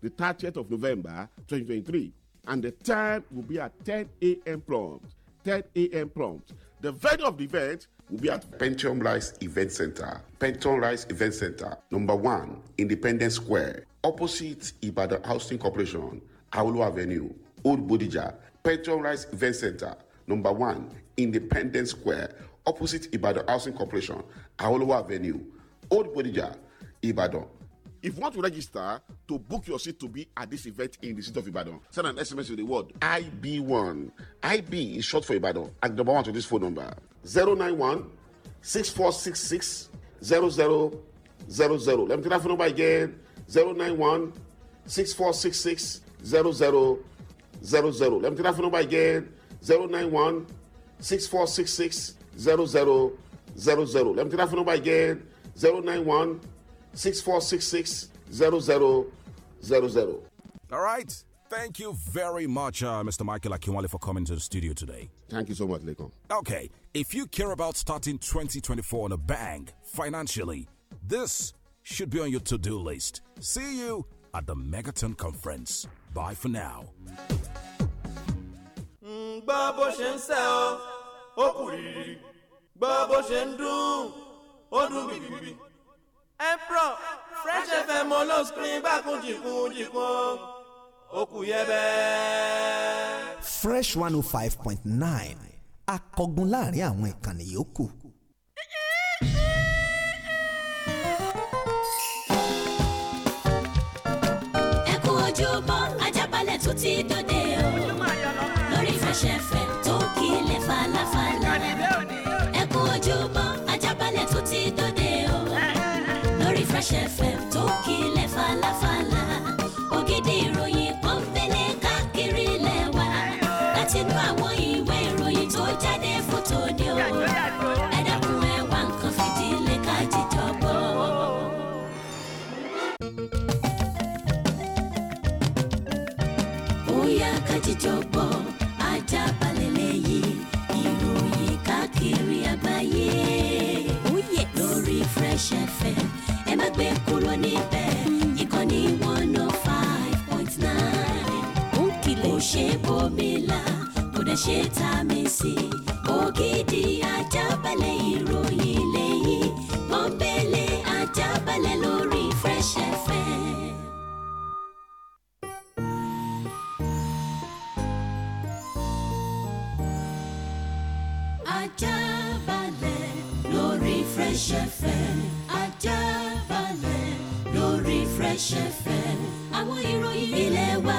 the 30th of November 2023. And the time will be at 10 a.m. prompt. 10 a.m. prompt. The venue of the event will be at Pentium Rise Event Center. Pentium Rise Event Center, number one, Independence Square, opposite Ibadan Housing Corporation, Aulu Avenue, Old Bodija. Pentium Rise Event Center, number one, Independence Square, opposite Ibadan Housing Corporation, Aulu Avenue, Old Bodija, Ibadan. If you want to register to book your seat to be at this event in the city of Ibadan, send an SMS to the word IB1. IB is short for Ibadan. And number one to this phone number 091 6466 0000. Let me take that phone number again 091 6466 0000. Let me take that phone number again 091 6466 0000. Let me take that phone number again 091 091- 6466 All right. Thank you very much, uh, Mr. Michael Akimwale, for coming to the studio today. Thank you so much, Lekon. Okay, if you care about starting 2024 on a bang financially, this should be on your to do list. See you at the Megaton Conference. Bye for now. gbọ́ bó ṣe ń sẹ́ ọ ó kù rírì gbọ́ bó ṣe ń dún ó dún bìbìbì. Emperor Fresh FM olóòsìn gbàkún jìkún jìkún òkú yẹbẹ. Fresh one oh five point nine akọgun láàrin àwọn ìkànnì yòókù. ẹ ojúbọ ajábalẹ̀ tó ti dòde o lórí Fresh tó kílẹ̀ falafala. Fresh FM. ṣe tá a mi sí ògidì ajábalẹ̀ ìròyìn lẹ́yìn pọ́npẹ́lẹ́ ajábalẹ̀ lórí Fresh FM. ajábalẹ̀ lórí Fresh FM ajábalẹ̀ lórí Fresh FM àwọn ìròyìn ilé wa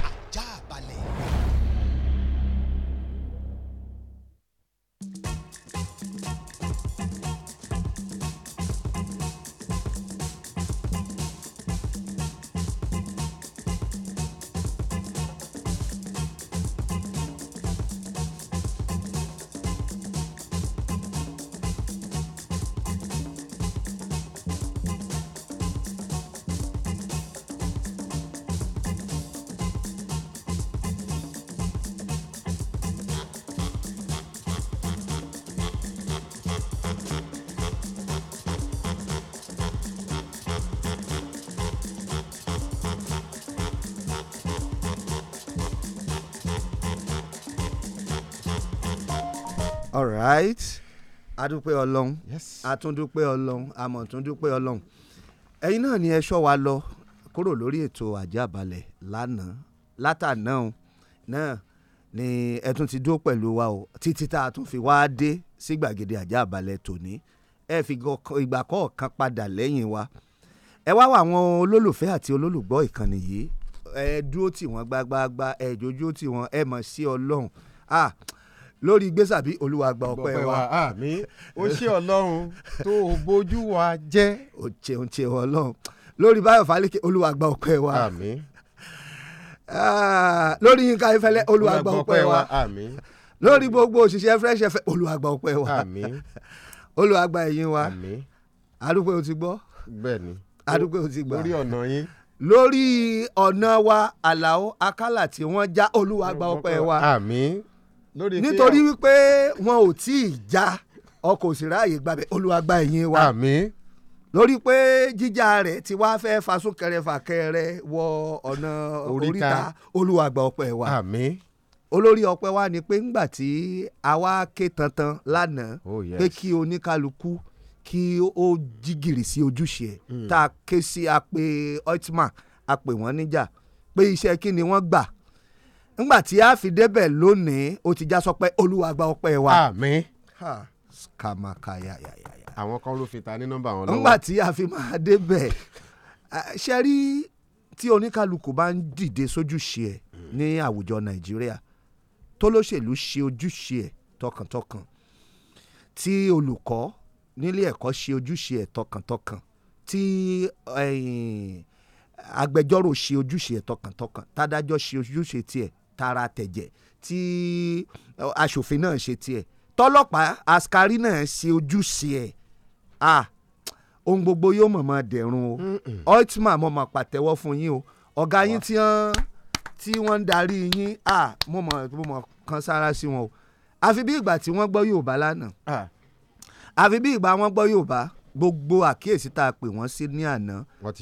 right adúpẹ́ ọlọ́run àtúndúpẹ́ ọlọ́run àmọ̀túndúpẹ́ ọlọ́run ẹ̀yin náà ni ẹ wa lọ kúrò lórí ètò àjàbalẹ̀ lánàá látàná náà ni ẹ tún ti dúró pẹ̀lú wa o títí tá a tún fi wá dé sí gbàgede àjàbalẹ̀ tòní ẹ fi ìgbà kọ̀ọ̀kan padà lẹ́yìn wa ẹ wá wá àwọn olólùfẹ́ àti olólùgbọ́ ìkànnì yìí ẹ dúró tì wọ́n gbágbáágbá ẹ jójó tì wọ́n ẹ mọ̀ sí ọlọ́run ah lórí gbèsàbí olúwa gba ọpẹ́ wa. àmín ó ṣe ọlọ́run tó o bójú wa jẹ́. ó ṣeun ṣeun ọlọ́run lórí báyọ̀ fálékè olúwa gba ọpẹ́ wa. àmín. Ah, lórí yínká ifẹ̀lẹ́ olúwa gba ọpẹ́ wa. àmín. lórí gbogbo òṣìṣẹ́ fresh fm olúwa gba ọpẹ́ wa. olúwa gba ẹ̀yìn wa. àmín. adúpẹ́ o ti gbọ́. bẹ́ẹ̀ni. adúpẹ́ o ti gbà. lórí ọ̀nà yín lórí ọ̀nà wa àlàó akálà tí wọ́n já olúwa gba ọpẹ́ wa. àmín nítorí wípé wọn ò tí ì já ọkọ̀ òsèré àyè gbàgbé Olúwa gba ẹ̀yìn wa. àmín lórí pé jíjà rẹ̀ tí wàá fẹ́ fasúnkẹrẹ wọ ọ̀nà oríta olùwàgbà ọpẹ́ wa olórí ọpẹ́ wa ni pé ńgbà tí àwa ké tantan lánàá oh, yes. pé kí oníkálukú kí ó jígìrì sí ojúṣe ẹ̀ hmm. tá a ké sí a pé oitman a pè wọ́n níjà pé iṣẹ́ kí ni wọ́n gbà ńgbà tí a fi débẹ̀ lónìí ó ti já sọpẹ́ olúwa gba ọpẹ́ wa. àmín. ha kàmàkàyà ya àwọn kan ló fi ta ní nọ́mbà wọn lọ́wọ́. nígbà tí a fi máa débẹ̀ ṣe rí tí oníkálukú bá ń dìde sójúṣe ẹ̀ ní àwùjọ nàìjíríà tó lóṣèlú ṣe ojúṣe ẹ̀ tọkàntọkàn tí olùkọ́ nílé ẹ̀kọ́ ṣe ojúṣe ẹ̀ tọkàntọkàn tí agbẹjọ́rò ṣe ojúṣe ẹ̀ tọkàntọkàn tádájọ́ ṣe ojúṣe tiẹ̀ tara tẹ̀jẹ̀ tí aṣòfin náà ṣe tiẹ̀ tọ́lọ́pàá askari náà ṣe ojúṣe ẹ̀ ah ohun gbogbo yóò mọ̀mọ́ dẹ̀rùn o Altman mo mọ̀ pàtẹ́wọ́ fún yín o ọ̀gá yín tí wọ́n tí wọ́n ń darí yín ah mo mọ̀ mo mọ̀ kan sára sí wọn o àfi bí ìgbà tí wọ́n gbọ́ Yorùbá lánàá àfi bí ìgbà wọ́n gbọ́ Yorùbá gbogbo àkíyèsí tá a pè wọ́n sí ní àná wọ́n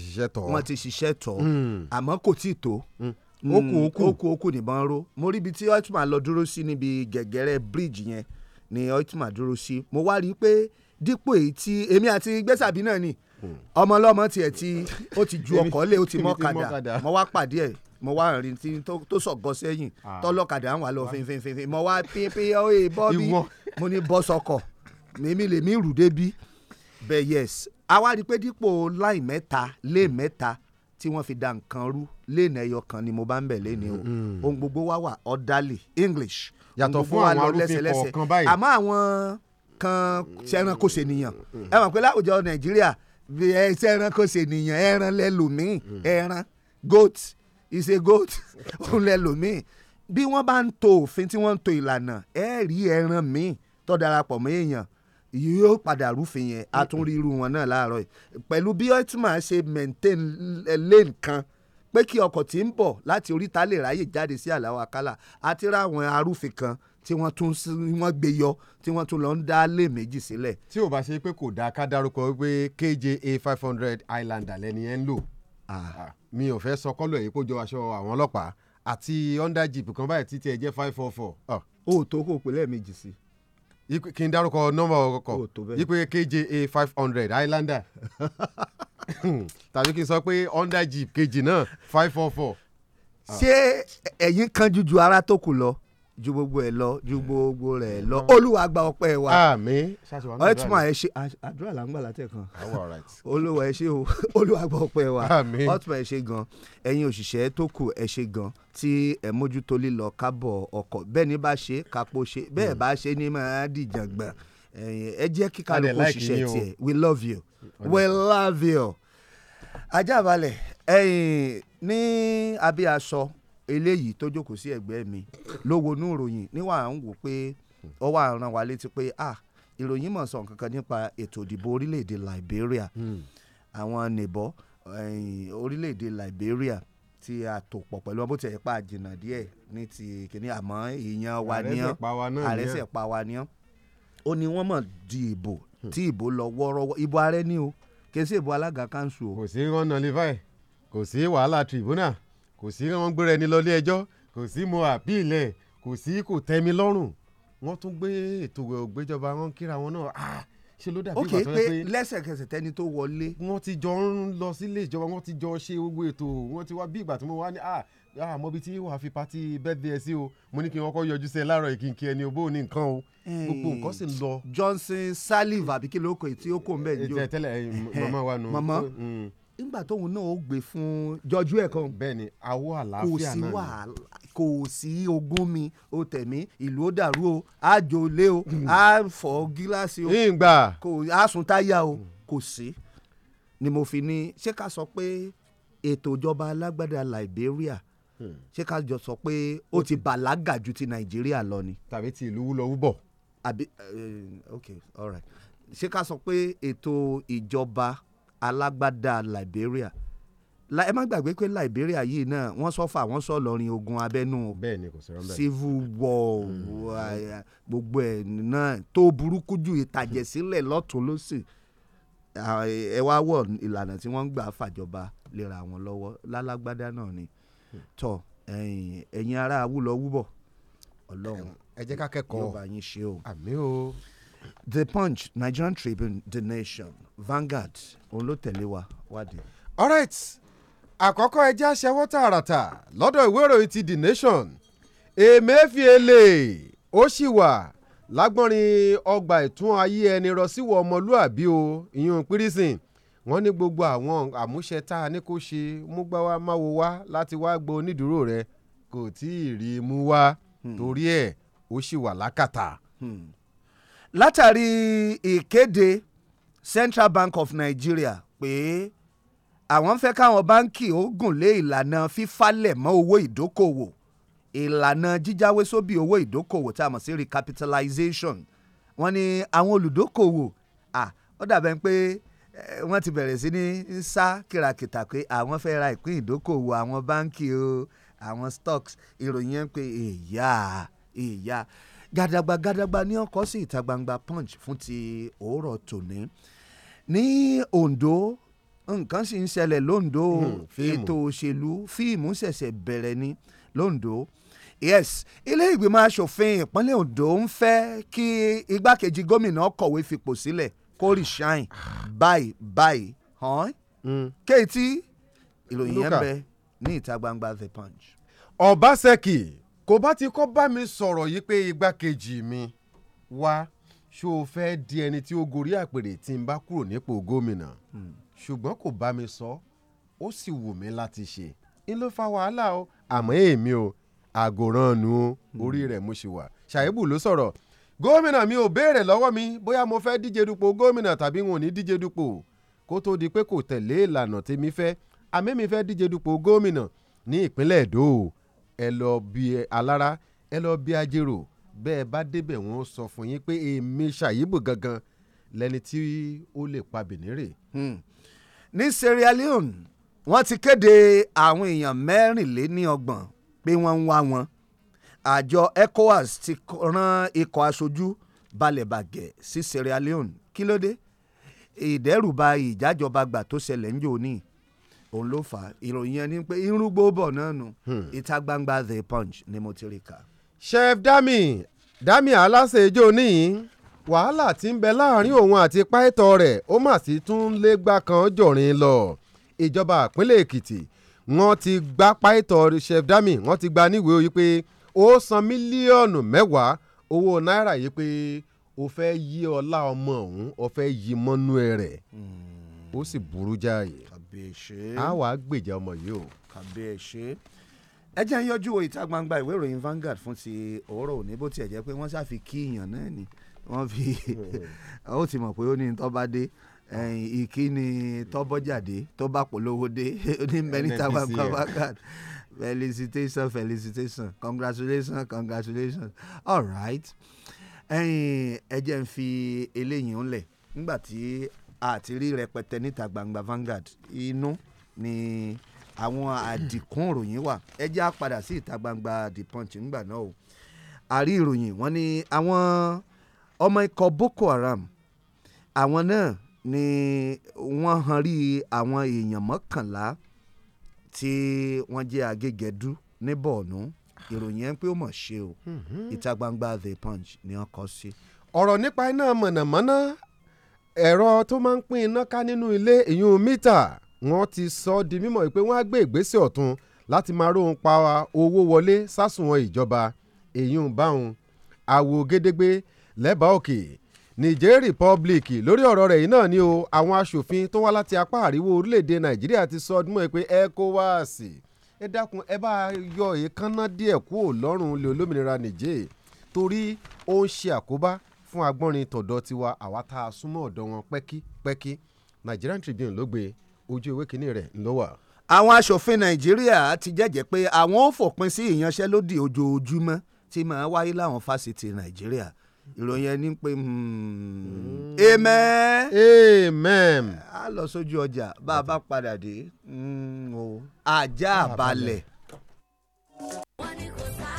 ti ṣiṣẹ́ tọ̀ mm. àmọ́ kò tí ì tó mm. Oku, oku, oku, oku nìbọn ró mo rí ibi tí Altman lọ dúró sí níbi gẹ̀gẹ́rẹ́ bridge yẹn ni Altman dúró sí mo wá rí i pé dípò èyí tí èmi àti gbèsàbí náà ni hmm. ọmọ ọlọ́mọ tiẹ̀ tí ó ti ju ọkọ̀ lé ó ti mọ́kadà mo wá pàdé ẹ̀ mo wá rìn tí tó sọ̀gọ́ sẹ́yìn ah. tọ́lọ́kadà ń wà lọ ah. fínfínfín mo wá pínpín ọ̀hìn bọ́bí mo ní bọ́ sọkọ̀ mímí lèmi rù débi bẹ́ẹ̀ yes a wá rí i pé dípò láì mẹ́ta lé mẹ́ta tí wọ́n fi da nǹkan rú léènì ẹyọ kan ni mo bá ń bẹ̀ léènì o mm-hmm. Mm-hmm. ohun gbogbo wa wà ọ̀dálì English yàtọ̀ fún àwọn arúfin kọ̀ọ̀kan báyìí àmọ́ àwọn kan ṣẹranko ṣènìyàn mm-hmm. ẹ mọ̀ pé láwùjọ Nàìjíríà ṣẹranko ṣènìyàn ẹran lẹ́lòmíì ẹran goat is a goat òun lẹ́lòmíì bí wọ́n bá ń to òfin tí wọ́n ń to ìlànà ẹ̀ẹ́rì ẹran míì tó darapọ̀ mọ́ èèyàn yóò padà rúfin yẹn a tún rí irú wọn náà láàárọ̀ yìí pẹ̀lú bí oitman ṣe maintain lane kan pé kí ọkọ̀ tí ń bọ̀ láti oríta lè ráyè jáde sí àlàó àkàlà àti ráwọn arúfin kan tí wọ́n tún wọ́n gbé yọ tí wọ́n tún lọ ń dá lé méjì sílẹ̀. tí ò bá ṣe pé kò dáa ká dárúkọ wípé KJA five hundred Highlander lẹ́ni ẹ̀ ń lò mi ò fẹ́ sọ kọ́lọ̀ èyí kó jọ aṣọ àwọn ọlọ́pàá àti under jeep kan báyìí títí ẹ jẹ́ five four four. o ò tó kó o pè lẹ́ẹ̀mejì sí i kí n dárúkọ nọ́mbà ọkọ̀ ipe KJA five hundred Highlander tàbí kí n sọ pé Honda Jeep kejì náà five four four. ṣé ẹ̀yin kan jújú ara tó kù lọ ju gbogbo ẹ lọ ju gbogbo rẹ lọ olúwa gba ọpẹ́ wa àmín ọtúmọ̀ ẹ ṣe àdúrà là ń olúwa ẹ ṣe o olúwa gba ọpẹ́ wa àmín ẹ ṣe gan ẹ̀yin òṣìṣẹ́ tó kù ẹ ṣe gan tí ẹ mójútó lílọ kábọ̀ ọkọ̀ bẹ́ẹ̀ ni bá ṣe kápò ṣe bẹ́ẹ̀ bá ṣe ni máa dìjàngbọ̀n ẹ jẹ́ kí kálukú ṣiṣẹ́ tiẹ̀ we love you we love you ajá balẹ̀ ẹ̀yìn ní abí aṣọ eléyìí tó jókòó sí ẹ̀gbẹ́ mi ló wonú ìròyìn níwà ń wò pé ó wà rán wa létí pé ah ìròyìn mọ̀ sọ nǹkan kan nípa ètò ìdìbò orílẹ̀-èdè Liberia hmm. àwọn nìbọ orílẹ̀-èdè Liberia tí a pẹ̀lú ọbọ̀ tí pa àjìnà díẹ̀ ní ti kìíní àmọ́ èèyàn wa níyàn àrẹ́sẹ̀ pa wa níyàn ó ní wọ́n mọ̀ di ìbò hmm. tí ìbò lọ wọ́ọ́rọ́wọ́ ìbò ààrẹ ni o kèsì ìbò alága kanṣu o. kò sí rán nọlífà ẹ kò sí wàhálà tìrìbùnà kò sí wọn gbéra ẹni lọ ilé ẹjọ́ kò sí mo àbílẹ̀ kò sí kò tẹ́ mi lọ́rùn wọ́n tún gbé ètò ògbéjọba wọn kíra wọn náà ah ṣe ló dàbí ìgbà tó yẹ pé lẹ́sẹ̀kẹsẹ̀ tẹ́ni tó wọlé. wọ́n ti jọ ń lọ sílé ìjọba wọ́n ti jọ ṣe gbogbo ètò wọ́n ti wá bí ìgbà tí mo wá ní ah ah mo bi tí wàá fi pati birthday ẹ sí o mo ní kí n kọ́kọ́ yọjú sí ẹ láàárọ̀ ìkínkí ẹni o bó ní nǹkan o gbogbo nǹkan sì ń lọ. Johnson Saliva àbí kí ló kọ èyí tí ó kò ń bẹ̀ ní tẹ́lẹ̀ mama wa nù. mama nígbà tóun náà ó gbé fún jọjú ẹ̀ kan. bẹ́ẹ̀ni awọ àlàáfíà náà ni kò sí ogún mi o tẹ̀mí ìlú ó dàrú o á jolé o á hmm. gíláàsì o kò á táyà o kò sí ni mo fi ní ṣé ká sọ pé ètò ìjọba alágbádá Liberia hmm. ṣé ká jọ sọ pé ó ti bàlágà ju ti Nàìjíríà lọ ni. tàbí ti ìlú wúlọ wúbọ. àbí eh, ok all right ṣé ká sọ pé ètò ìjọba alágbádá Liberia la ẹ má gbàgbé pé Liberia yìí náà wọ́n sọ́fà wọ́n sọ lọ́rin ogun abẹ́nú civil war hmm. gbogbo ẹ̀ náà tó burúkú ju ìtàjẹ̀sílẹ̀ lọ́tún lọ́sì ẹ wá wọ̀ ìlànà tí wọ́n ń gbà fàjọba lera wọn lọ́wọ́ lálágbádá náà ni hmm. tọ ẹ̀yin ará awúlọ́wúbọ̀ ọlọ́run ẹ jẹ́ ká kẹ́kọ̀ọ́ yóò bá yín àmì o. The Punch, Nigerian Tribune, The Nation, Vanguard òun ló tẹ̀lé wa wádìí. all right àkọ́kọ́ ẹjẹ́ aṣẹ́wó tààràtà lọ́dọ̀ ìwé ìròyìn ti The Nation Emefiele ó sì wà lágbọ́nrin ọgbà ìtún ayé ẹni rọ síwọ̀ ọmọlúàbí o ìyún pírísìn wọ́n ní gbogbo àwọn àmúṣe tá a ní kó ṣe mú gbá wa máa wo wá láti wá gbọ́ onídùúró rẹ̀ kò tí ì rí i mú wá hmm. torí ẹ̀ ó sì wà lákàtà. Hmm látàrí ìkéde Central Bank of Nigeria pé àwọn fẹ́ káwọn báńkì ó gùn lé ìlànà fífalẹ̀ mọ́ owó ìdókòwò ìlànà jíjáwé sóbì owó ìdókòwò tá a mọ̀ sí recapitalization wọ́n ní àwọn olùdókòwò ó dàbẹ̀ pé wọ́n ti bẹ̀rẹ̀ sí ní sá kìràkìtà pé àwọn fẹ́ ra ìpín ìdókòwò àwọn báńkì o àwọn stocks ìròyìn yẹn pé èyà èyà gàdàgbà gàdàgbà ní ọkọ̀ sí ìta gbangba punch fún ti òórọ̀ tòní ní Ondo nǹkan sì ń ṣẹlẹ̀ lóńdó hmm, ètò òṣèlú fíìmù ṣẹ̀ṣẹ̀ bẹ̀rẹ̀ ni lóńdó yes ilé ìgbìmọ̀ asòfin ìpínlẹ̀ Ondo ń fẹ́ kí igbákejì gómìnà kọ̀wé fipò sílẹ̀ kó shine, bye bye, hàn hmm. kéétì ìròyìn yẹn bẹ ní ìta gbangba the punch. Ọbaṣẹ́kì kò bá ti kọ́ bá mi sọ̀rọ̀ yìí pé igbákejì mi wá ṣó o fẹ́ di ẹni tí ó gorí àpèrè tí n bá kúrò nípò gómìnà hmm. ṣùgbọ́n kò bá mi sọ ó sì wù mí láti ṣe n ló fa wàhálà o àmọ́ èmi o àgòrán nu hmm. orí rẹ̀ mo ṣì wà ṣàyẹ̀bù ló sọ̀rọ̀ gómìnà mi ò béèrè lọ́wọ́ mi bóyá mo fẹ́ díje dupò gómìnà tàbí n ò ní díje dupò kó tó di pé kò tẹ̀lé ìlànà tèmi fẹ́ àmì mi fẹ́ díje dupò gómìnà ní ìpínlẹ̀ èdò ẹ lọ bí alára ẹ lọ bí ajérò bẹ́ẹ̀ bá débẹ̀ wọ́n sọ fún yín pé èmi ṣàyíbù gangan lẹni tí ó lè pa Benin rè. Hmm. ní Sierra Leone wọ́n ti kéde àwọn èèyàn mẹ́rìnléníọgbọ̀n pé wọ́n ń wá wọn àjọ ECOWAS ti rán ikọ̀ aṣojú balẹ̀bàgẹ́ sí Sierra Leone kí ló dé ìdẹ́rùba ìjájọba gbà tó ṣẹlẹ̀ ń jò níyì òun ló fà á ìròyìn yẹn ni pé irúgbó bọ̀ náà nù hmm. ìta gbangba the punch ni mo ti rí kà. chef dami dami aláṣẹ ijó níyìn wàhálà tí ń bẹ láàrin òun àti páìtọ́ rẹ̀ ó mà sí tún lé gbà kan jọ̀rin lọ ìjọba ìpínlẹ̀ èkìtì wọ́n ti gba páìtọ́ chef dami wọ́n ti gba níwèé yìí pé ó san mílíọ̀nù mẹ́wàá owó náírà yìí pé ó fẹ́ yí ọlá ọmọ òun ó fẹ́ yí mọ́nú ẹ̀ rẹ̀ hmm. ó sì burú jáàyè kàbíyèsé. a wàá gbèjà ọmọ yìí o. kàbíyèsé ẹ jẹ́ ń yọjú wo ìta gbangba ìwé ìròyìn Vanguard fún ti òórọ̀ òní bó tiẹ̀ jẹ́ pé wọ́n ṣáà fi kíyàn náà ni wọ́n fi ó ti mọ̀ pé ó ní tọ́ba dé ìkíni tọ́bọ́jáde tó bá polówó dé ó ní mẹ́ríta gbangba Vanguard felicitation felicitation congratulations congratulations all right ẹ jẹ́ ń fi eléyìí ń lẹ̀ nígbà tí àti rí rẹpẹtẹ níta gbangba Vanguard inú ni àwọn àdìkún ìròyìn wà ẹ jẹ́ á padà sí ìta gbangba The Punch ńgbà náà o àrí ìròyìn wọn ni àwọn ọmọ ikọ̀ Boko Haram àwọn náà ni wọ́n han rí àwọn èèyàn mọ́kànlá tí wọ́n jẹ́ agégẹ́dú ní Borno ìròyìn ẹ̀ ń pé ó mọ̀ ṣe o hmm, hmm. ìta gbangba The Punch ni wọ́n kọ sí. ọ̀rọ̀ nípa iná mọ̀nàmọ́ná ẹ̀rọ tó máa ń pín iná ká nínú ilé ìyún mítà wọ́n ti sọ di mímọ̀ pé wọ́n á gbé ìgbésẹ̀ ọ̀tun láti máa róhun pa owó wọlé sásùnwọ̀n ìjọba ìyún báhun àwò gédégbé lẹ́bàá òkè Niger Republic lórí ọ̀rọ̀ rẹ̀ yìí náà ni o àwọn aṣòfin tó wá láti apá àríwó orílẹ̀-èdè Nàìjíríà ti sọ ọdún mọ́ ẹ pé ECOWAS ẹ dákun ẹ bá yọ èékánná díẹ̀ kúò lọ́rùn ilé olómìnira Niger torí ó ń ṣe àkóbá fún agbọ́nrin tọ̀dọ̀ tiwa àwa tá a súnmọ́ ọ̀dọ̀ wọn pẹ́kípẹ́kí Nigerian Tribune ló gbé ojú ewé kínní rẹ̀ ló àwọn aṣòfin Nàìjíríà ti jẹ́jẹ́ pé àwọn ò fòpin sí ìyanṣẹ́lódì ojoojúmọ́ tí máa wáyé láwọn fásitì Nàìjíríà ìròyìn ẹni pé hmm, amen. amen. a lọ sójú ọjà bá a bá padà dé hmm, ajá balẹ̀. wọ́n ní kò sá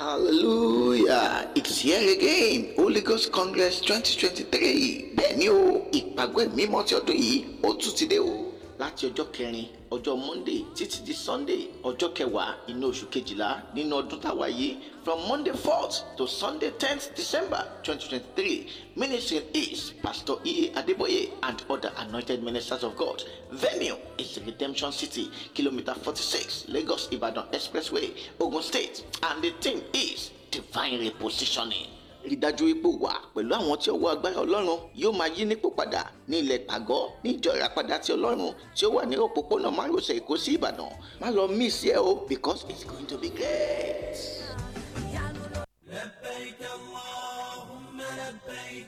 hallelujah it's here again holy ghost congress twenty twenty three bẹ́ẹ̀ ni o ìpàgọ́ ẹ̀mí mímọ́ ọdún yìí ó tún ti dé o láti ọjọ́ kẹrin ọjọ́ monday títí di sunday ọjọ́ kẹwàá inú oṣù kejìlá nínú ọdún táwa yìí from monday fourth to sunday tenth december twenty twenty three ministry is pastor ea adeboye and other anointed ministers of god venue is redemption city kilometre forty-six lagos ibadan expressway ogun state and the theme is divine repositioning rí dájú wípé wà pẹ̀lú àwọn tí ọwọ́ agbára ọlọ́run yóò máa yí nípò padà ní ilẹ̀ pàgọ́ ní ìjọ ìràpadà ti ọlọ́run tí ó wà ní òpópónà márosẹ̀ èkó sí ìbàdàn má lọ miss ẹ o because it's going to be great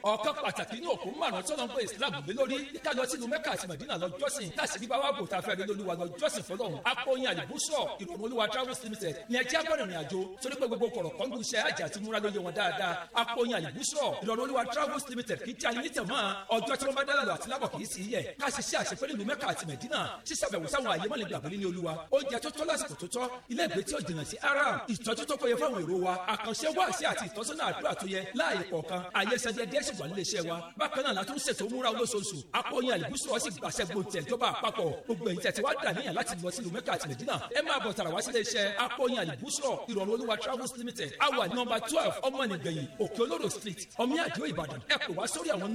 ọ̀kan pàtàkì ní òkú márùn-ún tọ́lọ́ ń pè islam lé lórí kíkájọ sínú mẹ́kà àti mẹ̀dínà lọ jọ́sìn láti bò tá a fẹ́ rí lóluwa lọ jọ́sìn akọyin àlùbúsọ̀ ìrònú olúwa travels limited ní ẹjẹ́ agbọ́dọ̀ ní àjò torí pé gbogbo kọ̀rọ̀ kọ́ńdù iṣẹ́ àjà ti múra lóye wọn dáadáa akọyin àlùbúsọ̀ ìrònú olúwa travels limited kì í jẹ́ ayé tẹ̀ mọ́ ọjọ́ tí wọ́n bá dálà lọ àti lábọ̀ kì í sì í yẹ ká ṣiṣẹ́ àṣepẹ́ nílùú mẹ́kà àti mẹ̀dínà ṣíṣàbẹ̀wò sáwọn àyè mọ́lẹ̀ gbàgbé ní olúwa oúnjẹ tó tọ́ lásìkò tó tọ́ iléeṣẹ́ dẹ́dẹ́ sì wà níléeṣẹ́ wa bákan náà látún ṣètò múra olóṣooṣù akọyin àlùbùsùn ọ̀sìn gbàṣẹ gbòǹtẹ̀ ìjọba àpapọ̀ gbogbo ẹ̀yin tẹ̀sí wá dàníyàn láti lọ sílùú mẹ́kà àti mẹ̀dínà ẹ máa bọ̀ tààrà wá sílé iṣẹ́ akọyin àlùbùsùn ìrọ̀rùn olúwa travels limited àwa nọ́mbà twelve ọmọnìgbẹ̀yìn òkè olóró street ọmíàdìó ìbàdàn ẹ pè wá sórí àwọn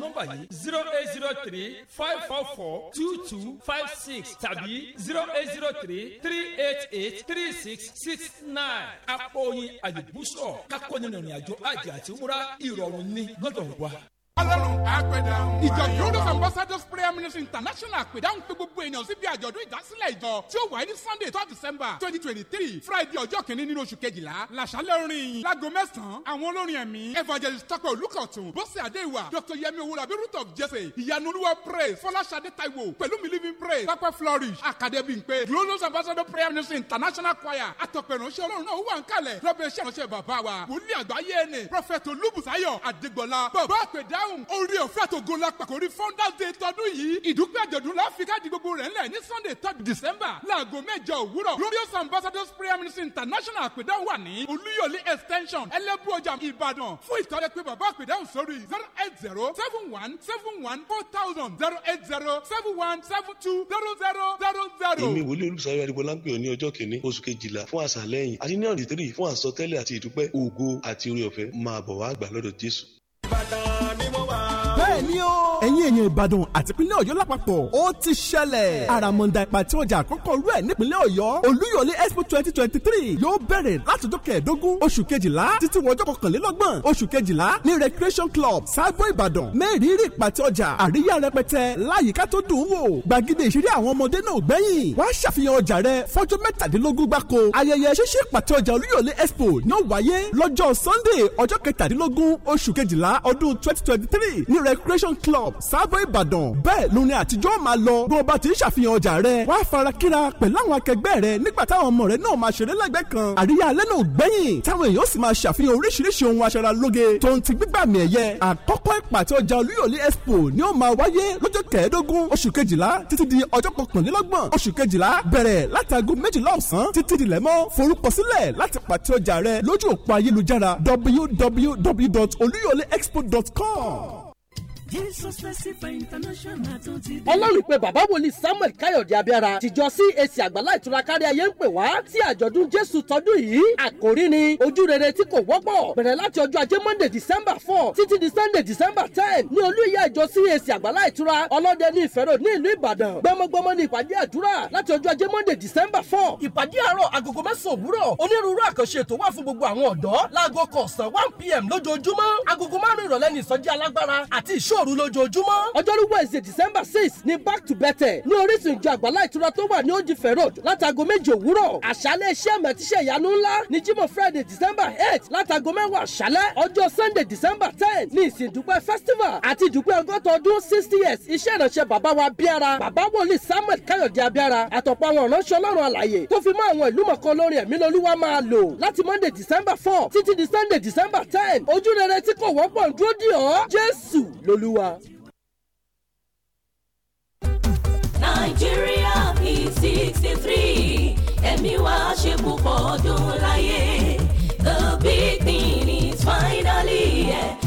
What. ọlọ́run á pè dáhùn. ìjọ Glorious Ambassadors Prayer Ministry International pè dáhùn pé gbogbo ènìyàn síbi àjọ̀dún ìdásílẹ̀ ìjọ tí ó wáyé ní Sunday twelve December twenty twenty three Friday ọjọ́ kìíní nínú oṣù kejìlá làṣálẹ̀ orin yìí láago mẹ́sàn-án àwọn olórin ẹ̀mí evangelist Tọ́pẹ́ Olúkọ̀tún Bọ́sẹ̀ Adéwà Dr Yemi Owurabi Root of Jesse Ìyanulúwa Praise Fọláṣadé Taiwo Pẹ̀lúmi Living Praise Tọ́pẹ́ Flourish Academy pé Glorious Ambassadors Prayer Ministry International Choir àtọ̀pẹ̀ránṣẹ́ ọlọ́run náà wà ń kalẹ̀ lọ́bẹ̀ iṣẹ́ ìránṣẹ́ bàbá wa wòlíì àgbáyé ẹni Prọfẹ̀tì Olúbùsáyọ̀ Adégbọlá bàbá dáhùn. orí ọ̀fẹ́ àtògo la pàkórí founders day tọdún yìí. ìdúpẹ́ àjọ̀dún la fi káàdì gbogbo rẹ̀ ńlẹ̀ ní sunday third december láago mẹ́jọ òwúrọ̀ glorious ambassadors prayer ministry international àpèdáhùn wà ní olúyọ̀lé extension ẹlẹ́bù ọjà ìbàdàn fún ìtọ́jú pé bàbá àpèdáhùn sórí zero eight zero seven one seven one four thousand zero eight zero seven one seven two zero zero zero zero. èmi wòlíì olùsọ̀rọ̀ àdìgbò lápẹ̀ òní ọjọ́ kìíní oṣù kejìlá fún àṣàlẹ́yìn àti ní ọ̀dì tírì fún àsọtẹ́lẹ̀ àti ìdúpẹ́ ògo àti oore ọ̀fẹ́ máa bọ̀ wá gbà lọ́dọ̀ jésù. ìbàdàn bẹ́ẹ̀ ni o. ẹ̀yin èèyàn ìbàdàn àtìpínlẹ̀ ọ̀yọ́ lápapọ̀ ó ti ṣẹlẹ̀. àràmọ̀ǹdà ìpàtí ọjà àkọ́kọ́ rú ẹ̀ nípínlẹ̀ ọ̀yọ́ olúyọ̀lé expo twenty twenty three yóò bẹ̀rẹ̀ látọjọ́ kẹẹ̀ẹ́dógún oṣù kejìlá títí wọjọ́ kọkànlélọ́gbọ̀n oṣù kejìlá ní recreation club sábò ìbàdàn mẹ́rìírí ìpàtí ọjà àríyá rẹpẹtẹ láyìíká tó dùn wò gbàgede ìṣeré àwọn ọmọdé náà gbẹ̀yìn wá ṣàfihàn ọjà rẹ fọ́jọ́ mẹ́tàdínlógún gbáko ayẹyẹ ṣíṣe ìpàtí ọjà olúyọ̀lé expo náà wáyé lọ́jọ́ sunday ọjọ́ kẹtàdínlógún oṣù kejìlá ọdún twenty twenty three ní recreation club sábò ìbàdàn bẹ́ẹ̀ lóni àtijọ́ máa lọ bí wọ́n bá ti ń ṣàfihàn ọjà rẹ̀ wàá fara kíra pẹ̀lú àwọn akẹgbẹ́ rẹ̀ nígbà táwọn ọmọ rẹ̀ náà máa ṣeré lẹ́gbẹ̀ẹ́ kan àríyá alẹ́ náà gbẹ̀yìn táwọn èèyàn sì máa ṣàfihàn oríṣiríṣi ohun aṣaralóge tó ń ti gbígbàmì ẹ̀yẹ àkọ́kọ́ ìpàtẹ ọjà olúyọ̀lé expo ni ó máa wáyé lọ́jọ́ kẹẹ̀ẹ́dógún oṣù kejìlá títí di ọjọ́ kọkànlélọ́gbọ̀n oṣù kejìlá bẹ̀rẹ̀ látago méjìlá ọ̀sán títí dilẹ̀ mọ́ forúkọsílẹ̀ láti pàtẹ ọjà rẹ lójú òpó ayélujára www.oluyọleexpo.com olólùpẹ̀ bàbá wòlíì samuel káyọ̀dé abẹ́ra tìjọ CAC àgbàlá ìtura kárí ayé ń pè wá sí àjọ̀dún jésù tọdún yìí àkòrí ni ojú rere tí kò wọ́pọ̀ bẹ̀rẹ̀ láti ọjọ́ ajé monday december four títí di sunday december ten ní olú ìyá ìjọ CAC àgbàlá ìtura ọlọ́dẹ ní ìfẹ́rò ní ìlú ìbàdàn gbọmọgbọmọ ní ìpàdé àdúrà láti ọjọ́ ajé monday december four ìpàdé àárọ̀ agogo mẹ́sàn òwúrọ̀ onírúurú àkànṣe ètò wà fún gbogbo pm lójoojúmọ́ agogo márùn-ún ìrọ̀lẹ́ ní òru lójoojúmọ́. ọjọ́rú wednesday december six ni back to better ní orísun ìjọ àgbàlá ìtura tó wà ní old ife road látago méje òwúrọ̀ àṣálẹ̀ iṣẹ́ mẹ̀tíṣẹ́ ìyanu ńlá Ni jimo friday december eight látago mẹ́wàá àṣálẹ̀ ọjọ́ sunday december ten ní ìsìn ìdúpẹ́ festival àti ìdúpẹ́ ọgọ́ta ọdún sixty years iṣẹ́ ìránṣẹ́ bàbá wa abíára bàbá wòlíì samuel káyọ̀dé abíára àtọ̀pọ̀ àwọn ìránṣẹ́ ọlọ́run àlàyé tó fi mọ́ àwọn ìlú mọ̀kan olórin ẹ̀mí lolúwa máa lò monday december four títí sunday december ten ojúrere tí kò wọ́pọ̀ ń dúró dì ọ́ jésù lolú olúwa. nàìjíríà p sixty three ẹ̀mí wa ṣe púpọ̀ ọdún láyé the big thing is finally here. Yeah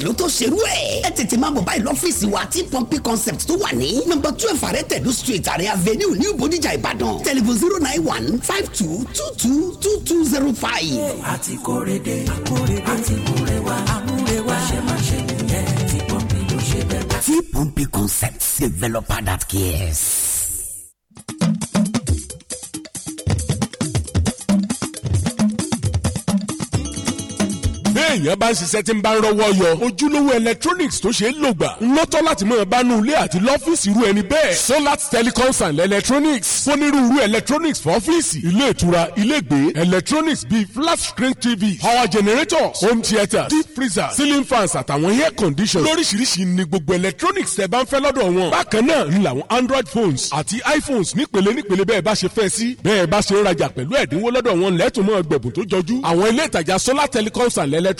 concept ló tó ṣerú ẹ̀. ẹ tètè máa bọ̀ báyìí lọ́fíìsì wa tí pọ́ńpì concept tó wà ní two, twelve àrẹ́tẹ̀dú street àrẹ avenue new bodijà ìbàdàn tẹlifon zero nine one five two two two two two zero five. a ti kórè dé a kórè dé a ti múre wá a múre wá ṣe má ṣe nìyẹn tí pọ́ńpì ló ṣe bẹ́ẹ̀. tí pọ́ńpì concept developer that cares. téèyàn bá ń ṣiṣẹ́ tí ń bá ń rọwọ́ yọ ojúlówó electronics tó ṣe é lò gbà lọ́tọ́ láti máa bá nu ilé àti lọ́fíìsì irú ẹni bẹ́ẹ̀ solar telecoms and electronics fonírúurú electronics for ọ́fíìsì ilé ìtura ilé gbé electronics bíi flat screen tv power generators home theatres deep freezers ceiling fans àtàwọn air conditioners lóríṣiríṣi ni gbogbo electronics tẹ́ bá ń fẹ́ lọ́dọ̀ wọn bákan náà ń làwọn android phones àti iphones nípele nípele bẹ́ẹ̀ bá ṣe fẹ́ sí bẹ́ẹ̀ bá ṣe ń rajà pẹ̀lú ẹ̀dínwó lọ́dọ̀ wọn lẹ́tùmọ̀ gbẹ̀bùn tó jọjú àwọn ilé ìtajà solar telecoms and electronics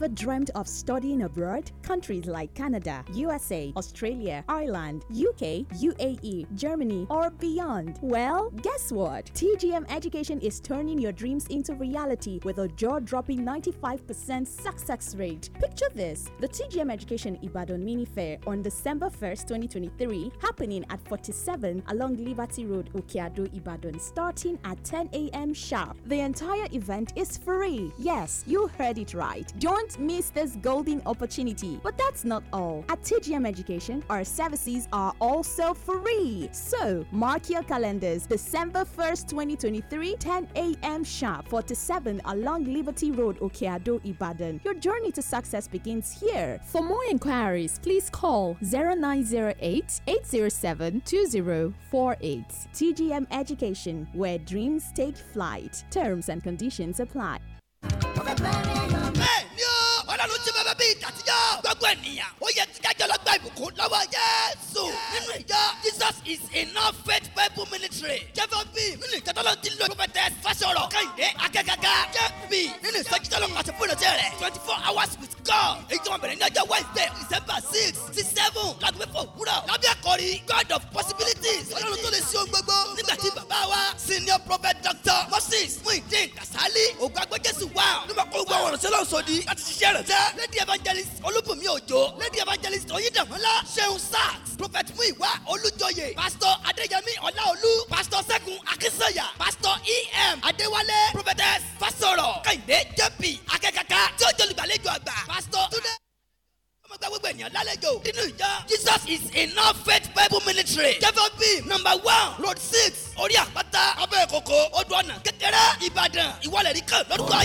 ever dreamt of studying abroad? Countries like Canada, USA, Australia, Ireland, UK, UAE, Germany, or beyond? Well, guess what? TGM Education is turning your dreams into reality with a jaw dropping 95% success rate. Picture this the TGM Education Ibadan Mini Fair on December 1st, 2023, happening at 47 along Liberty Road, Do Ibadan, starting at 10 a.m. sharp. The entire event is free. Yes, you heard it right. Don't don't miss this golden opportunity. But that's not all. At TGM Education, our services are also free. So mark your calendars December 1st, 2023, 10 a.m. sharp, 47 along Liberty Road, Okeado, Ibadan. Your journey to success begins here. For more inquiries, please call 0908 807 2048. TGM Education, where dreams take flight. Terms and conditions apply. lọ́gbọ̀n ènìyàn ó yẹ kí kájọ lọ́gbà ìbùkún lọ́wọ́ Jésù nínú ìjọ Jesus is enough faith bible ministry jẹ́fọ́ bí nínú ìjọ tọ́lọ́ ti lo prophetess Fáṣọ̀rọ̀ Kẹ́hìndé Akẹ́kẹ́ká jp nínú ìsọjí pàṣẹ fún ìrọ̀jẹ́ rẹ̀ twenty four hours with God èyí tí wọ́n bẹ̀rẹ̀ ní ọjọ́ Wednesday December six sí seven láti wípé òwúrọ̀ lábẹ́ àkọ́rí God of possibilities ọlọ́run tó lè ṣe senior prophet Dr. Moses Muhyiddin Kasali ògùn agbẹ́jẹ́sì wà nígbà kó gbọ́ ọ̀rọ̀ Adéwálé Òjó lady evangelist Oyindamola Seun Sars prophet Muiwa Olújọyè pastor Adéyẹmí Ọláolú pastor Ṣẹ́gun Akínsànyà pastor E.M. Adéwálé prophetess Fasọ̀rọ̀ Kẹ́hìndé J.P. Akẹ́kẹ́ká tí ó jolùgbàlejò àgbà pastor Túndé ọmọ gbogbo ènìyàn lálejò nínú ìjọ Jesus is enough faith bible ministry jẹ́fẹ́ B. number one road six orí àpáta abẹ́ ìkòkò odò ọ̀nà kékeré Ìbàdàn ìwọlẹ̀ rí kan lórúkọ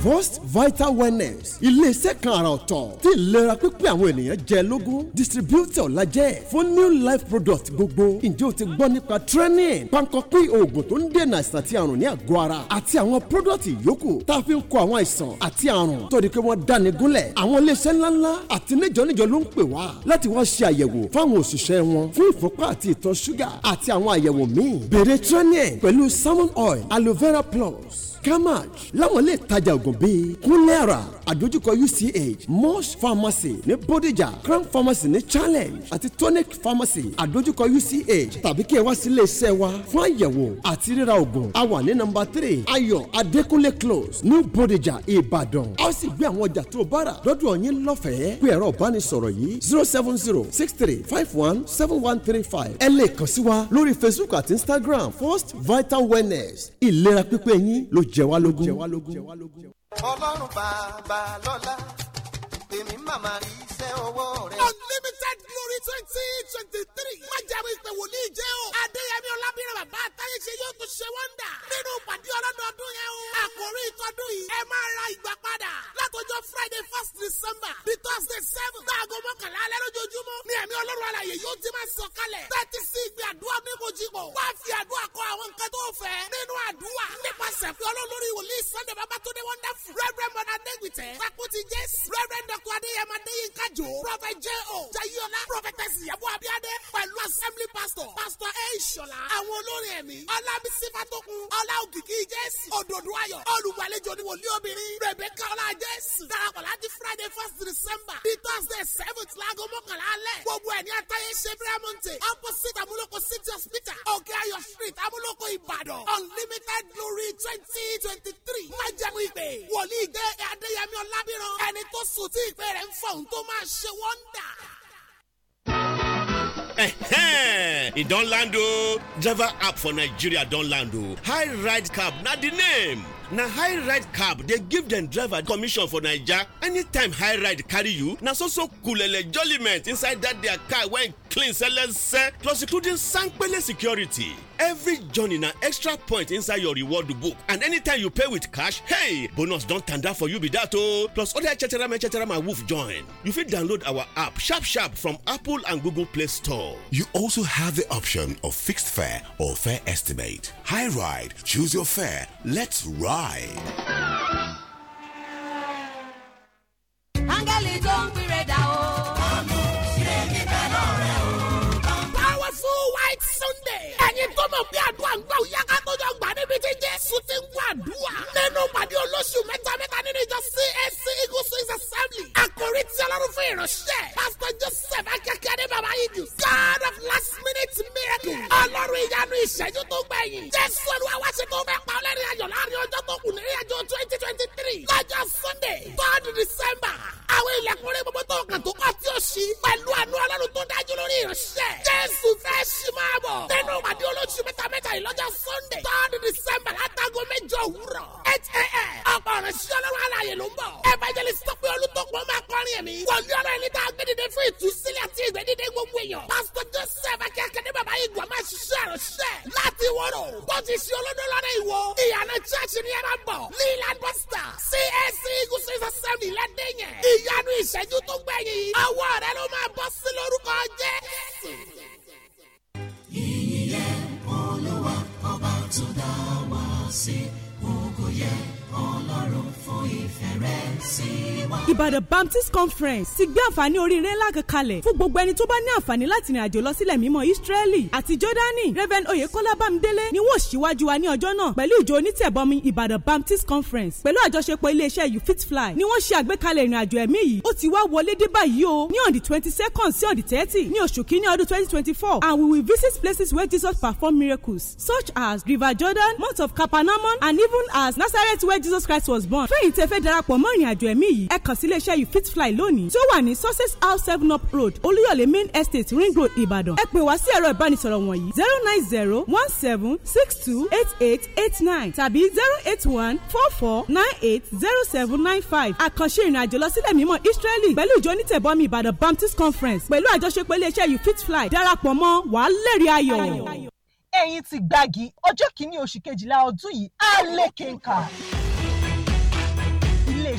advanced vital wellness iléeṣẹ́ kan àrà ọ̀tọ̀ tí ìlera pípé àwọn ènìyàn jẹ lógún distributor lajẹ́ fún new life product gbogbo ǹjẹ́ o ti gbọ́ nípa training pankọ́pín oògùn tó ń dènà àìsàn àti àrùn ní àgọ́ ara àti àwọn product yòókù tá a fi ń kọ àwọn àìsàn àti àrùn tó di pé wọ́n dáni gúnlẹ̀ àwọn iléeṣẹ́ ńláńlá àti níjọ́níjọ́ ló ń pè wá láti wá ṣe àyẹ̀wò fáwọn òṣìṣẹ́ wọn fún ìfúnpá àti ìtọ̀ ṣúgà àti àwọn àyẹ̀wò míì bèrè training pẹ̀lú salmon oil aloe vera plus Kamaj láwọn ilé ìtajà ògùn bíi Kúnlẹ́ra àdójúkọ UCH Mosh Pharmacy ní Bódìjà Crown Pharmacy ní Challenge àti Tonic Pharmacy àdójúkọ UCH tàbí kí ẹ wá sí ilé iṣẹ́ wa fún àyẹ̀wò àti ríra ògùn. A wà ní nọmba three Ayọ̀ Adékúnlé Close ní Bódìjà Ìbàdàn. A ó sì gbé àwọn ọjà tó o bá rà lọ́dọ̀ lọ́fẹ̀ẹ́ pé ẹ̀rọ ìbánisọ̀rọ̀ yìí zero seven zero six three five one seven one three five. Ẹ lè kàn sí wa lórí Facebook àti Instagram First Vital Wellness ìlera pípé yín lójú jẹ wá lógún. ọlọ́run bàbá lọ́lá èmi màmá rí iṣẹ́ ọwọ́ rẹ. unlimited glory twenty twenty three májàmú ìpè. e don land o. driver app for nigeria don land o. high ride cab na the name. na high ride cab dey give dem driver commission for naija anytime high ride carry you na so so kulele jollyment inside dat their car wey clean selese plus including sanpele security every journey na extra point inside your reward book and anytime you pay with cash hey bonus don tanda for you be that o oh. plus other echeterama echeterama woof join you fit download our app sharp sharp from apple and google play store. you also have the option of fixed fare or fare estimate high ride choose your fare let's ride. jésù ti ń gbàdúrà nínú pàdé olóṣù mẹ́ta mẹ́ta nínú ìjọ csc eagles orí tí ọlọ́run fún ìránṣẹ́ Pastor joseph akẹ́kẹ́ ní bàbá yìí jù god of last minute miracle ọlọ́run ìyanu ìṣẹ́jú tó gbẹ̀yìn jésù olúwa wá ṣe tó fẹ́ pa ọ́ lẹ́rìn ayọ̀ láàrin ọjọ́ tó kù ní ìrìnàjò twenty twenty three lọ́jọ́ sunday third december àwọn ìlẹ̀kùnrin gbogbo tó kàn tó kọ́ tí ó ṣí pẹ̀lú àánú ọlọ́run tó dájú lórí ìránṣẹ́ jésù fẹ́ ṣì máa bọ̀ nínú ìpàdé olóṣù mẹ́ta mẹ́ta yìí lọ́jọ́ sunday third december látago mẹ́jọ òwúrọ̀ eight a.m. ọ̀pọ̀ ọ̀rẹ́ sí ọlọ́run alààyè ló ń bọ̀ evangelist tó pé olùtọ́kùn máa kọrin lórí ẹ̀mí. wọlé ọ̀rọ̀ ẹni tá a gbé dìde fún ìtúsílẹ̀ àti ìgbẹ́dídé gbogbo èèyàn. pásítọ̀ joseph akẹ́kẹ́ ní bàbá ìgbà máa ṣiṣẹ́ àròṣẹ́ láti wọ́rọ̀. bó ti ṣe olódó lọ́dọ̀ ìwọ. ìyànà church ni ẹ máa bọ̀. leland pastor csc gúúsù ìfọsẹ́mi lẹ́dẹ̀ yẹn. ìyanu ìṣẹ́jú tó gbẹ̀yìn. ọwọ́ rẹ ló máa bọ́ sí lórúkọ jésù. yìnyín yẹ olúwa ọba tó dá wa sí ògo yẹ. Ìbàdàn Baptist Conference ti gbé àǹfààní oríire ńlá kan kalẹ̀ fún gbogbo ẹni tó bá ní àǹfààní láti rìn àjò lọ sílẹ̀ mímọ́ Ísírẹ́lì àti Jọ́dánì Reverend Oyekola Bámidélé ni wọ́n ṣíwájú wa ní ọjọ́ náà pẹ̀lú ìjọ onítẹ̀bọmi Ìbàdàn Baptist Conference pẹ̀lú àjọṣepọ̀ iléeṣẹ́ You Fit Fly ni wọ́n ṣe àgbékalẹ̀ ìrìn àjò ẹ̀mí yìí ó ti wá wọlé dé báyìí o ní on twenty second sí on thirty ní oṣù kínní twenty twenty four and we will visit places where Jesus performed miracles such as River Jordan, Mount of Capernaum and even as Nazareth where Jesus Christ was born fẹ́yìn tẹ́ fẹ́ darapọ̀ mọ́ ìrìn àjò ẹ̀mí yìí ẹ kàn sí iléeṣẹ́ you fit fly lónìí tí ó wà ní success house seven up road olúyọ̀lé main estate ring road Ìbàdàn ẹ pè wá sí ẹ̀rọ ìbánisọ̀rọ̀ wọ̀nyí zero nine zero one seven six two eight eight eight nine tàbí zero eight one four four nine eight zero seven nine five àkànṣe ìrìn àjò lọ sílẹ̀ mímọ́ Israeli pẹ̀lú ìjọ onítẹ̀bọmi Ìbàdàn Baptist Conference pẹ̀lú àjọṣepọ̀ iléeṣẹ́ you fit fly darapọ̀ mọ́ wàá lẹ́rìí ayọ̀ ẹ̀yin ti gbági ọjọ́ kìíní oṣù kejìlá ọdún yìí á lè kéka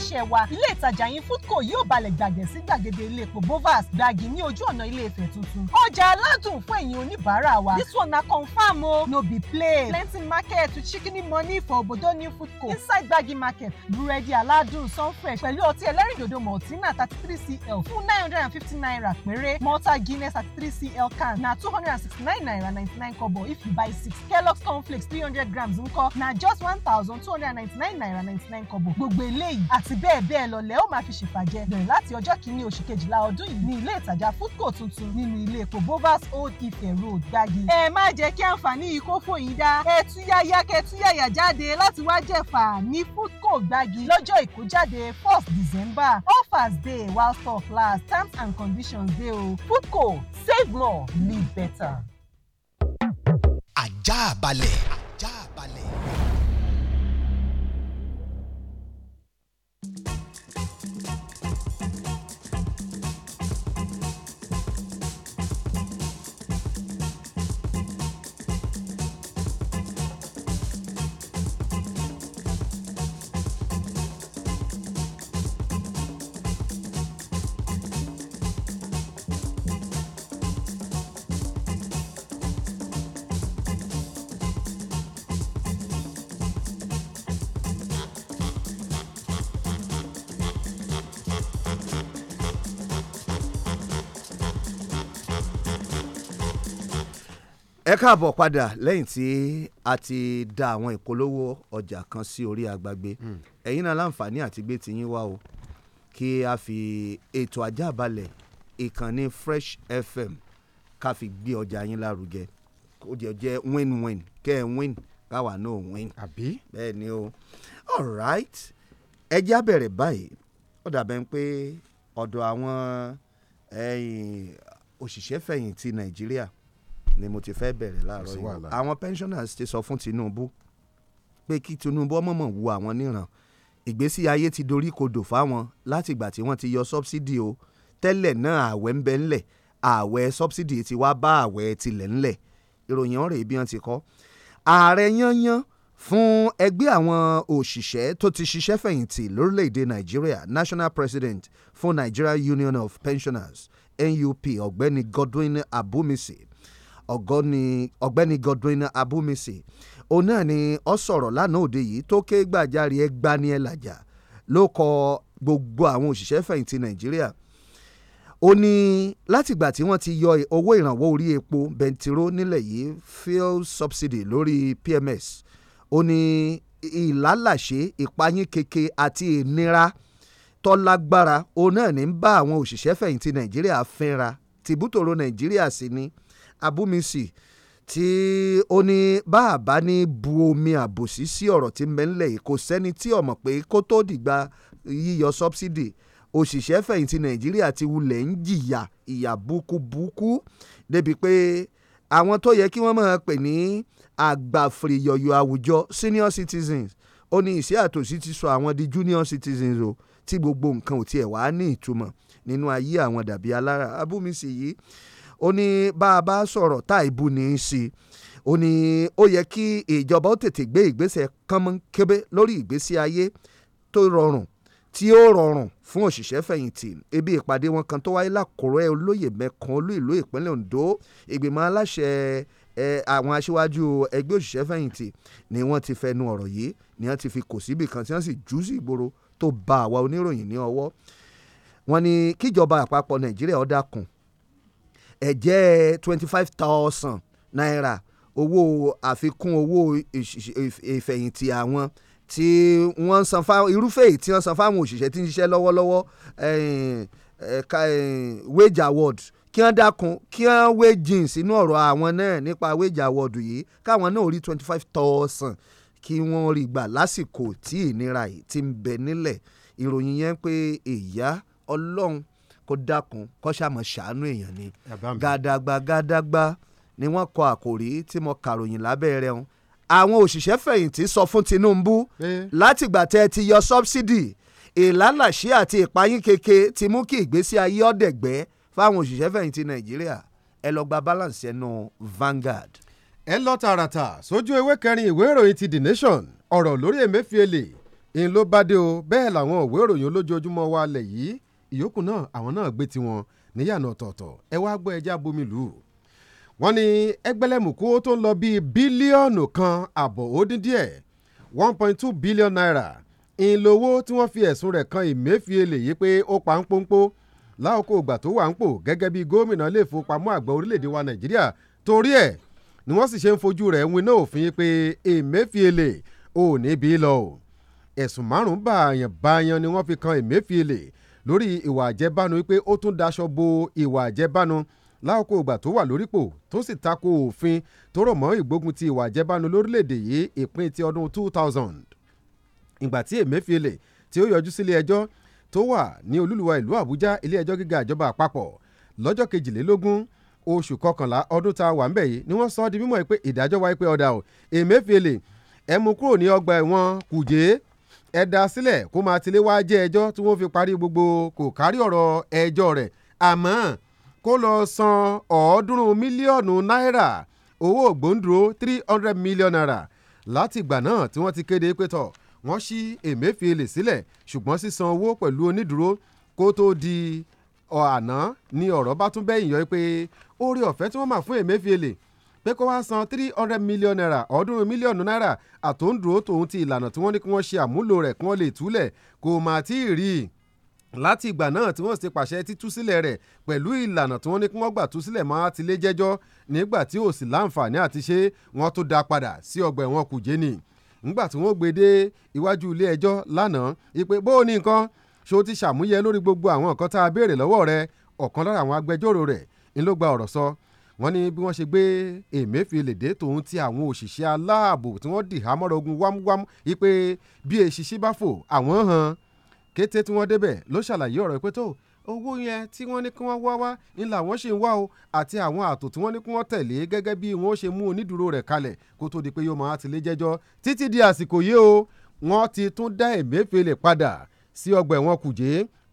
iléeṣẹ́ wa ilé ìtajà yín foodco yóò balẹ̀ gbàgẹ̀ sí gbàgede ilé epo bovas gbàgì ní ojú ọ̀nà ilé Ifẹ̀ tuntun ọjà aládùn fún ẹ̀yin oníbàárà wa this one na confam o no be play plenty market with chicken money for obodo new foodco inside gbàgì market búrẹ́dì aládùn sunfresh pẹ̀lú ọtí ẹlẹ́rìndòdò maltina thirty three cl fún nine hundred and fifty naira péré malta guinness thirty three cl can na two hundred and sixty nine naira ninety nine kobo if you buy six kellogg's cornflakes three hundred grams ńkọ́ na just one thousand two hundred and ninety nine naira ninety nine kobo gbogbo eléyìí àti àti bẹ́ẹ̀ bẹ́ẹ̀ lọ lẹ́ ó máa fi ṣèfàjẹ́ bẹ̀rẹ̀ láti ọjọ́ kìíní oṣù kejìlá ọdún yìí ní ilé ìtajà foodco tuntun nínú ilé epo bovas old ife road gbági. ẹ má jẹ́ kí àǹfààní yìí kó fò yín dá ẹ túyáyá kẹ túyàyà jáde láti wá jẹ̀fà ní foodco gbági lọ́jọ́ ìkójáde first december offers day. while stock last terms and conditions dey o foodco save more live better. ajá balẹ̀. ajá balẹ̀. ẹ káàbọ̀ padà lẹ́yìn tí a ti da àwọn ìpolówó ọjà kan sí orí agbágbé hmm. ẹ̀yin náà láǹfààní àti gbé tiyín wá o kí a fi ètò ajá balẹ̀ ìkànnì Fresh FM ká fi gbé ọjà yín lárugẹ ó jẹ́ jẹ́ win-win kẹ́ ẹ̀ win káwa náà win. àbí bẹ́ẹ̀ ni o all right ẹ já bẹ̀rẹ̀ báyìí ó dàbẹ̀ ń pé ọ̀dọ̀ àwọn òṣìṣẹ́ fẹ̀yìntì Nàìjíríà ni mo ti fẹ́ bẹ̀rẹ̀ láàárọ̀ yìí àwọn pensioners ti sọ fún Tinubu pé kí Tinubu ọmọọmọ wu àwọn níran ìgbésí ayé ti dorí kodò fáwọn láti ìgbà tí wọ́n ti yọ subsidy o tẹ́lẹ̀ náà ààwẹ̀ ń bẹ ńlẹ̀ ààwẹ̀ subsidy ti wá bá ààwẹ̀ tilẹ̀ ńlẹ̀ ìròyìn ọ̀rẹ́ ibi wọn ti kọ́ ààrẹ yányán fún ẹgbẹ́ àwọn òṣìṣẹ́ tó ti ṣiṣẹ́ fẹ̀yìntì lórílẹ̀‐èdè Nàìjíríà National President fún Nigeria Union of Pensioners NUP ọ̀gbẹ́ni Godwin Abumisi ọ̀gbẹ́ni Godwin Abumisi òun náà ni ó sọ̀rọ̀ lánàá òde yìí tó ké gbàjarè ẹ gbani ẹ làjà ló kọ gbogbo àwọn òṣìṣẹ́ fẹ̀yìntì Nàìjíríà ó ní látìgbà tí wọ́n ti yọ owó ìrànwọ́ orí epo bẹntiró nílẹ̀ yìí fuel subsidy lórí PMS ó ní ìlàlàṣe ìpayín keke àti ìnira tọ́lágbára òun náà ní ń bá àwọn òṣìṣẹ́ fẹ̀yìntì Nàìjíríà fínra tìbútòrò Nàìjíríà sí ni. Ba, abúmísì tí ó ní bàbá ní bu omi àbòsí sí ọ̀rọ̀ tí ń bẹ ńlẹ̀ yìí kò sẹ́ni tí ó mọ̀ pé kó tó dìgbà yíyọ sọ́bsidì òṣìṣẹ́ fẹ̀yìntì nàìjíríà ti wulẹ̀ ń jìyà ìyà búkúbúkú débi pé àwọn tó yẹ kí wọ́n máa pè ní àgbàfèrèyọ̀yọ̀ àwùjọ senior citizens ó ní ìṣẹ́ àtòsí ti sọ àwọn di junior citizens o tí gbogbo nǹkan ò tiẹ̀ wá ní ìtumọ̀ nínú ayé àwọn dàbí alára abúmísì yìí ó ní bá a bá sọ̀rọ̀ tá ìbú ní í sí ó ní ó yẹ kí ìjọba ó tètè gbé ìgbésẹ̀ kánmọ́nkébé lórí ìgbésí ayé tó rọrùn tí ó rọrùn fún òṣìṣẹ́ fẹ̀yìntì ibi ìpàdé wọn kan tó wáyé lákòrẹ́ olóyè mẹ́kan olú ìlú ìpínlẹ̀ Ondo ìgbìmọ̀ aláṣẹ àwọn aṣíwájú ẹgbẹ́ òṣìṣẹ́ fẹ̀yìntì ni wọ́n ti fẹnu ọ̀rọ̀ yìí ni wọ́n ti fi kò síbì kan tí wọ́n sì jù sí ìgboro tó ba àwa oníròyìn ní ọwọ́ wọn ni kíjọba àpapọ̀ Nàìjíríà ó ẹ̀jẹ́ twenty five thousand naira owó àfikún owó ìfẹ̀yìntì àwọn tí wọ́n san fáwọn irúfẹ́ tí wọ́n san fáwọn òṣìṣẹ́ tí ń ṣiṣẹ́ lọ́wọ́lọ́wọ́ ẹ̀ka wage award kí wọ́n dákun kí wọ́n waging sínú ọ̀rọ̀ àwọn náà nípa wage award yìí káwọn náà rí twenty five thousand kí wọ́n rí gbà lásìkò tí ìnira yìí ti ń bẹ nílẹ̀ ìròyìn yẹn pé ìyá ọlọ́run kó dákun kó ṣàmọ̀ ṣàánú èèyàn ni gàdàgbà gàdàgbà ni wọ́n kọ àkòrí tí mo kàròyìn lábẹ́ rẹ̀ hàn àwọn òṣìṣẹ́ fẹ̀yìntì sọ fún Tinubu látìgbà tẹ́ ẹ ti yọ sọ́bsidì ìlàlàṣí àti ìpayín keke ti mú kí ìgbésí ayé ọ̀dẹ̀gbẹ́ fáwọn òṣìṣẹ́ fẹ̀yìntì Nàìjíríà ẹ lọ gba balance ẹnu Vanguard. ẹ lọ tààràtà sójú ewé kẹrin ìwé ìròyìn ti The Nation ọ̀rọ̀ lórí Emefiele ń ló bá dé o bẹ́ẹ̀ làwọn ìwé ìròyìn olójoojúmọ́ wa lẹ̀ yìí ìyókù náà àwọn náà gbé tiwọn níyànà ọ̀tọ̀ọ̀tọ̀ ẹ wá gbọ́ ẹja bomi lù ú. wọ́n ní ẹgbẹ́lẹ́mùkú tó ń lọ bíi bílíọ̀nù kan àbọ̀ ó dín díẹ̀ one point two billion naira ìlówó tí wọ́n fi ẹ̀sùn rẹ̀ kan Emefiele yìí pé ó pa ń pọ́npọ́ láòkó ìgbà tó wà ń pò gẹ́gẹ́ bí gómìnà ilé ìfowópamọ́ àgbà orílẹ̀-èdè wa Nàìjíríà torí ẹ̀ ni wọ́n sì ṣe ń fojú rẹ̀ winá òfin pé Emefiele ò ní bí lọ o ẹ̀sùn márùn-ún báàyàn báàyàn ni wọ́n fi kan Emefiele lórí ìwà àjẹbánu wípé ó tún daṣọ bo ìwà àjẹbánu láòkó ìgbà tó wà lórípò tó sì tako òfin tó rọ̀ mọ́ ìgbógun ti ìwà àjẹbánu lórílẹ̀‐èdè yìí ìpín ti ọdún 2000 ìgbà tí Emefiele tí ó yọjú sílé ẹjọ́ tó wà ní olúluwa ìlú Àbújá ilé ẹjọ́ gíga ìjọba àpapọ̀ lọ́jọ́ kejìlélógún oṣù kọkànlá ọdún tá wà ń bẹ̀ yìí ni wọ́n sọ ọ́ di mímọ̀ pé ìdájọ́ wáyé pé ọ̀dà o Emefiele ẹ mú kúrò ní ọgbà ẹ̀wọ̀n Kùjé ẹ dá sílẹ̀ kó máa tilé wá jẹ́ ẹjọ́ tí wọ́n fi parí gbogbo kò kárí ọ̀rọ̀ ẹjọ́ rẹ̀ àmọ́ kó lọ san ọ̀ọ́dúnrún mílíọ̀nù náírà owó ògbóǹdúró three hundred million naira láti ìgbà náà tí wọ́n ti kéde pé tọ̀ wọ́n ṣí èmẹ́fìlè sílẹ̀ ṣùgbọ́n sísan owó pẹ̀lú onídùúró kó tó di àná ni ọ̀rọ̀ bá tún bẹ́yìn yọ pé oore ọ̀fẹ́ tí wọ́n máa fún èmẹ́fìlè pé kó wá san three hundred million naira ọ̀ọ́dúnrún mílíọ̀nù náírà àtòǹdúró tòun ti ìlànà tí wọ́n ní kí wọ́n ṣe àmúlò rẹ̀ kí wọ́n lè túlẹ̀ kò mà tí ì rí i láti ìgbà náà tí wọ́n ti pàṣẹ títúsílẹ̀ rẹ̀ pẹ̀lú ìlànà tí wọ́n ní kí wọ́n gbà túsílẹ̀ máa ti lé jẹ́jọ́ nígbà tí ò sì láǹfààní àti ṣe wọ́n tó dá padà sí ọgbà ẹ̀wọ̀n kùjé ni ńgbà tí wọ́n gbé iwájú ilé ẹjọ́ lánàá ìpè bó o ní nǹkan ṣó ti ṣàmúyẹ lórí gbogbo àwọn nǹkan tá a béèrè lọ́wọ́ rẹ̀ ọ̀kan lára àwọn agbẹjọ́rò rẹ̀ ńlọgbà ọ̀rọ̀ sọ wọ́n ní bí wọ́n ṣe gbé Emefiele dé tòun ti àwọn òṣìṣẹ́ aláàbò tí wọ́n dì hámọ́ra ogun wámúwámú wípé bí eṣiṣi bá fò àwọn hàn kété tí wọ́n débẹ̀ ló ṣàlàyé ọ̀rọ̀ pé tó owó yẹn tí wọ́n ní kí wọ́n wá wá ń làwọn ṣì ń wá o àti àwọn ààtò tí wọ́n ní kí wọ́n tẹ̀lé gẹ́gẹ́ bí wọ́n ṣe mú onídùúró rẹ̀ kalẹ̀ kó tó di pé yóò máa tilé jẹ́jọ́ títí di àsìkò yìí o wọ́n ti tún dá Emefiele padà sí ọgbà ẹ̀wọ̀n Kùjé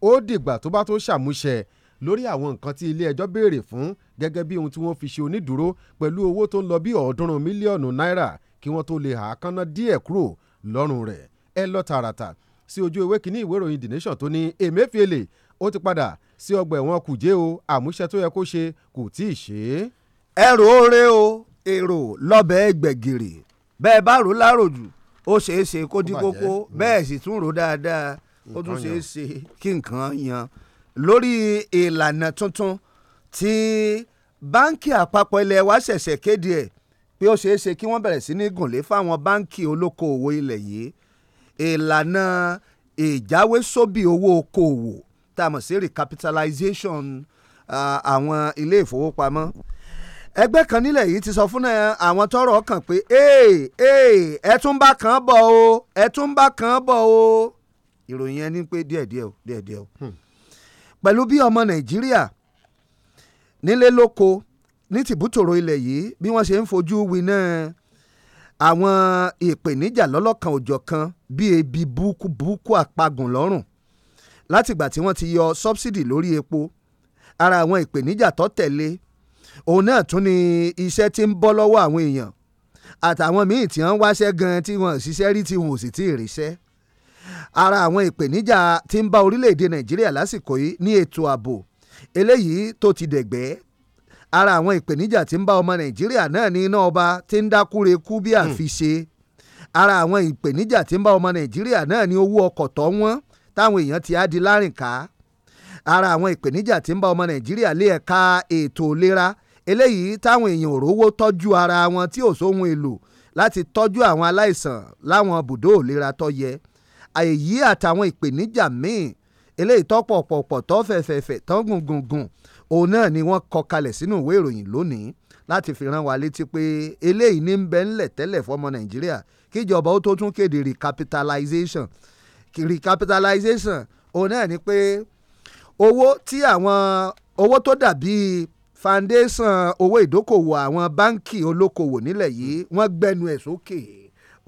ó dìgbà tó bá tó ṣàmúṣẹ lórí àwọn nǹkan tí ilé ẹjọ́ béèrè fún gẹ́gẹ́ bí ohun tí wọ́n fi ṣe onídùúró pẹ̀lú owó tó ń lọ bí ọ̀ọ́dúnrún mílíọ̀nù náírà kí wọ́n tó lè hà á kánná díẹ̀ kúrò lọ́rùn rẹ̀ ẹ lọ tààràtà sí ojú ewé kínní ìwé ìròyìn The Nation tó ní Emefiele ó ti padà sí ọgbà ẹ̀wọ̀n kùjé o àmúṣe tó yẹ kó ṣe kò tí ì ṣe é. ẹrù oore o èrò lọ́bẹ̀ gbẹ̀gìrì bẹ́ẹ̀ bá rò láròjù ó ṣeé ṣe kó dín kókó hmm. bẹ́ẹ̀ sì tún rò dáadáa ó tún ṣeé ṣe kí nǹkan yan lórí ìlànà tuntun tí báńkì àpapọ̀ ilẹ̀ wa ṣẹ̀ṣẹ̀ kéde ẹ̀ pé ó ṣeé ṣe kí wọ́n bẹ̀rẹ̀ sí ní gùnlé fáwọn báńkì olókoòwò ilẹ̀ yìí ìlànà ìjáwésóbì owó okòòwò tá a mọ̀ sí recapitalization àwọn ilé ìfowópamọ́ ẹgbẹ́ kan nílẹ̀ yìí ti sọ fún àwọn tọrọ kàn pé ẹ tún bá kan bọ̀ o ẹ tún bá kan bọ̀ o ìròyìn ẹni pé díẹ̀díẹ̀ o díẹ̀díẹ̀ o hmm. pẹ̀lú bí ọmọ nàìjíríà nílé lóko ní tìbútòrò ilẹ̀ yìí bí wọ́n ṣe ń fojú winá àwọn ìpèníjà lọ́lọ́kan òjọ̀kan bíi ebi burúkú burúkú àpagùn lọ́rùn látìgbà tí wọ́n ti yọ sọ́bsidì lórí epo ara àwọn ìpèníjà tó tẹ̀lé òun náà tún ni iṣẹ́ tí ń bọ́ lọ́wọ́ àwọn èèyàn àtàwọn míì tí wọ́n wáṣẹ́ gan-an tí wọ́n ṣiṣẹ́ rí tí wọn ò sì tí ì ríṣẹ́ ara àwọn ìpèníjà tí ń bá orílẹ̀-èdè nàìjíríà lásìkò yìí ní ètò ààbò eléyìí tó ti dẹ̀gbẹ́ ara àwọn ìpèníjà tí ń bá ọmọ nàìjíríà náà ní iná ọba tí ń dákúre kú bí àfiṣe hmm. ara àwọn ìpèníjà tí ń bá ọmọ nàìjíríà náà ní owó ọkọ̀ tó wọ́n táwọn èèyàn ti á di lárìnká ara àwọn ìpèníjà tí ń bá ọmọ nàìjíríà lé ẹ̀ka ètò ìlera eléyìí táwọn èèyàn òrówó tọ́jú ara wọn tí ò sóhun èlò láti tọ́jú àwọn aláìsàn láwọn bùdó ìlera tó yẹ èyí àtàwọn ìpèníjà míì eléyìí tọ́pọ̀pọ̀pọ̀ tọ́fẹ̀fẹ̀fẹ̀ tọ́gùngùngùn òun náà ni wọ́n kọ kalẹ̀ sínú ìwé ìròyìn lónìí láti fi rán wa létí pé eléyìí ní bẹ́ẹ̀ ńlẹ̀ tẹ́lẹ̀ fọmọ Nàìjíríà kíjọba ó tó tún kéde recapitalization recapitalization òun náà ni pé owó tí àwọn owó tó dàbí foundation owó ìdókòwò àwọn báǹkì olókòwò nílẹ̀ yìí wọ́n gbẹnu ẹ̀ sókè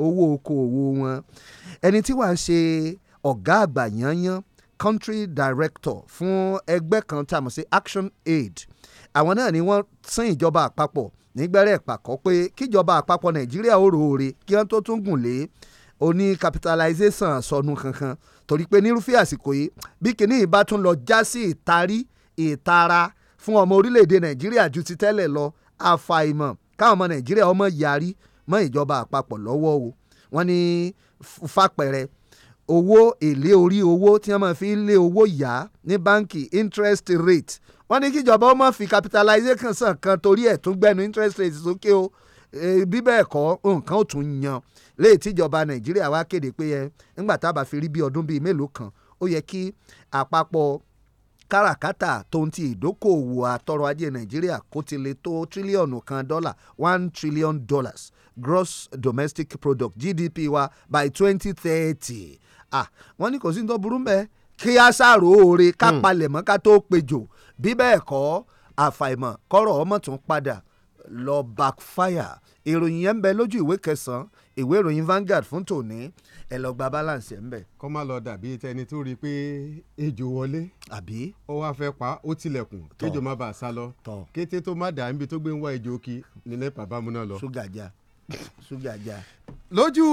owó okòwò wọn ẹni tí wàá ṣe ọ̀gá àgbà yányán country director fún ẹgbẹ́ kan tá a mọ̀ sí Action Aid àwọn náà ni wọ́n sin ìjọba àpapọ̀ nígbẹ́rẹ́ ìpàkọ́ pé kíjọba àpapọ̀ Nàìjíríà ó roore kí wọ́n tó tún gùn lé oní capitalization sọnù kankan torí pé nírúfẹ́ àsìkò yìí bí kinní ìbá tún lọ já sí ìtarí ìtara fún ọmọ orílẹ̀-èdè Nàìjíríà ju ti tẹ́lẹ̀ lọ àfàìmọ̀ káwọn ọmọ Nàìjíríà ọmọ yarí mọ́ ìjọba àpapọ̀ lọ́wọ́ o wọ́n ní fapẹ̀rẹ̀ owó èlé orí owó tí wọ́n máa fi lé owó yá ní báǹkì interest rate wọ́n ní kíjọba ó máa fi capitalization sàn kan torí ẹ̀ tún gbẹ́nu interest rate sókè o bí bẹ́ẹ̀ kọ́ nǹkan ò tún yan léyìí tíjọba nàìjíríà wá kéde pé ẹ ńgbà tá a bá fi rí bí ọdún bíi mélòó kan ó yẹ kí àpapọ̀ káràkátà tó ti ìdókòwò àtọrọ̀ ajé nàìjíríà kó ti lè tó tírílíọ̀nù kan dọ́là one trillion dollars gross domestic product gdp wa by twenty thirty wọ́n ní kò sí ní tó burú mẹ́ kí a ṣàrò oore ká hmm. palẹ̀ mọ́ ká tó péjò bí bẹ́ẹ̀ kọ́ àfàìmọ̀ kọ́rọ̀ ọmọ tún padà lọ backfire ìròyìn yẹn ń bẹ lójú ìwé kẹsàn-án ìwé ìròyìn Vanguard fún tòní ẹ lọ gba balance ẹ ń bẹ. kọ́ máa lọ dàbí tẹni tó rí i pé ejò wọlé. àbí. ó wáá fẹ́ pa ó tilẹ̀kùn kéjò má bàa sá lọ. tọ kété tó má dà níbi tó gbé ń wá ejò kí nílẹ̀ bàbá mu náà lọ. ṣúgà já ṣúgà já. lójú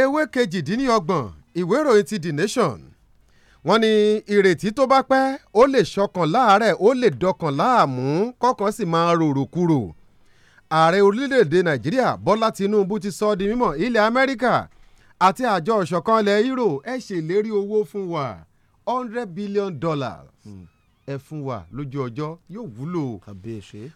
ewé kejìdínlọ́gbọ̀n ìwé ìròyìn ti The Nation wọ́n ní ìrètí tó bá pẹ́ ó lè ṣọkàn láàárẹ̀ ó lè dọkàn láàmú kọ́kàn sì máa rorò kúrò ààrẹ orílẹ̀-èdè nàìjíríà bọ́lá tinubu ti sọ di mímọ̀ ilẹ̀ amẹ́ríkà àti àjọ ìṣọ̀kan ilẹ̀ euro ẹ̀ ṣèlérí owó fún wa hundred billion dollars hmm. ẹ fún wa lójú ọjọ́ yóò wúlò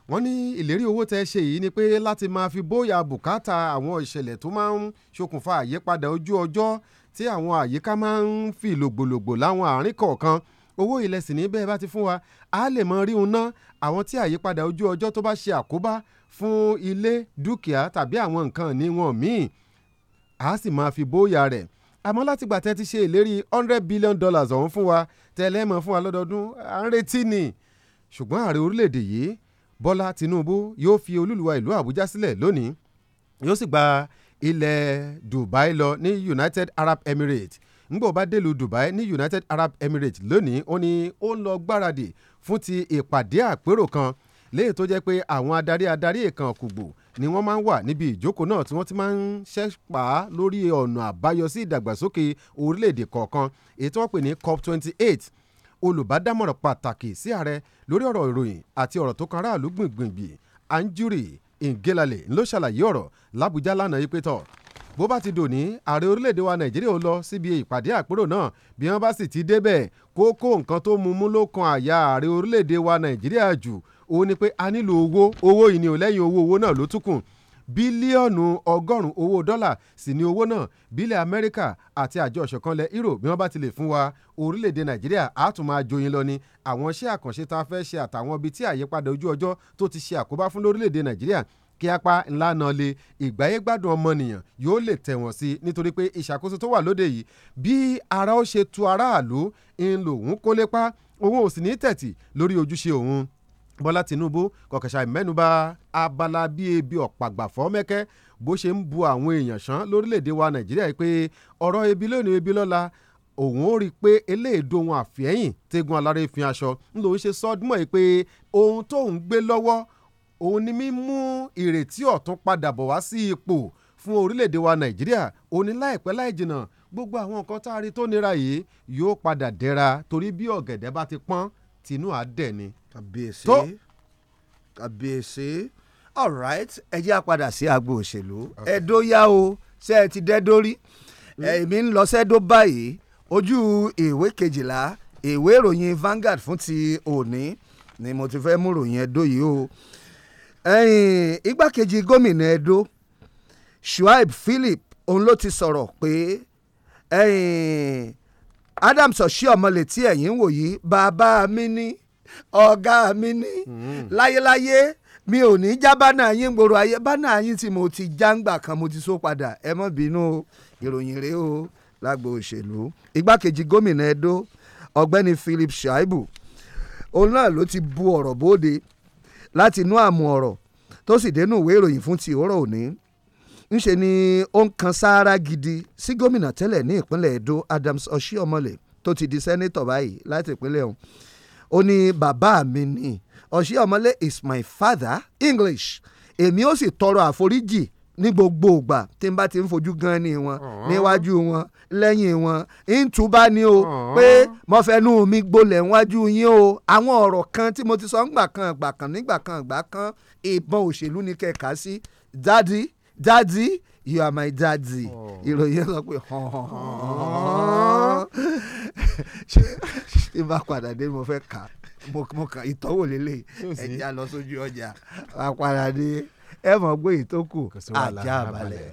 wọ́n ní ìlérí owó tẹ́ ṣe yìí ni pé láti máa fi bóyá bùkátà àwọn ìṣẹ̀lẹ̀ tó máa ń ṣokùnfà àyípadà ojú ọjọ́ tí àwọn àyíká máa ń fi lògbòlògbò láwọn àárín kọ̀ọ̀kan owó ilẹ̀ sì ní bẹ́ẹ̀ bá ti fún wa a lè mọ rí un ná àwọn tí àyípadà ojú ọjọ́ tó bá ṣe àkóbá fún ilé dúkìá tàbí àwọn nǹkan ní wọn míì a sì máa fi bóyá rẹ̀ àmọ́ láti gbà tẹ́ ti ṣe ìlérí hundred billion dollars ọ̀hún fún wa tẹ́lẹ̀ mọ́ fún wa lọ́dọọdún à ń retí ni ṣùgbọ́n ààrẹ orílẹ̀-èdè yìí Bọ́lá Tinubu yóò fi olúluwa ìlú Àbújá sílẹ̀ lónìí yóò sì gba ilẹ̀ Dubai lọ ní United Arab Emirates ngbò bá délùú Dubai ní United Arab Emirates lónìí ó ní ó ń lọ gbáradì fún ti ìpàdé àpérò kan léyìí tó jẹ́ pé àwọn adarí adarí ìkàn kùgbù ni wọ́n máa ń wà níbi ìjókòó náà tí wọ́n ti máa ń ṣẹ́pà lórí ọ̀nà àbáyọ sí ìdàgbàsókè orílẹ̀-èdè kọ̀ọ̀kan èyí tí wọ́n pè ní COP twenty eight olùbádámọ̀ràn pàtàkì sí ààrẹ lórí ọ̀rọ̀ ìròyìn àti ọ̀rọ̀ tó kan aráàlú gbìngbìngbì Anjuri Ngelale ló ṣàlàyé ọ̀rọ̀ lábújá lánàá yìí pé tọ̀ bó bá ti dòní ààrẹ orílẹ̀-èdè wa nàìjíríà ó lọ síbi ìpàdé àpérò náà bí wọ́n bá sì ti débẹ̀ kókó nǹkan tó mumú ló kan àyà ààrẹ orílẹ̀-èdè wa nàìjíríà jù òun ni pé a nílò owó owó yìí ò lẹ́yìn owó owó náà ló tún bílíọ̀nù ọgọ́rùn-ún owó dọ́là sì ni owó náà bílẹ̀ amẹ́ríkà àti àjọ ìṣọ̀kanlẹ̀ europe bí wọ́n bá ti lè fún wa orílẹ̀-èdè nàìjíríà á tún máa joyin lọ ni àwọn iṣẹ́ àkànṣe tá a fẹ́ ṣe àtàwọn ibi tí àyípadà ojú ọjọ́ tó ti ṣe àkóbá fún lórílẹ̀-èdè nàìjíríà kí apá ńlá náà le ìgbáyégbádùn ọmọnìyàn yóò lè tẹ̀wọ̀n sí i nítorí pé ìṣàkóso tó wà lóde yìí bí ara ó ṣe tu aráàlú ń lòun kólépa òun ò sì ní tẹ̀tì lórí ojúṣe òun bọ́lá tinubu kọ̀kẹ́sà ìmẹ́nuba abala bíi ebi ọ̀pàgbà fọ́mẹ́kẹ́ bó ṣe ń bu àwọn èèyàn sán lórílẹ̀‐èdè wa nàìjíríà pé ọ̀rọ̀ ebi lónìí ebi lọ́la òun ó rí i pé eléèdó wọn àfihẹ́yìn tegun aláré fi aṣọ ńlò ń ṣe sọ́dúnmọ́ yìí pé ohun tóun gbé lọ́wọ́ òun ni mímú ìrètí ọ̀tún padà bọ̀ wá sí ipò fún orílẹ̀-èdè wa nàìjíríà òní láìpẹ́ láì jìnnà gbogbo àwọn nǹkan tá a rí tó nira yìí yóò padà dẹ́ra torí bí ọ̀gẹ̀dẹ̀ bá ti pọ́n tinú àdẹ̀ ni kàbíyèsí kàbíyèsí alright ẹ jẹ́ àpadà sí agbo òṣèlú ẹ̀dọ́ yá o ṣe é ti dẹ́ dórí mm. èmi ń lọ sẹ́dọ̀ báyìí ojú ìwé kejìlá ìwé ìròyìn Vanguard fún ti òní ni mo ti fẹ́ mú ròyìn ẹ̀dọ́ yìí o igbákejì gómìnà ẹ̀dọ́ Shuaib Philip òun ló ti sọ̀rọ̀ pé Adams ọ̀ṣẹ́ ọmọlẹ̀ tí ẹ̀yìn wò yìí bàbá mi ní ọ̀gá mi ní hmm. láyéláyé mi ò ní já bánà yín gbòòrò ayé bánà yín tí mo ti já ń gbà kan mo ti sọ padà ẹ mọ́ bínú o ìròyìn rèé o lágbo òṣèlú igbákejì gómìnà Edo ọ̀gbẹ́ni Philip Shaibu òun náà ló ti bu ọ̀rọ̀ bóde láti inú àmú ọ̀rọ̀ tó sì dénú ìwé ìròyìn fún ti òórọ̀ òní ńṣe ni ó ń kan sáárá gidi sí gómìnà tẹ́lẹ̀ ní ìpínlẹ̀ Edo Adams Oshiomhole tó ti di sẹ́nítọ̀ báyìí láti ìpínlẹ̀ ọ̀hún ó ní bàbá mi ni ọ̀ṣẹ́ ọmọlé is my father english èmi ó sì tọrọ àforíjì ní gbogbo ìgbà tí n bá ti ń fojú gan ni wọn níwájú wọn lẹ́yìn wọn ìtúbá ni o pé mo fẹnu mi gbolẹ̀ níwájú yín o àwọn ọ̀rọ̀ kan tí mo ti sọ ńgbà kan ìgbà kan nígbà kan ìgbà kan ìbọn òṣèlú ni kẹ̀ka sí dádì dádì you are my daddy ìròyìn sọ pé hàn hàn hàn ṣé bá padà dé mo fẹ́ kà mo kà ìtọ́wò lélẹ̀ ẹ̀jẹ̀ lọ sójú ọjà bá padà dé ẹ mọ̀ gbé ìtókù ajá balẹ̀.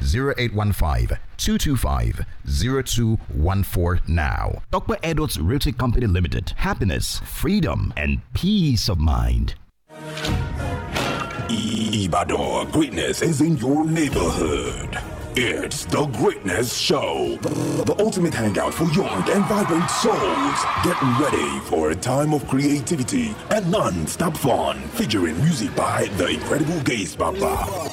0815 225 0214 now. Dr. Edwards Realty Company Limited. Happiness, freedom, and peace of mind. Ibadan greatness is in your neighborhood. It's the Greatness Show, the ultimate hangout for young and vibrant souls. Get ready for a time of creativity and non-stop fun, featuring music by the incredible Gaze Baba.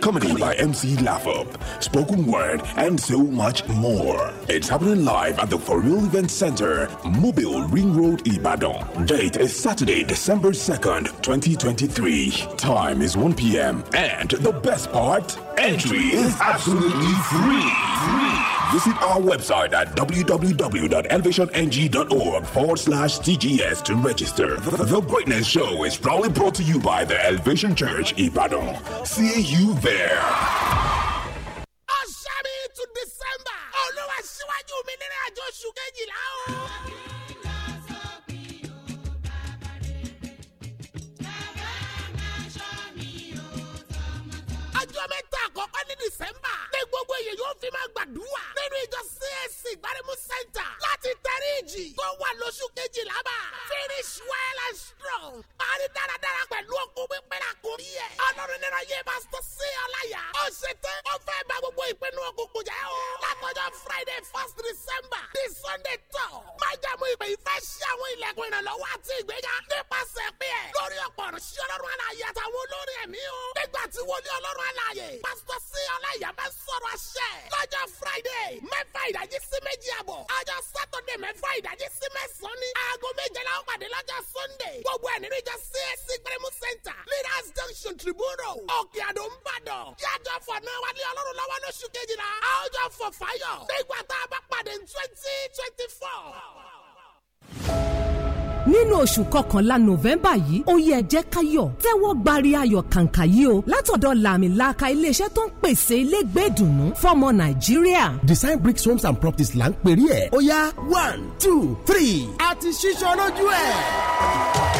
Comedy by MC Laughup, spoken word, and so much more. It's happening live at the For Real Event Center, Mobile Ring Road, Ibadan. Date is Saturday, December 2nd, 2023. Time is 1 p.m. And the best part, Entry is absolutely free. free. Visit our website at www.elevationng.org forward slash TGS to register. The, the Greatness Show is proudly brought to you by the Elevation Church, Ibadan. See you there. Ọ̀sán mi tún December. Olúwa síwájú I just should oṣù kejìlá o. December. tí gbogbo èyí yóò fi máa gbàdúrà nínú ìjọ CAC gbarimu center láti tẹ̀rí ìjì tó wà lóṣù kejìlá bá finish well and strong parí dáradára pẹ̀lú okun pípẹ́ àkórí ẹ̀ ọlọ́run nínú ayé pásítọ̀ sí ọláyà ó ṣe tán ó fẹ́ gba gbogbo ìpinnu òkùnkùn jẹ́ o látọjọ́ Friday first December di Sunday tán májàmú ìpè ìfẹ́ ṣí àwọn ilẹ̀kùn ìrànlọ́wọ́ àti ìgbéga nípasẹ̀ pé ẹ̀ lórí ọ̀pọ̀ ọ̀rọ̀ sí ọlọ́run alààyè àtàwọn olórin ẹ̀mí o nígbà tí wọlé ọlọ́run alààyè pásítọ̀ sí ọláyà bá s sọ̀rọ̀ àṣẹ lọ́jọ́ friday mẹ́fà ìdájí sí méjì àbọ̀ ọjọ́ sátọ̀dẹ̀ mẹ́fà ìdájí sí mẹ́sàn-án ní aago méje la ó pàdé lọ́jọ́ sunday gbogbo ẹ̀ nínú ìjọ csc gbẹrẹmú center leaders junction tribune òkè àdó ń bàdàn yàtọ̀ fọ̀nà wálé ọlọ́run lọ́wọ́ lóṣù kejìlá àwùjọ fọ̀fáyọ̀ nígbà tá a bá pàdé twenty twenty four nínú oṣù kọkànlá november yìí ó yẹ jẹ́ káyọ̀ tẹ́wọ́ gbari ayọ̀ kàǹkà yìí o látọ̀dọ̀ làmìlaka iléeṣẹ́ tó ń pèsè ilé gbé fọmọ nàìjíríà. design bricks homes and properties là ń pèrè ẹ̀ ó yá one two three àti ṣíṣọ́ lójú ẹ̀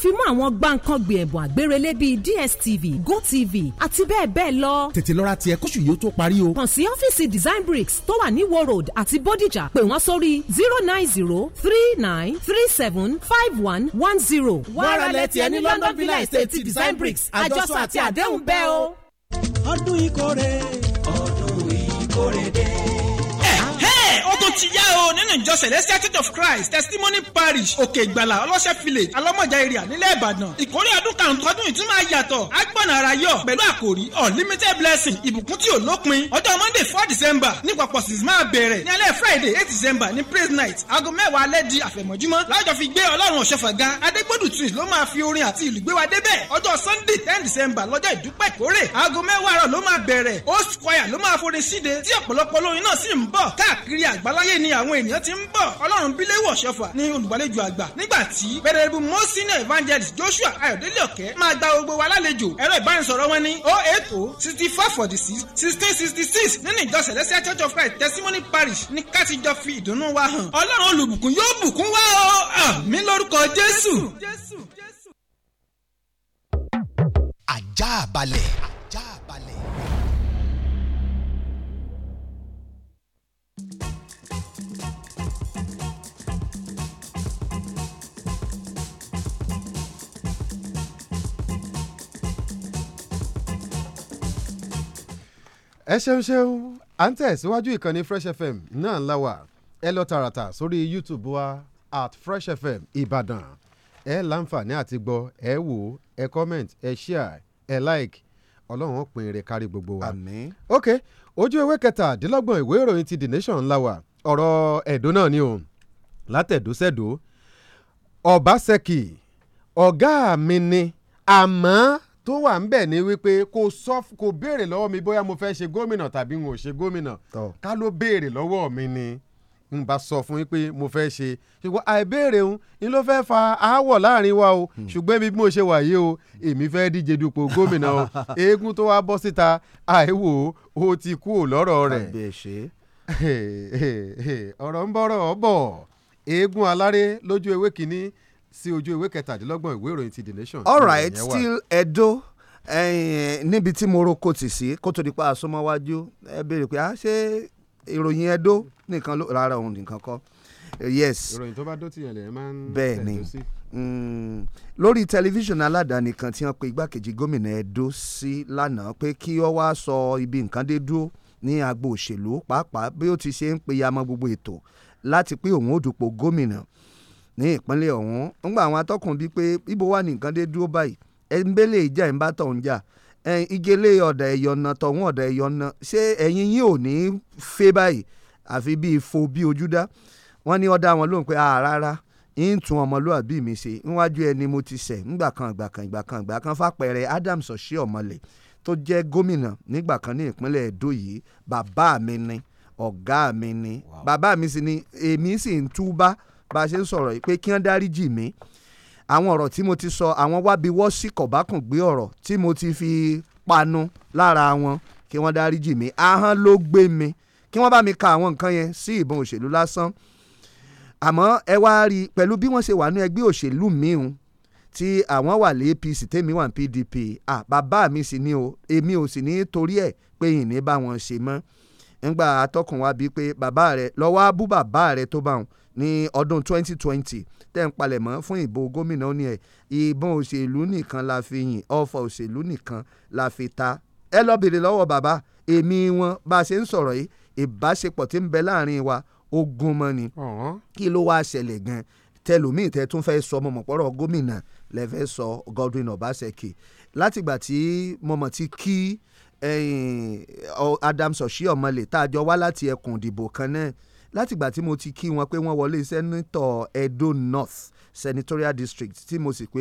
fi mú àwọn gbàǹkangbè ẹ̀bùn àgbérelé bíi DSTV GoTV àti bẹ́ẹ̀ bẹ́ẹ̀ lọ. tètè lọ́ra tiẹ̀ kóṣù yìí ó tó parí o. kàn sí ọ́fíìsì Design Bricks tó wà ní Iwo Road àti Bódìjà pè wọ́n sórí zero nine zero three nine three seven five one one zero. wàrà lẹ́tì ẹni London Villa Estate ti Design Bricks àjọṣọ àti àdéhùn bẹ́ẹ̀ o. ọdún ìkórè ọdún ìkórè dé ó ti yá o nínú ìjọ celestial church of christ testimony parish òkè ìgbàlà ọlọ́sẹ̀ village alọ́mọjà area nílẹ̀ ìbàdàn ìkórè ọdún kàǹtọ́dún ìtún máa yàtọ̀ agbọ̀nà ara yọ pẹ̀lú àkòrí unlimited blessing ìbùkún tí ò lópin ọjọ́ monday four december ní pọ̀pọ̀ sì máa bẹ̀rẹ̀ ní alẹ́ friday eight december ní praise night aago mẹ́wàá alẹ́ di àfẹ̀mọ́júmọ́ láwùjọ fi gbé ọlọ́run ọ̀ṣọ́fà ga adégbòdù twins ló máa fi orin àti ìlú gbé wa débẹ̀ ọjọ́ sunday ten december lọ́jọ́ ìdúpẹ́ ìkórè aago mẹ́wàá àárọ̀ ló máa bẹ̀rẹ̀ host choir ló máa forin síde tí ọ̀pọ̀lọpọ̀ olórin náà sì ń bọ̀ káàkiri àgbálá àbáláyé ni àwọn ènìyàn ti ń bọ̀ ọlọ́run bílẹ̀ wọ̀ṣọ́fà ní olùgbàlejò àgbà nígbà tí bẹ̀rẹ̀bù mọ́sínà evangelist joshua ayọ̀délé ọ̀kẹ́ máa gba gbogbo wa lálejò ẹ̀rọ ìbánisọ̀rọ̀ wọn ní oh eight oh sixty four forty six sixteen sixty six nínú ìjọ celestial church of christ testimony parish ní kátijọ́ fi ìdùnnú wa hàn ọlọ́run olùbùkún yóò bùkún wá o àmín lórúkọ jésù. àjà àbalẹ̀. ẹ ṣeun ṣeun à ń tẹ̀síwájú ìkànnì fresh fm náà ńlá wa ẹ lọ tààràtà sórí youtube wa at fresh fm ìbàdàn ẹ láǹfààní àti gbọ́ ẹ wò ẹ comment ẹ share ẹ like ọlọ́run ó pín ire kárí gbogbo wa. àmín. ok ojú ewé kẹtàdínlọ́gbọ̀n ìwé ìròyìn ti the nation ńlá wa ọ̀rọ̀ ẹ̀dùn náà ni o látẹ̀dúsẹ̀dó ọbaṣẹ́kì ọ̀gá mi ni àmọ́ tó wà ń bẹ̀ ni wípé kò sọ kò béèrè lọ́wọ́ mi bóyá mo fẹ́ ṣe gómìnà tàbí n ò ṣe gómìnà ká ló béèrè lọ́wọ́ mi ni n bá sọ fún yín pé mo fẹ́ ṣe ṣùgbọ́n àìbéèrè ń ni ló fẹ́ fa aáwọ̀ láàrin wa o hmm. ṣùgbọ́n èmi bí mo ṣe wà o èmi fẹ́ díje dupò gómìnà o eégún tó wá bọ́ síta àìwò ó ti kú ò lọ́rọ̀ rẹ̀ ọ̀rọ̀ ń bọ̀rọ̀ bọ̀ eégún aláré lójú ewé kínní sí ojú ìwé kẹtàdínlọ́gbọ̀n ìwé ìròyìn ti the nation. all right still Edo eh, níbi tí mo roko tì sí kó tó di pa àsomọ́wájú ẹ béèrè pé a ah, ṣe ìròyìn Edo nìkan ló rárá òun nìkan kọ́ yes. ìròyìn tó bá dó tìyàn lè máa ń tẹ̀lé sí. Mm, lórí tẹlifíṣàn aládàáni kan tí wọ́n pe igbákejì gómìnà Edo sí lánàá pé kí ó wá sọ ibi nǹkan dé dúró ní agbo òṣèlú pàápàá bí ó ti ṣe ń pe yamọ gbogbo ètò láti pé òun ò dupò gómìnà ní ìpínlẹ̀ ọ̀hún ńgbà àwọn atọ́kùn bíi pé ibo wà ní nǹkan dé dúró báyìí ẹ̀ńbẹ́lẹ̀ ìjà ìbátan ń jà igele ọ̀dà ẹ̀yọ̀nà tọ̀hún ọ̀dà ẹ̀yọ̀nà ṣé ẹ̀yin yìí ò ní fẹ́ báyìí àfi bíi fo bíi ojúdá wọ́n ní ọ̀dà wọn lóhùn pé rárá ń tún ọmọlúwàbí mi ṣe níwájú ẹni mo ti ṣẹ̀ ńgbà kan ìgbà kan ìgbà kan ìgbà kan fàpẹẹrẹ Adams ọ̀ṣẹ́ ọ̀mọ̀lẹ̀ tó jẹ́ gómìnà nígbà kan ní ìpínlẹ̀ Èdó yìí bàbá mi ni ọ̀gá mi ni bàbá mi sì ni èmi sì ń túbá bá a ṣe ń sọ̀rọ̀ yìí pé kí wọ́n dáríjì mí àwọn ọ̀rọ̀ tí mo ti sọ àwọn wábiwọ́ sí kọ̀bákùngbé ọ̀rọ̀ tí mo ti fi panu lára wọn kí wọ́n dáríjì mí ahọ́n ló gbé mi kí wọ́n bá mi ka àwọn nǹkan yẹn sí ìbọn òṣèlú lásán àmọ́ ẹ wá rí pẹ̀lú bí wọ́n ṣe wà ní ẹgbẹ́ òṣèlú mi tí àwọn wà lé APC tèmi wà PDP ah bàbá mi sì ni o èmi ò sì ní torí ẹ̀ pé ìní bá wọn ṣe mọ́ nígbà atọ́kùn wa bíi pé bàbá rẹ lọ́wọ́ á bàbá rẹ tó bá wọn ní ọdún 2020 tẹ́ ń palẹ̀mọ́ fún ìbò gómìnà ó ní ẹ̀ ìbọn òṣèlú nìkan la fi yìn ọfà òṣèlú nìkan la fi ta ẹ lọ bèrè lọ́wọ́ bàbá èmi wọn bá a ṣe ń sọ̀rọ̀ yìí ìbáṣepọ̀ tí ń bẹ láàrin wa ogun mọ́ ni kí ló wáá ṣẹlẹ̀ gan tẹlòmíì tẹ tún fẹ́ sọ mọ̀mọ́pọ̀rọ̀ gómìnà lẹ́fẹ́ sọ Godwin Obaseki látìgbà tí mọ̀mọ́ ti kí Adams Oshiomhole tá a jọ wá láti ẹkùn ìdìbò kan náà látìgbà tí mo ti kí wọn pé wọ́n wọlé sẹ́nitọ̀ Edo North senatorial district tí mo sì pé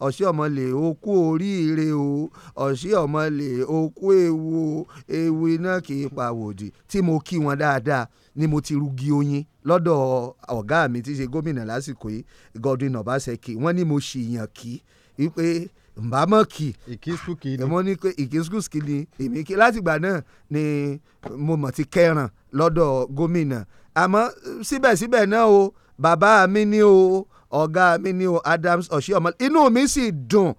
ọ̀sẹ̀ ọmọlè okú oríire o ọ̀sẹ̀ ọmọlè okú ewu ewu iná kì í pa wòdì tí mo kí wọn dáadáa ni mo ti rugi oyin lọ́dọ̀ ọ̀gá mi tí í ṣe gómìnà lásìkò yìí Godwin Obaseki wọ́n ní mo ṣìyàn kí wípé mbàmọ̀ kì í mo ní pé ìkísùkù ni èmi kí látìgbà náà ni mo mọ̀ ti kẹ́ràn lọ́dọ̀ gómìnà àmọ́ síbẹ̀síbẹ̀ náà o bàbá mi ni o ọ̀gá mi ni o Adams Oshiomhole inú mi sì dùn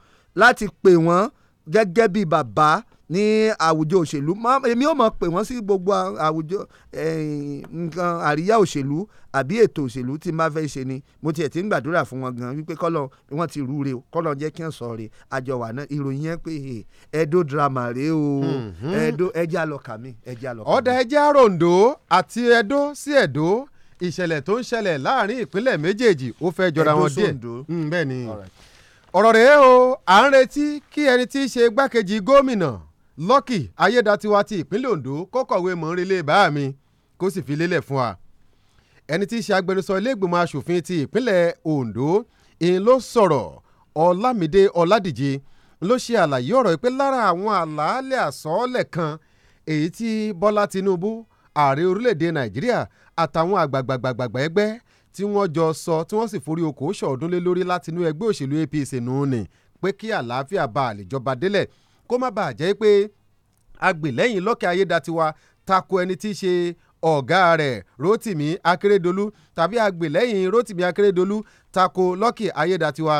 láti pè wọ́n gẹ́gẹ́ bí bàbá ní àwùjọ òṣèlú èmi ò mọ̀ pé wọ́n sí gbogbo àwùjọ nǹkan àríyá òṣèlú àbí ètò òṣèlú tí máa fẹ́ ṣe ni mo tiẹ̀ ti ń gbàdúrà fún wọn gan wípé kọ́lọ̀ wọ́n ti rúure kọ́lọ̀ jẹ́ kí n sọ rè àjọ wà náà ìròyìn yẹn pé ẹ̀ẹ́dó drama rèé o mhm. ẹ̀ẹ́dó ẹja lọ́kà mi ẹja lọ́kà mi. ọ̀dà ẹja ròǹdó àti ẹ̀dó sí ẹ̀dó ìṣẹ̀lẹ̀ tó ń ṣẹlẹ̀ láàrin ìpínlẹ̀ méjèèjì ó fẹ́ jọra wọn díẹ̀ hmm, bẹ́ẹ̀ ni ọ̀rọ̀ rèé o à ń retí kí ẹni tí í ṣe igbákejì gómìnà Lucky Ayédatiwa ti ìpínlẹ̀ Ondo kó kọ̀wé mọ̀ọ́rẹ́lẹ́ bá mi kó sì fi lélẹ̀ fún wa ẹni tí í ṣe agbẹnusọ iléègbìmọ̀ asòfin ti ìpínlẹ̀ Ondo ìyẹn ló sọ̀rọ̀ Ọlámídé Ọládìje ló ṣe àlàyé ọ̀rọ̀ pé lára àwọn àlàálẹ̀ àsọọ́lẹ̀ kan èyí tí Bọ́lá Tinubu ààrẹ orílẹ̀-èdè Nàìjíríà àtàwọn àgbàgbàgbàgbà ẹgbẹ́ tí wọ́n jọ sọ tí wọ́n sì forí okòó ṣọ̀ọ́dúnlé lórí látinú ẹgbẹ́ òṣèlú APC nù ní pé kí àlàáfíà bá àlèjọba délẹ̀ kó má bàa jẹ́ pé agbèlẹ́yìn lọ́kẹ́ ayédatiwa tako ẹni tí í ṣe ọ̀gá rẹ̀ Rotimi Akeredolu tàbí agbèlẹ́yìn Rotimi Akeredolu tako lọ́kẹ́ ayédatiwa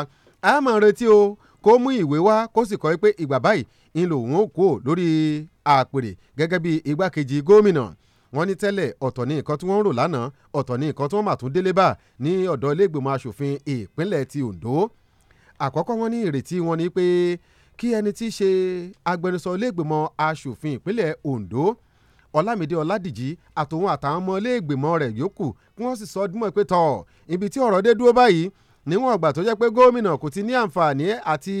a máa retí o kó mú ìwé wá kó sì kọ́ pé ìgbà báyìí ń lòun ó kú lórí àpèrè gẹ́gẹ́ bí igbákejì gómìnà wọ́n ní tẹ́lẹ̀ ọ̀tọ̀ ní nǹkan tí wọ́n ń rò lánàá ọ̀tọ̀ ní nǹkan tí wọ́n mà tún délé bá ní ọ̀dọ̀ ilé ìgbìmọ̀ asòfin ìpínlẹ̀ ti Ondo àkọ́kọ́ wọ́n ní ìrètí wọn ni pé kí ẹni tí í ṣe agbẹnusọ iléègbèmọ̀ asòfin ìpínlẹ̀ Ondo Ọlámídé Ọládìjí àtòun àtàwọn ọmọ iléègbèmọ̀ rẹ̀ yòókù kí wọ́n sì sọ ọdún mọ́ pé tọ̀ ibi tí ọ̀rọ̀ dé dúró báyìí níwọ̀n ìgbà tó jẹ́ pé gómìnà kò ti ní àǹfààní àti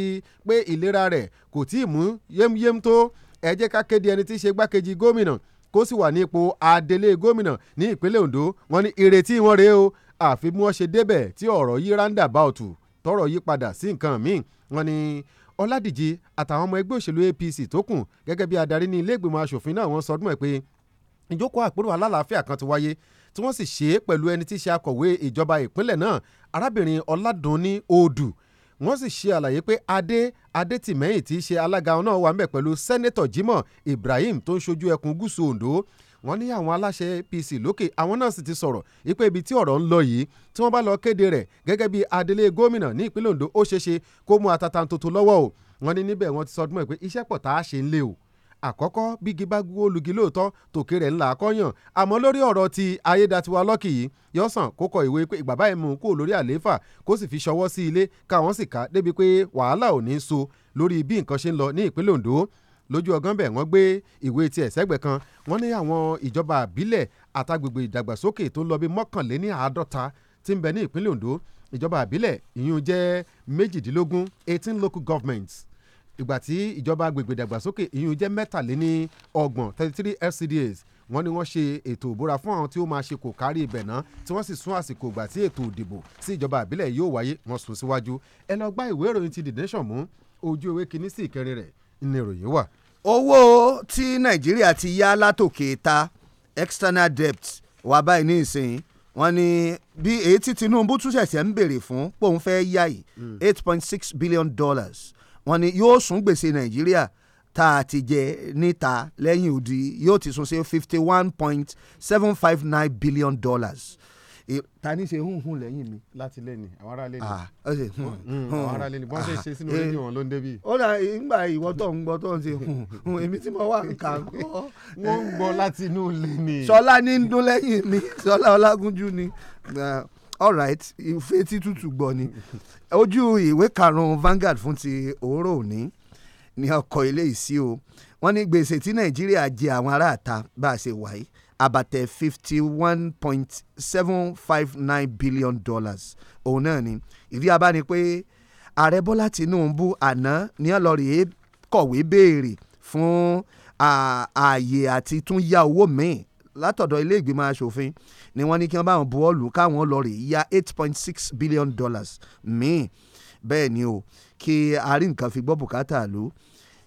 pé ìlera rẹ̀ kò tí ì mú yémyém tó ẹ jẹ́ ká kéde ẹni tí í ṣe gbákejì gómìnà kó sì wà ní ipò adelé gómìnà ní ìpínlẹ̀ Ondo wọ́n ní ìrètí wọn rèé o àfi bí wọ́n ṣe débẹ̀ tí ọ̀rọ̀ yí rándà báòtù tọ̀rọ̀ yí padà sí nǹkan míì wọ́n ní ọládíje àtàwọn ọmọ ẹgbẹ́ òṣèlú apc tó kù gẹ́gẹ́ bí adarí ní ilé ìgbìmọ̀ asòfin náà wọ́n sọdún ẹ̀ pé ìjókòó àpérò alálàáfíà kan ti wáyé tí wọ́n sì ṣe é pẹ̀lú ẹni tí í ṣe akọ̀wé ìjọba ìpínlẹ̀ náà arábìnrin ọládùnní odù wọ́n sì ṣe àlàyé pé adé adétìmẹ́yìn tí ṣe alága náà wà ń pẹ̀lú sẹ́nẹ́tọ̀ jimoh ibrahim tó ń ṣojú ẹkùn gúúsù ondo wọ́n ní àwọn aláṣẹ APC lókè àwọn náà sì ti sọ̀rọ̀ wípé ibi tí ọ̀rọ̀ ń lọ yìí tí wọ́n bá lọ kéde rẹ̀ gẹ́gẹ́ bí adelé gómìnà ní ìpínlẹ̀ Ondo ó ṣeéṣe kó mú àtàtàǹtòtò lọ́wọ́ o wọ́n ní níbẹ̀ wọ́n ti sọ ọdún mọ́ pé iṣẹ́ pọ̀ tá a ṣe ń lé o àkọ́kọ́ bígi bá gbó olùgí lóòótọ́ tòkè rẹ̀ ńlá kọ́yàn àmọ́ lórí ọ̀rọ̀ ti ayédatiwa lọ́kì yìí yọ̀sán kó kọ ìwé pé ìgbà báyìí mú un kúrò lórí àlééfà kó sì fi ṣọwọ́ sí ilé káwọn sì ká débi pé wàhálà ò ní so lórí bí nǹkan ṣe ń lọ ní ìpínlẹ̀ Ondo lójú ọgán bẹ̀ wọ́n gbé ìwé tiẹ̀ sẹ́gbẹ̀ kan wọ́n ní àwọn ìjọba àbílẹ̀ àtàgbègbè ìdàgbàsókè tó ń lọ bí mọ́kànléní àádọ́ta tí ń bẹ ní ìpínlẹ̀ Ondo ìjọba àbílẹ̀ ìyún jẹ́ méjìdínlógún eighteen local governments ìgbà tí ìjọba agbègbè ìdàgbàsókè ìyún jẹ́ mẹ́tàléní ọgbọ̀n thirty three FCDAs wọ́n ní wọ́n ṣe ètò ìbúra fún àwọn tí ó máa ṣe kò kárí ibẹ̀ náà tí wọ́n sì sún àsìkò ìgbà tí ètò ìdìbò sí ìjọba àbílẹ̀ yóò wáyé wọ́n sún síwájú ẹ lọ gbá ìwé ìròyìn ti The Nation mú ojú ewé kínní sí ìkẹrin rẹ̀ ní ìròyìn wà owó tí nàìjíríà ti yá látòkè ta external debt wà báyìí ní ìsìn wọ́n ní bí èyí tí tinubu tún ṣẹ̀ṣẹ̀ ń béèrè fún pòun fẹ́ yá yìí hmm. eight point six billion dollars wọ́n ní yóò sún gbèsè nàìjíríà tá a ti jẹ níta lẹ́yìn odi yóò ti sún sí fifty one point seven five nine billion dollars ta ni ṣe hunhun lẹ́yìn mi. láti lẹ́ni àwọn ará lẹ́ni. ọ ṣe mm, mm, àwọn ará lẹ́ni bọ́n ṣe ṣe sínú ah, rédíò wọn ló ń débi. ó dà nígbà ìwọ tó ń gbọ́ tó ń ṣe èmi tí mo wà nǹkan kọ́. wọ́n ń gbọ́ láti inú ilé ni. sọlá ní ń dún lẹ́yìn mi sọlá ọlágúnjú ni all ife tí tútù gbọ́ ni ojú ìwé karùn-ún fún ti òórọ̀ òní ni ọkọ̀ ilé ìsí o wọ́n ní gbèsè tí Nàìjíríà jẹ àwọn aráàta bá a ṣe wáyé About fifty one point seven five nine billion dollars òun náà ni ìdí abá ni pé ààrẹ bọ́lá tìǹbù àná ní ọlọ́rìí kọ̀wé béèrè fún ààyè àti tún yá owó míì látọ̀dọ̀ ilé ìgbìmọ̀ asòfin ni wọ́n ní kí wọ́n bá wọn bu káwọn lọ rè ya eight point six billion dollars míì bẹ́ẹ̀ ni o kí àárín nǹkan fi gbọ́ bùkátà lò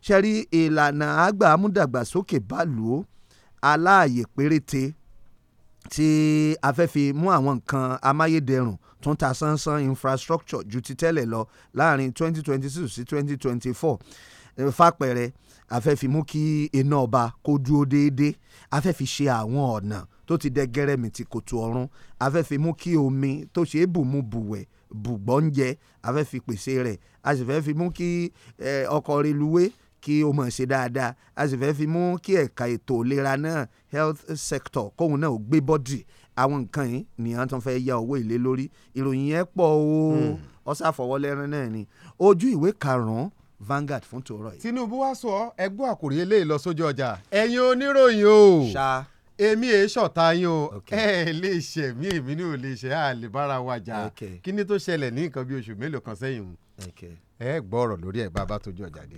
ṣe rí ìlànà àgbà amúdàgbàsókè bá lò ó aláàyè péréte tí a fẹ́ fi mú àwọn nǹkan amáyédẹrùn tó ń ta sánsán infrastructure ju ti tẹ́lẹ̀ lọ láàrin 2022 sí 2024 fàpẹẹrẹ a fẹ́ fi mú kí iná ọba kó dúró déédéé a fẹ́ fi ṣe àwọn ọ̀nà tó ti dẹ gẹrẹmìtì kòtò ọ̀run a fẹ́ fi mú kí omi tó ṣe é bùmú bùwẹ̀ bùgbọ́njẹ a fẹ́ fi pèsè rẹ̀ a sì fẹ́ fi mú kí ọkọ̀ reluwé kí ó mọ̀ ṣe dáadáa a sì fẹ́ fi mú kí ẹ̀ka ètò ìlera náà health sector kóun náà ó gbé bọ́dì àwọn nǹkan yìí ni à ń tán fẹ́ ya owó ìlé lórí ìròyìn yẹn pọ̀ o ọ̀sàfọwọ́lẹ́rán hmm. náà ni ojú ìwé karùn-ún Vanguard fún tòórọ yìí. Tinubu wá sọ ẹgbẹ́ àkòrí eléyìí lọ ọjà ẹ̀yin oníròyìn o èmi èé ṣọ̀tá yín o ẹ lè ṣe mí èmi ní ò lè ṣe á bára wa jà kí ni tó ṣẹlẹ̀ ní nǹkan bí oṣù mélòó kan sẹ́yìn ẹ gbọ́ ọ̀rọ̀ lórí ẹ̀ bá a bá tójú ọjà dé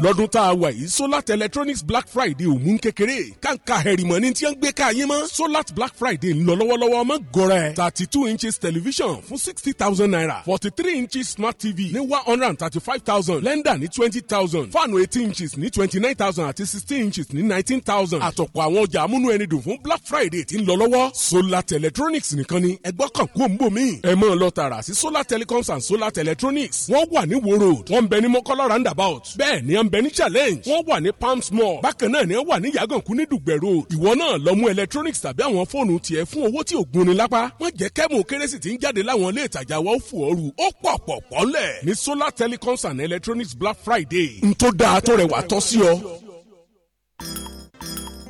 lọ́dún tá a wà yìí solat electronics black friday ò mú kékeré kàǹkà hẹ̀rìmọ̀ ni tí wọ́n gbé ká yín mọ́ solat black friday ń lọ lọ́wọ́lọ́wọ́ ọmọ gọ́rẹ́ thirty two inches television fún sixty thousand naira forty three inches smart tv ní one hundred and thirty five thousand blender ní twenty thousand Fanu eighteen inches ní twenty nine thousand àti sixteen inches ní nineteen thousand àtọ̀pọ̀ àwọn ọjà amúnú ẹni dùn fún black friday tí ń lọ lọ́wọ́ solat electronics nìkan ni ẹgbọ́ kan kó ń bò mí ẹ máa lọ tààrà sí solar telecoms and solar electronics wọ́n wà ní wo road wọ́n ń bẹ ní mọ́kọ́lá roundabout bẹ́ẹ̀ ni ń challenge wọ́n wà ní palms mall bákan náà ni wọ́n wà ní yàgànkú ní dùgbẹ̀ ìwọ náà lọ mú electronics tàbí àwọn fóònù tiẹ̀ fún owó tí ò gúnni lápá wọ́n jẹ́ kẹ́mù kérésì tí ń jáde láwọn ilé ìtajà wa fò ooru ó pọ̀ pọ̀ pọ̀ lẹ̀ ní solar telecoms and electronics black friday n tó dáa tó rẹwà tọ́ sí ọ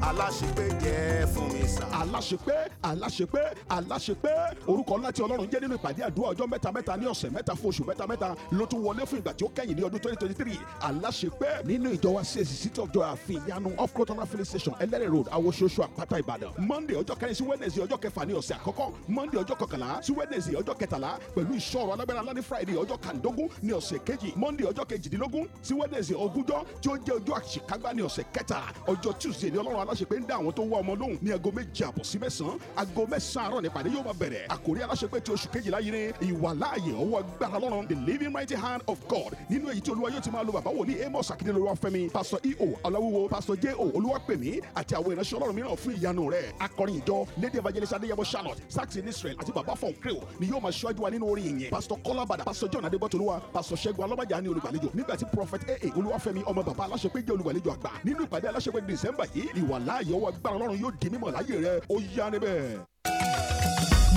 aláṣepé jẹ́ fún mi sà. aláṣepé aláṣepé aláṣepé orúkọ ńlá tí ọlọ́run jẹ́ nínú ìpàdé àdúrà ọjọ́ mẹ́ta mẹ́ta ní ọ̀sẹ̀ mẹ́ta fún oṣù mẹ́ta mẹ́ta ló tún wọlé fún ìgbà tí ó kẹ́yìn ní ọdún twenty twenty three aláṣepé nínú ìjọ wa CAC City of Joy àfin ìyanu off crotona filling station ẹlẹ́rìn road awososo àpáta ìbàdàn monday ọjọ́ kẹrin sí wednesday ọjọ́ kẹfà ní ọ̀sẹ̀ àkọ́kọ́ monday ọjọ́ kọkànlá sí wednesday ọjọ́ kẹtàlá pẹ̀lú ìṣòro alágbára alá ní friday ọjọ́ kàndógún ní ọ̀sẹ̀ kejì monday ọjọ́ kejìdínlógún sí wednesday ogúnjọ́ tí ó jẹ́ ọjọ́ àṣekágbá ní ọ̀sẹ̀ kẹta ọjọ́ tuesday ni ọlọ́run aláṣepé ń dá àwọn tó wá ọmọ lóhùn ní aago méje àbọ̀ sí mẹ́sàn-án aago mẹ́sàn-án àárọ̀ nípàdé yóò máa bẹ̀rẹ̀ àkórí aláṣepé ti oṣù kejìlá yìí ni ìwàláàyè ọwọ́ agbára lọ́run the living mighty hand of God nínú èyí tí olúwa yóò ti máa lo bàbá wòlíì Amos akíndélé olúwafẹ́mi pásọ eo ọláwúwo pásọ j o olúwapẹ̀mí àti àwọn ìránṣẹ́ ọlọ́run mìíràn fún ìyanu rẹ̀ akọrin ìjọ lady evangelist adéyẹmọ charlotte saxon israel àti bàbá fọn creel ni yóò máa ṣíwájú wa nínú orin ìyẹn pásọ kọ́lábàdà pásọ john adébọ́tolúwa pásọ ṣẹ́gun alọ́bàjá ní olùgbàlejò nígbà tí prophet aa olúwafẹ́mi ọmọ bàbá aláṣepé jẹ́ olùgbàlejò àgbà nínú ìpàdé aláṣepé december yìí ìwà wà láàyè ọwọ́ agbára ọlọ́run yóò di mímọ̀ láyé rẹ ó yá níbẹ̀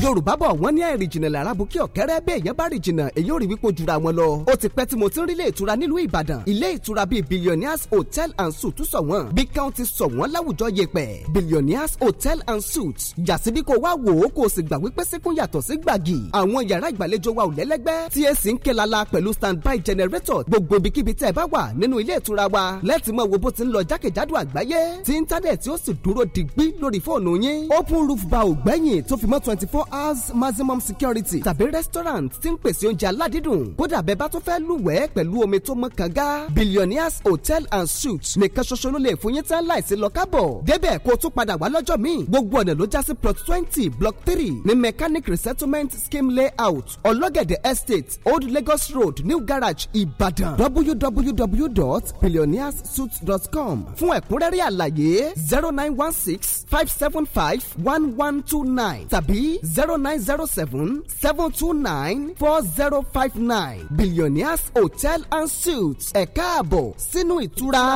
yorùbá bọ̀ wọ́n ní àìrìnjìnà lára bukí ọ̀kẹ́rẹ́ bẹ́ẹ̀ yẹn bá rìnjìnà èyí ò rí wípé jura wọn lọ. ó ti pẹ́ tí mo ti ń rí ilé ìtura nílùú ìbàdàn ilé ìtura bíi billionaires hotel and suites sọ wọ́n bí county sọ wọ́n láwùjọ yẹpẹ̀ billionaires hotel and suites yàtí bí kò wá wò ó kò sì gbà wípé síkún yàtọ̀ sí gbàgì àwọn yàrá ìgbàlejò wa ò lẹ́lẹ́gbẹ́ tí èsì ń ké lala pẹ̀lú standby generator gbogbo ibikíbi tẹ́ ẹ bá wà nínú ilé ìtura wa lẹ́tì mọ́ wo bó ti ń lọ jákèjádò àgbáyé tí íńtánẹ̀tì ó sì dúró digbí lórí fóònù yín open roof bar ò gbẹ́yìn tó fi mọ́ twenty four house maximum security tàbí restaurant tí ń pèsè oúnjẹ aládídùn kódà bẹ́ẹ̀ bá tún fẹ́ lúwẹ̀ẹ́ pẹ̀lú omi tó mọ́ kànga billionaires hotel and suites nìkan ṣoṣo ló lè fún yín tán láìsí lọ kábọ̀ débẹ̀ kó o tún padà wá lọ́jọ́ míì gbogbo ọ̀nà ló já sí plot twenty block three ní mechanic resettlement scheme layout ọlọ́gẹ̀dẹ̀ estate old lagos road new garage ìbàdàn www.billionairessuites.com fún ẹ̀kúnrẹ́rẹ́ àlàyé zero nine one six five seven five one one two nine tàbí zero zero nine zero seven seven two nine four zero five nine billionaires hotel and suites ẹ̀ka àbọ̀ sínú ìtura.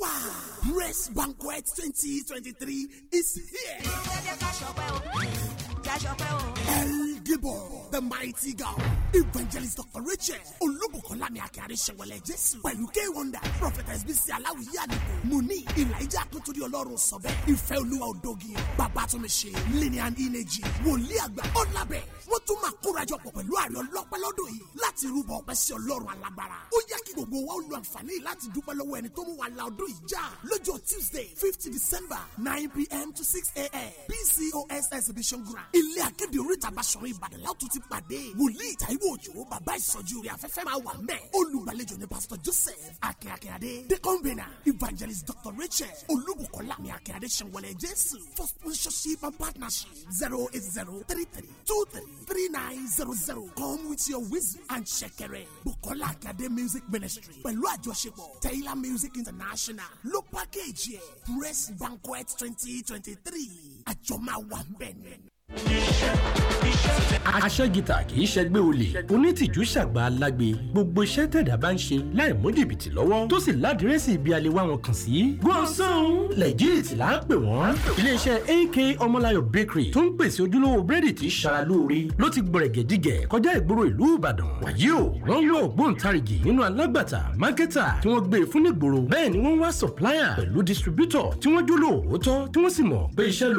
Wow! Grace Banquet 2023 is here jájọpẹ́ o. the mighty God evangelist Dr. Richard Olúbùkọ́lá ni Akíari Ṣẹ̀wẹ̀lẹ̀ Jésù pẹ̀lú K-Wonder Prophetess Bisi Aláwìyí Àdìgún Muni Elijah Akíntúndí Ọlọ́run Sọ̀bẹ́ Ìfẹ́ Olúwa Òdògì Babatunmise Linian Ineji Wòlíì Àgbà Ọ̀làbẹ̀ wọ́n tún máa kórajọ pọ̀ pẹ̀lú àrẹ ọlọ́pẹ́ lọ́dọ̀ yìí láti rúbọ ọpẹ́ sí Ọlọ́run alágbára. Ó yẹ kí gbogbo wa ó lo àǹfààní láti dúpẹ́ lọ́wọ́ ẹni tó mú wa la ọdún yìí já lọ́jọ́ Tuesday fifty December nine pm to six am PCOS exhibition ground ilé akéde orí ìtàgbà sọ̀rọ̀ ìbàdàn láti ti pàdé wòlíì tàíwò òjò bàbá ìsọjí orí afẹ́fẹ́ máa wà mẹ́ olùgbàlejò ni pásítọ̀ joseph akínyàkínyàdé dekonbena evangelist dr rachel olúbùkọ́lá mi akínyàdé sẹ́wọ̀lẹ̀ jésù for sponsorship and partnership zero eight zero three three two three three nine zero zero come with your wisdom and ṣẹ̀kẹ̀rẹ̀ bukola akínyàdé music ministry pẹ̀lú àjọṣepọ̀ taylor music international ló pàkéjì ẹ̀ press banquet twenty twenty three àjọ máa wà bẹ́ẹ̀ aṣẹ́gita kì í ṣẹgbẹ́ olè onítìjú ṣàgbà alágbe gbogbo iṣẹ́ tẹ̀dá bá ń ṣe láì mú jìbìtì lọ́wọ́ tó sì ládìrẹ́sì ibi alẹ́ wá wọn kàn sí. gbọ́nsán legit là ń pè wọ́n. iléeṣẹ́ AK Ọmọláyọ̀ bakery tó ń pèsè ojúlówó búrẹ́dì tí ṣara lóore ló ti gbọ̀rẹ̀ gẹ̀dígẹ̀ kọjá ìgboro ìlú Ìbàdàn. wàyí o wọ́n yọ ògbóǹtarìgì nínú alágbàtà mákẹ́tà tí wọ́n gbé e fún nígboro bẹ́ẹ̀ ni supplier pẹ̀lú distributor tí wọ́n jólóòótọ́ tí wọ́n sì mọ̀ pé iṣẹ́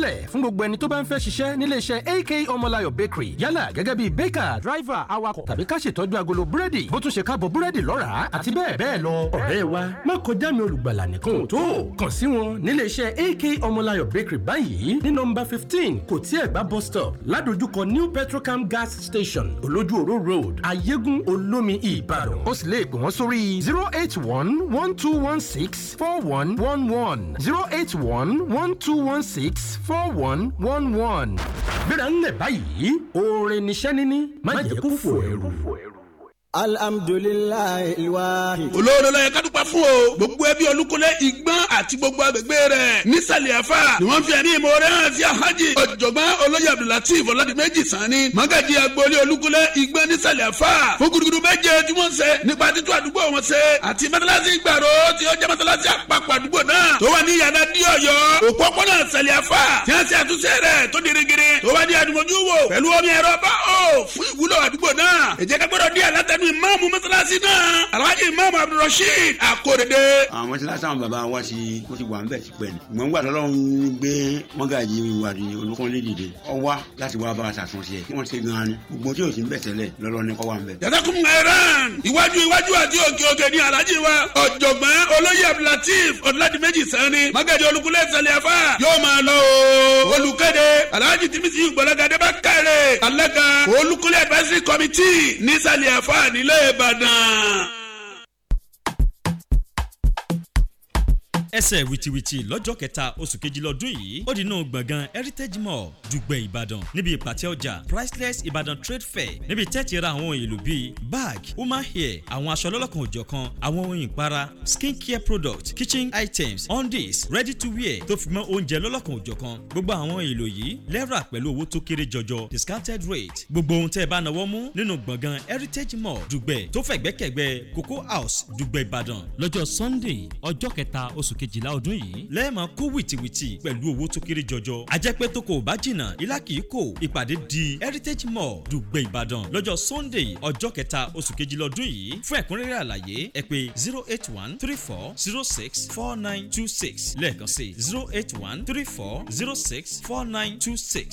lo sílẹ̀ fún gbogbo ẹni tó bá ń fẹ́ ṣiṣẹ́ níléeṣẹ́ AK Ọmọláyọ̀ bakery yálà gẹ́gẹ́ bíi baker driver awakọ̀ tàbí ká ṣètọ́jú agolo búrẹ́dì bó tún ṣe káàbọ̀ búrẹ́dì lọ́ràá àti bẹ́ẹ̀ bẹ́ẹ̀ lọ. ọ̀rẹ́ wa má kọjá mi olùgbàlà nìkan tó kàn sí wọn níléeṣẹ́ AK Ọmọláyọ̀ bakery báyìí ní nọ́mbà fifteen kò tí ẹ̀ gbá bus stop ládojúkọ new petrocam gas station olójú òró road ayégún olómi ìbàdàn ó sì lè pè wọ́n sórí zero eight one one two one six four one one one zero eight one one two one six four four one one one. gbéra ńlẹ̀ báyìí oore níṣẹ́ níní má jẹ́ kó fò ẹ̀rù alhamdulilayi ilwahi. olóòrò la yẹ ká dúpẹ́ fún o. gbogbo ẹbí olúkúlẹ̀ ìgbọ́n àti gbogbo agbègbè rẹ̀ nísàlẹ̀ àfà ni wọ́n fi ẹ̀rí ìmoore hàn sí àhájì. ọ̀jọ̀gbọ́n olóyè abdulateef ọ̀làdìmẹ́jì sani magaji agboolé olúkúlẹ̀ ìgbọ́n nísàlẹ̀ àfà. fún gudugudu méje tí wọ́n ṣe nípa títú àdúgbò wọn ṣe àti mọ́tàlásì gbàrò tí ó jẹ́ mọ́tàlásì àpapọ̀ àdúgbò náà tó wà ní yàrá dí ọ̀yọ́ òpópónà sẹ̀lẹ̀ àfà tí wọ́n ṣe àtúnṣe rẹ̀ tó dirigiri tó wà ní àdúgbòjú wò pẹ̀lú omi ẹ̀rọ bá ò fún ìwúlò àdúgbò náà ìjẹ́kẹ́gbọ́dọ̀ dí àlátẹnu pẹ̀lú ìmáàmù mọ́sálásí náà alhaji ìmáàmù abdulrasheed akóredé. àwọn mọ́sálásí àwọn bàbá wa ti kó ti wà ń bẹ̀ ti pẹ̀ ní. mọ̀ ń gbà tọ́lọ́run gbé mọ́gàjì wa di olókùnrin dìde. ọwá láti wá bá a ṣàtúnṣe ẹ̀ kí wọ́n ṣe gan-an ni. gbogbo tí yóò ti ń bẹ̀ tẹ́lẹ̀ lọ́lọ́ ní kọ́ wa ń bẹ̀. yàtọ̀kùn ẹ̀rán iwájú iwájú àti òkè òkè ní alhaji wa ọ̀jọ̀gbọ́n olóyè abdulateef ọ̀dúnládìmẹ́jì sanni mọ́gàjì olùkúlẹ̀ ìsàlẹ̀ afá yóò máa lọ o olùkéde alhaji timisi gbọ̀lọ́gàdé nílẹ̀ Ìbàdàn. ẹsẹ̀ wìtìwìtì lọ́jọ́ kẹta oṣù kejì lọ́dún yìí ó dínú gbọ̀ngàn heritage mall dùgbẹ̀ ìbàdàn níbi ìpàtẹ ọjà priceless ìbàdàn trade fair níbi tẹ́tì ra àwọn ohun èlò bíi bag woman hair àwọn aṣọ lọ́lọ́kan òjọ̀kan àwọn ohun ìpara skin care product kitchen items undies ready to wear tó fi mọ́ oúnjẹ lọ́lọ́kan òjọ̀kan gbogbo àwọn ohun èlò yìí lẹ́rà pẹ̀lú owó tó kéré jọjọ discounted rate gbogbo ohun tẹ́ ẹ bá náwó mú nínú gbọ̀ngàn heritage mall dùgbẹ̀ tó fẹ̀gbẹ́kẹ̀gbẹ́ cocoa house dùgbẹ̀ ìbàdàn lọ́jọ́ sunday ọjọ́ kẹta oṣù kejìlá ọdún yìí lẹ́ẹ̀mọ kó wìtìwìtì pẹ̀lú owó tó kéré jọjọ àjẹpẹ́ tó kò bá jìnnà ilá kìí kò ìpàdé di heritage mall dùgbẹ́ ìbàdàn lọ́jọ́ sunday ọjọ́ kẹta oṣù kejìlá ọdún yìí fún ẹ̀kúnrẹ́rẹ́ àlàyé ẹ pè zero eight one three four zero six four nine two six lẹ́ẹ̀kan sí zero eight one three four zero six four nine two six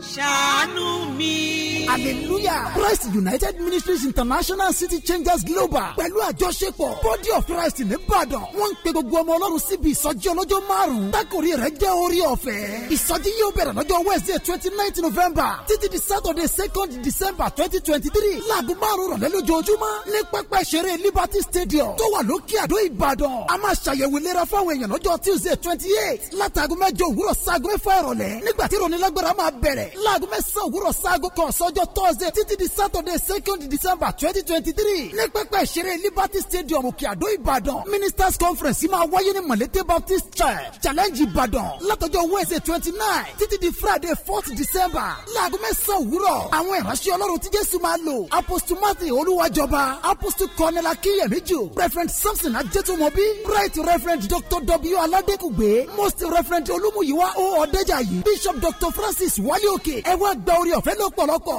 ṣàánú mi. hallelujah christ united ministries international city changers global pẹ̀lú àjọṣepọ̀ body of christ nìbàdàn wọ́n ń pe gbogbo ọmọ ọlọ́run síbi ìsọjí ọlọ́jọ́ márùn-ún tákòrí rẹ̀ jẹ́ orí ọ̀fẹ́ ìsọjí yóò bẹ̀rẹ̀ lọ́jọ́ wednesday twenty nine november títí di saturday second december twenty twenty three láago márùn-ún rọ̀lẹ́ lójoojúmọ́ ní pẹ́pẹ́ ṣeré liberty stadium tó wà lókè àdó ìbàdàn a máa ṣàyẹ̀wò ìlera fáwọn èèyàn lọ́jọ́ tuesday twenty eight látàgọ́ mẹ́jọ òwúrọ̀ sáàgọ́ mẹ́fà ìrọ̀lẹ́ nígbà tí ìrọ̀nilágbára máa bẹ̀rẹ̀ bẹ̀rẹ̀ láago mẹ́sàn-án òwúrọ̀ sáago kan sọ́jọ́ thursday títí di saturday second december twenty twenty three ní pẹ́pẹ́ ìṣeré liberty stadium òkè àdó ìbàdàn ministers conference máa wáyé ní mọ̀lété baptist church challenge ìbàdàn látọjọ́ wednesday twenty nine títí di friday fourth december láago mẹ́sàn-án òwúrọ̀ àwọn ìránṣẹ́ ọlọ́run tí jésù máa lò apostle matthew olúwàjọba apostle cornel akínyẹ̀míjò reverend samson ajẹ́tùmọ̀bí right reverend dr w aládékùgbé most reverend olúmúyíwá o ọ̀dẹ́jàyí bishop dr francis wálé òkè ẹ wá gba orí ọ̀fẹ́ lọ́pọ̀lọpọ̀.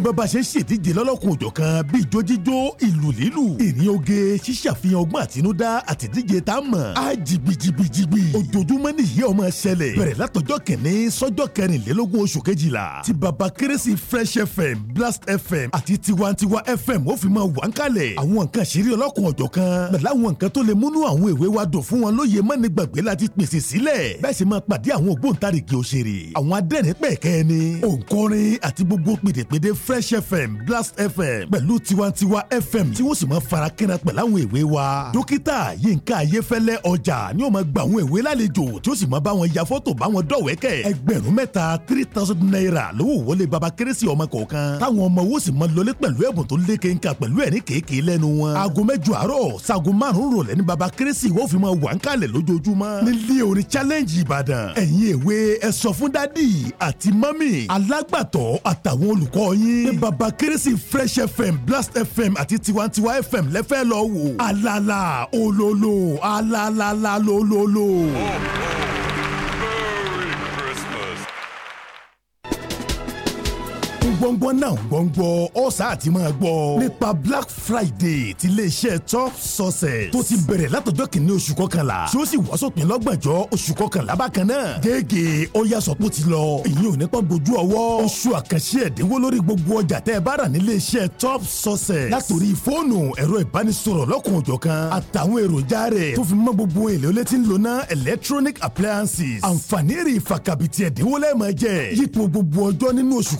bàbá ṣe ń ṣèdíje lọ́lọ́kùn òjọ̀ kan bíi ijó ìlú lílù ìrìn oge ṣíṣàfihàn ọgbọ́n àtinúdá àtìdíje tá a mọ̀ á jìgbìjìgbìjìgbì ojoojúmọ́ nìyí ọmọ ṣẹlẹ̀ bẹ̀rẹ̀ látọjọ́ kìíní sọ́jọ́ kẹrìnlélógún oṣù kejìlá ti bàbá kérésì fresh fm blast fm àti tiwantiwa fm ó fi máa wà ń kalẹ̀ àwọn nǹkan ṣeré ọlọ́kùn ọ̀jọ̀ kan pẹ̀lú àwọn nǹkan tó fresh fm blast fm pẹ̀lú tiwantiwa fm tí wọ́n sì máa fara kẹ́ra pẹ̀lú àwọn èwe wa. dókítà yínká ayéfẹ́lẹ́ ọjà ni ó máa gba àwọn èwe lálejò tí ó sì máa bá wọn ya fọ́tò bá wọn dọ̀wẹ́kẹ̀. ẹgbẹ̀rún mẹ́ta three thousand naira lówó wọlé baba kérésì ọmọ kọ̀ọ̀kan táwọn ọmọ wo sì máa lọlé pẹ̀lú ẹ̀bùn tó lé kéńkà pẹ̀lú ẹ̀ ní kéèké lẹ́nu wọn. aago mẹ́jọ àárọ̀ sago márùn-ún rọ̀lẹ́ ní baba kérésì wọ́n fi máa wà ń kalẹ̀ lójoojúmọ́. nílé orin challenge ìbàdàn ẹ̀yin èwe ẹ sọ fún dádì àti mọ́mì ní baba kérésì fresh fm blast fm àti tiwantiwa fm lẹ́fẹ́ lọ wò alala ololo alalala lololo. Oh, oh. gbọ́ngbọ́n náà gbọ́ngbọ́ ọ̀sà àti máa gbọ́. nípa black friday ti iléeṣẹ́ top success tó ti bẹ̀rẹ̀ látọjọ́ kìíní oṣù kọkànlá tí ó sì wá sópin lọ́gbàjọ́ oṣù kọkànlá bákan náà. gègé ọ̀yà sọ̀pọ̀ ti lọ èyí ò nípa gbójú ọwọ́ oṣù àkànṣe ẹ̀dínwó lórí gbogbo ọjà tẹ́ ẹ bá rà níléeṣẹ́ top success látòrí fóònù ẹ̀rọ ìbánisọ̀rọ̀ lọ́kùnjọ̀kan àtàwọn kan rẹ̀ tó fi mọ́ gbogbo èlé electronic appliances àǹfààní rè fàkàbìtì ẹ̀dínwó lẹ́ẹ̀mọ́ jẹ́ yípo gbogbo ọjọ́ nínú oṣù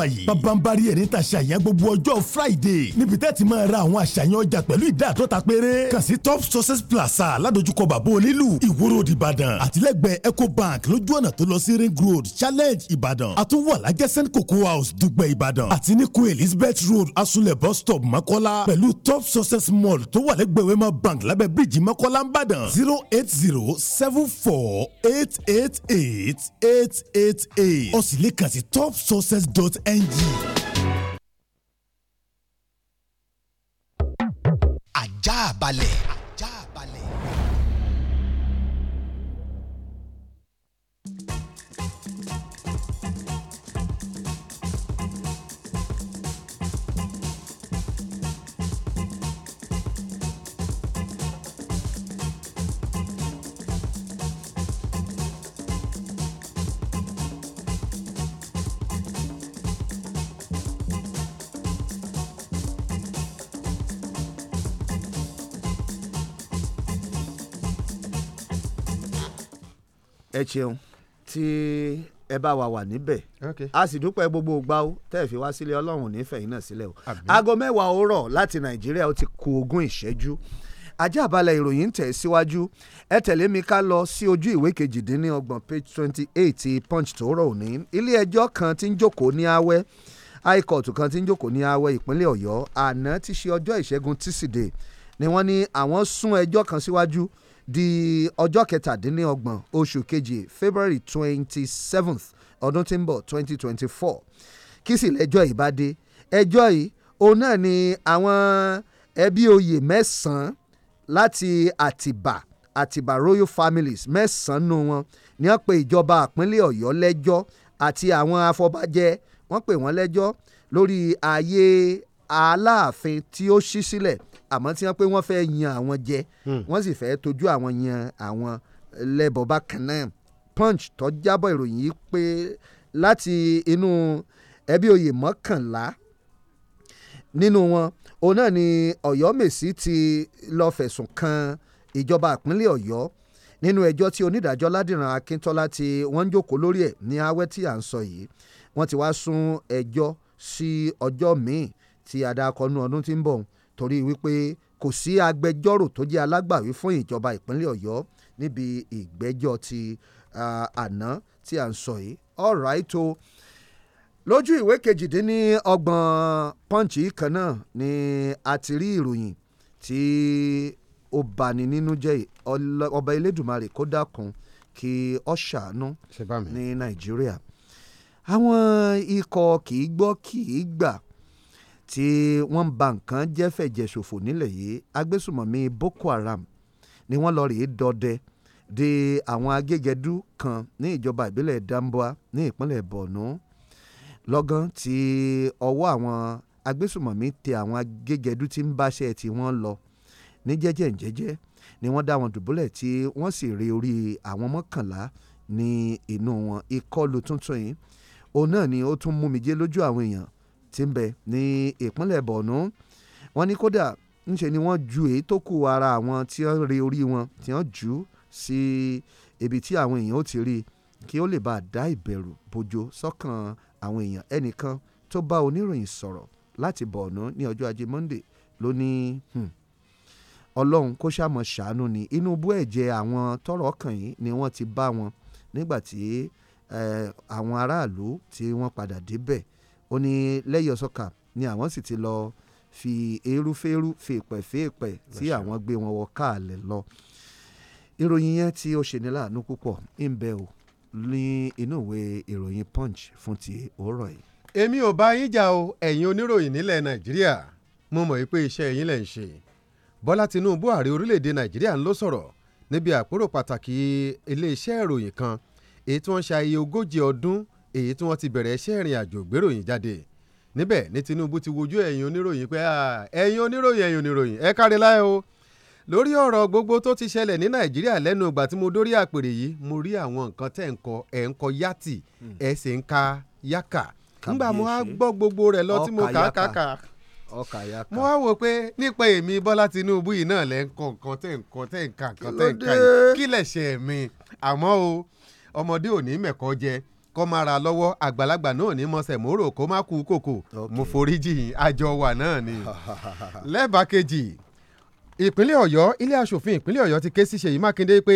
wa yìí bábánbárí ẹ̀rí ta ṣàyàn gbogbo ọjọ́ friday níbi tẹ́ ti máa ra àwọn àṣàyàn ọjà pẹ̀lú ìdá àtọ́ta péré kàn sí top success plaza ládojúkọ bàbá onílù ìwòrò ìbàdàn àtìlẹ́gbẹ̀ẹ́ ecobank lójú ọ̀nà tó lọ sí ring road challenge ìbàdàn àtúwọ̀ alájẹ́ st cocoa house dùgbẹ̀ ìbàdàn àti ní queen elizabeth road asunlẹ̀ bus stop mọ́kọ́lá pẹ̀lú top success mall tó wà lẹ́gbẹ̀ẹ́ wema bank lábẹ́ bíríìjì mọ́kọ́lá ń zero eight zero seven four eight eight eight eight eight eight ó sì lè kàn sí topsuccess dot ajá balẹ̀. ẹ ṣeun tí ẹ bá wa wà níbẹ̀ a sì dúpẹ́ gbogbo ìgbà o tẹ́ ẹ fi wá sílé ọlọ́run nífẹ̀ẹ́ náà sílẹ̀ o aago mẹ́wàá òórọ̀ láti nàìjíríà ó ti kù ogún ìṣẹ́jú ajá àbálẹ̀ ìròyìn ń tẹ̀ síwájú ẹ tẹ̀lé mi ká lọ sí ojú ìwé kejìdínlọ́gbọ̀n page twenty eight punch tó rọ̀ òní ilé ẹjọ́ kan tí ń jókòó ní awẹ́ high court kan tí ń jókòó ní awẹ́ ìpínlẹ̀ ọ̀yọ́ àná ti ṣe ọjọ́ ìṣẹ́gun tísídẹ̀ẹ́ ni wọ́n ní àwọn sún ẹjọ́ kan síwájú si di ọjọ́ kẹtàdínlọ́gbọ̀n oṣù kejì February twenty seventh ọdún tí ń bọ̀ twenty twenty four kí sì lẹ́jọ́ yìí bá dé ẹjọ́ yìí òun náà ni àwọn ẹbí oyè mẹ́sàn-án láti Àtìbà Àtìbà royal families mẹ́sàn-án wọn ni wọ́n pe ìjọba àpínlẹ̀ Ọ̀yọ́ lẹ́jọ́ àti àwọn afọbajẹ wọ́n pè wọ́n lẹ́jọ́ lórí ààyè Aláàfin tí ó ṣí sílẹ̀ àmọ́ tí wọ́n pé wọ́n fẹ́ yan àwọn jẹ hmm. wọ́n sì fẹ́ tójú àwọn yan àwọn lẹ́bọ̀ bákan náà punch tó jábọ̀ ìròyìn yìí pé láti inú ẹbí oyè mọ́kànlá nínú wọn òun náà ni ọ̀yọ́mèsì ti lọ́ọ́ fẹ̀sùn kan ìjọba ìpínlẹ̀ ọ̀yọ́ nínú ẹjọ́ tí onídàájọ́ ládìran akíntọ́lá tí wọ́n ń jókòó lórí ẹ̀ ní awẹ́ tí à ń sọ yìí wọ́n ti wá sún ẹjọ́ sí ọjọ́ míì tí adákọ̀ọ́nù ọdún tí ń bọ̀ torí wípé kò sí agbẹjọ́rò tó jẹ́ alágbàwí fún ìjọba ìpínlẹ̀ ọ̀yọ́ níbi ìgbẹ́jọ́ ti àná tí à ń sọ yìí alright lójú ìwé kejìdínlọ́gbọ̀n pọ́ǹchì kan náà ni a ti rí ìròyìn tí ó bani nínú jẹ́ ọba elédùnmarè kó dákun kí ó ṣàánú ní nàìjíríà àwọn ikọ̀ kì í gbọ́ kì í gbà tí wọ́n ń ba nǹkan jẹ́fẹ̀jẹ̀ṣòfò nílẹ̀ yìí agbésùmọ̀mí Boko Haram ni wọ́n lọ rèé dọdẹ de àwọn agégẹdú kan ní ìjọba ìbílẹ̀ Damboa ní ìpínlẹ̀ Borno lọ́gán tí ọwọ́ àwọn agbésùmọ̀mí tẹ àwọn agégẹdú tí ń báṣẹ́ tí wọ́n lọ ní jẹ́jẹ́ ni wọ́n dá wọn dùbúlẹ̀ tí wọ́n sì rí orí àwọn mọ́kànlá ní inú wọn ìkọlù tuntun yìí òun náà ni ó tún mú mi jẹ́ lójú àwọn èèyàn ti ń bẹ ní ìpínlẹ̀ Borno wọ́n ní kódà ńṣe ni wọ́n ju èyí tó kù ara àwọn tí wọ́n re orí wọn tí wọ́n jù ú sí ibi tí àwọn èèyàn ó ti rí kí ó lè bá a dá ìbẹ̀rù bójó sọ́kàn àwọn èèyàn ẹnìkan tó bá oníròyìn sọ̀rọ̀ láti Borno ní ọjọ́ ajé Monday ló ní hmm, ọlọ́run kó ṣàmọ̀ ṣàánú ni inú bú ẹ̀jẹ̀ àwọn tọ́rọ̀ kàn yìí ni wọ́n ti bá wọn nígbà tí eh, àwọn aráàlú tí wọ́n padà débẹ̀ ó ní lẹ́yìn ni àwọn sì ti lọ fi erúfẹ́rú fèèpẹ̀ fèèpẹ̀ tí àwọn gbé wọn wọ káàlẹ̀ lọ ìròyìn yẹn tí ó ṣeni láàánú púpọ̀ ń bẹ o ní inú ìwé ìròyìn punch fún ti òórọ̀ yìí. èmi ò bá yín jà o ẹ̀yin oníròyìn nílẹ̀ nàìjíríà mo mọ̀ pé iṣẹ́ yín lẹ̀ ń ṣe bọ́lá tinúbú ààrẹ orílẹ̀‐èdè nàìjíríà ń lọ sọ̀rọ̀ níbi àpérò pàtàkì iléeṣẹ́ ìròyìn kan èyí tí wọ́n ṣe ayẹyẹ ogójì ọdún èyí tí wọ́n ti bẹ̀rẹ̀ iṣẹ́ ìrìn àjò gbéròyìn jáde níbẹ̀ ní Tinubu ti wojú ẹ̀yin oníròyìn pé ẹ̀yin oníròyìn ẹ̀yin oníròyìn ẹ káre láyé o lórí ọ̀rọ̀ gbogbo tó ti ṣẹlẹ̀ ní Nàìjíríà lẹ́nu ìgbà tí mo dórí àpèrè yìí mo rí àwọn nǹkan tẹ̀ ń kọ ẹ̀ ń kọ yátì hmm. ẹ̀ sì ń ka yákà ńgbà mo á gbọ́ gbogbo rẹ̀ lọ tí mo kà á kà kà mo wá wò pé nípa èmi Bọ́lá Tinubu yìí náà lẹ́ ń kọ nǹkan tẹ̀ ń kọ tẹ̀ ń ka nǹkan tẹ̀ ń ka yìí kí lẹ̀ṣẹ̀ mi àmọ́ o ọmọdé ò ní mẹ̀kọ́ kọ́ máa ra lọ́wọ́ àgbàlagbà náà ní mọ̀sẹ̀ mòrò kó má kú kòkò mo foríjì àjọ wà náà ni. lẹ́bàá kejì ìpínlẹ̀ ọ̀yọ́ ilé asòfin ìpínlẹ̀ ọ̀yọ́ ti ké sí Ṣèyí Mákindé pé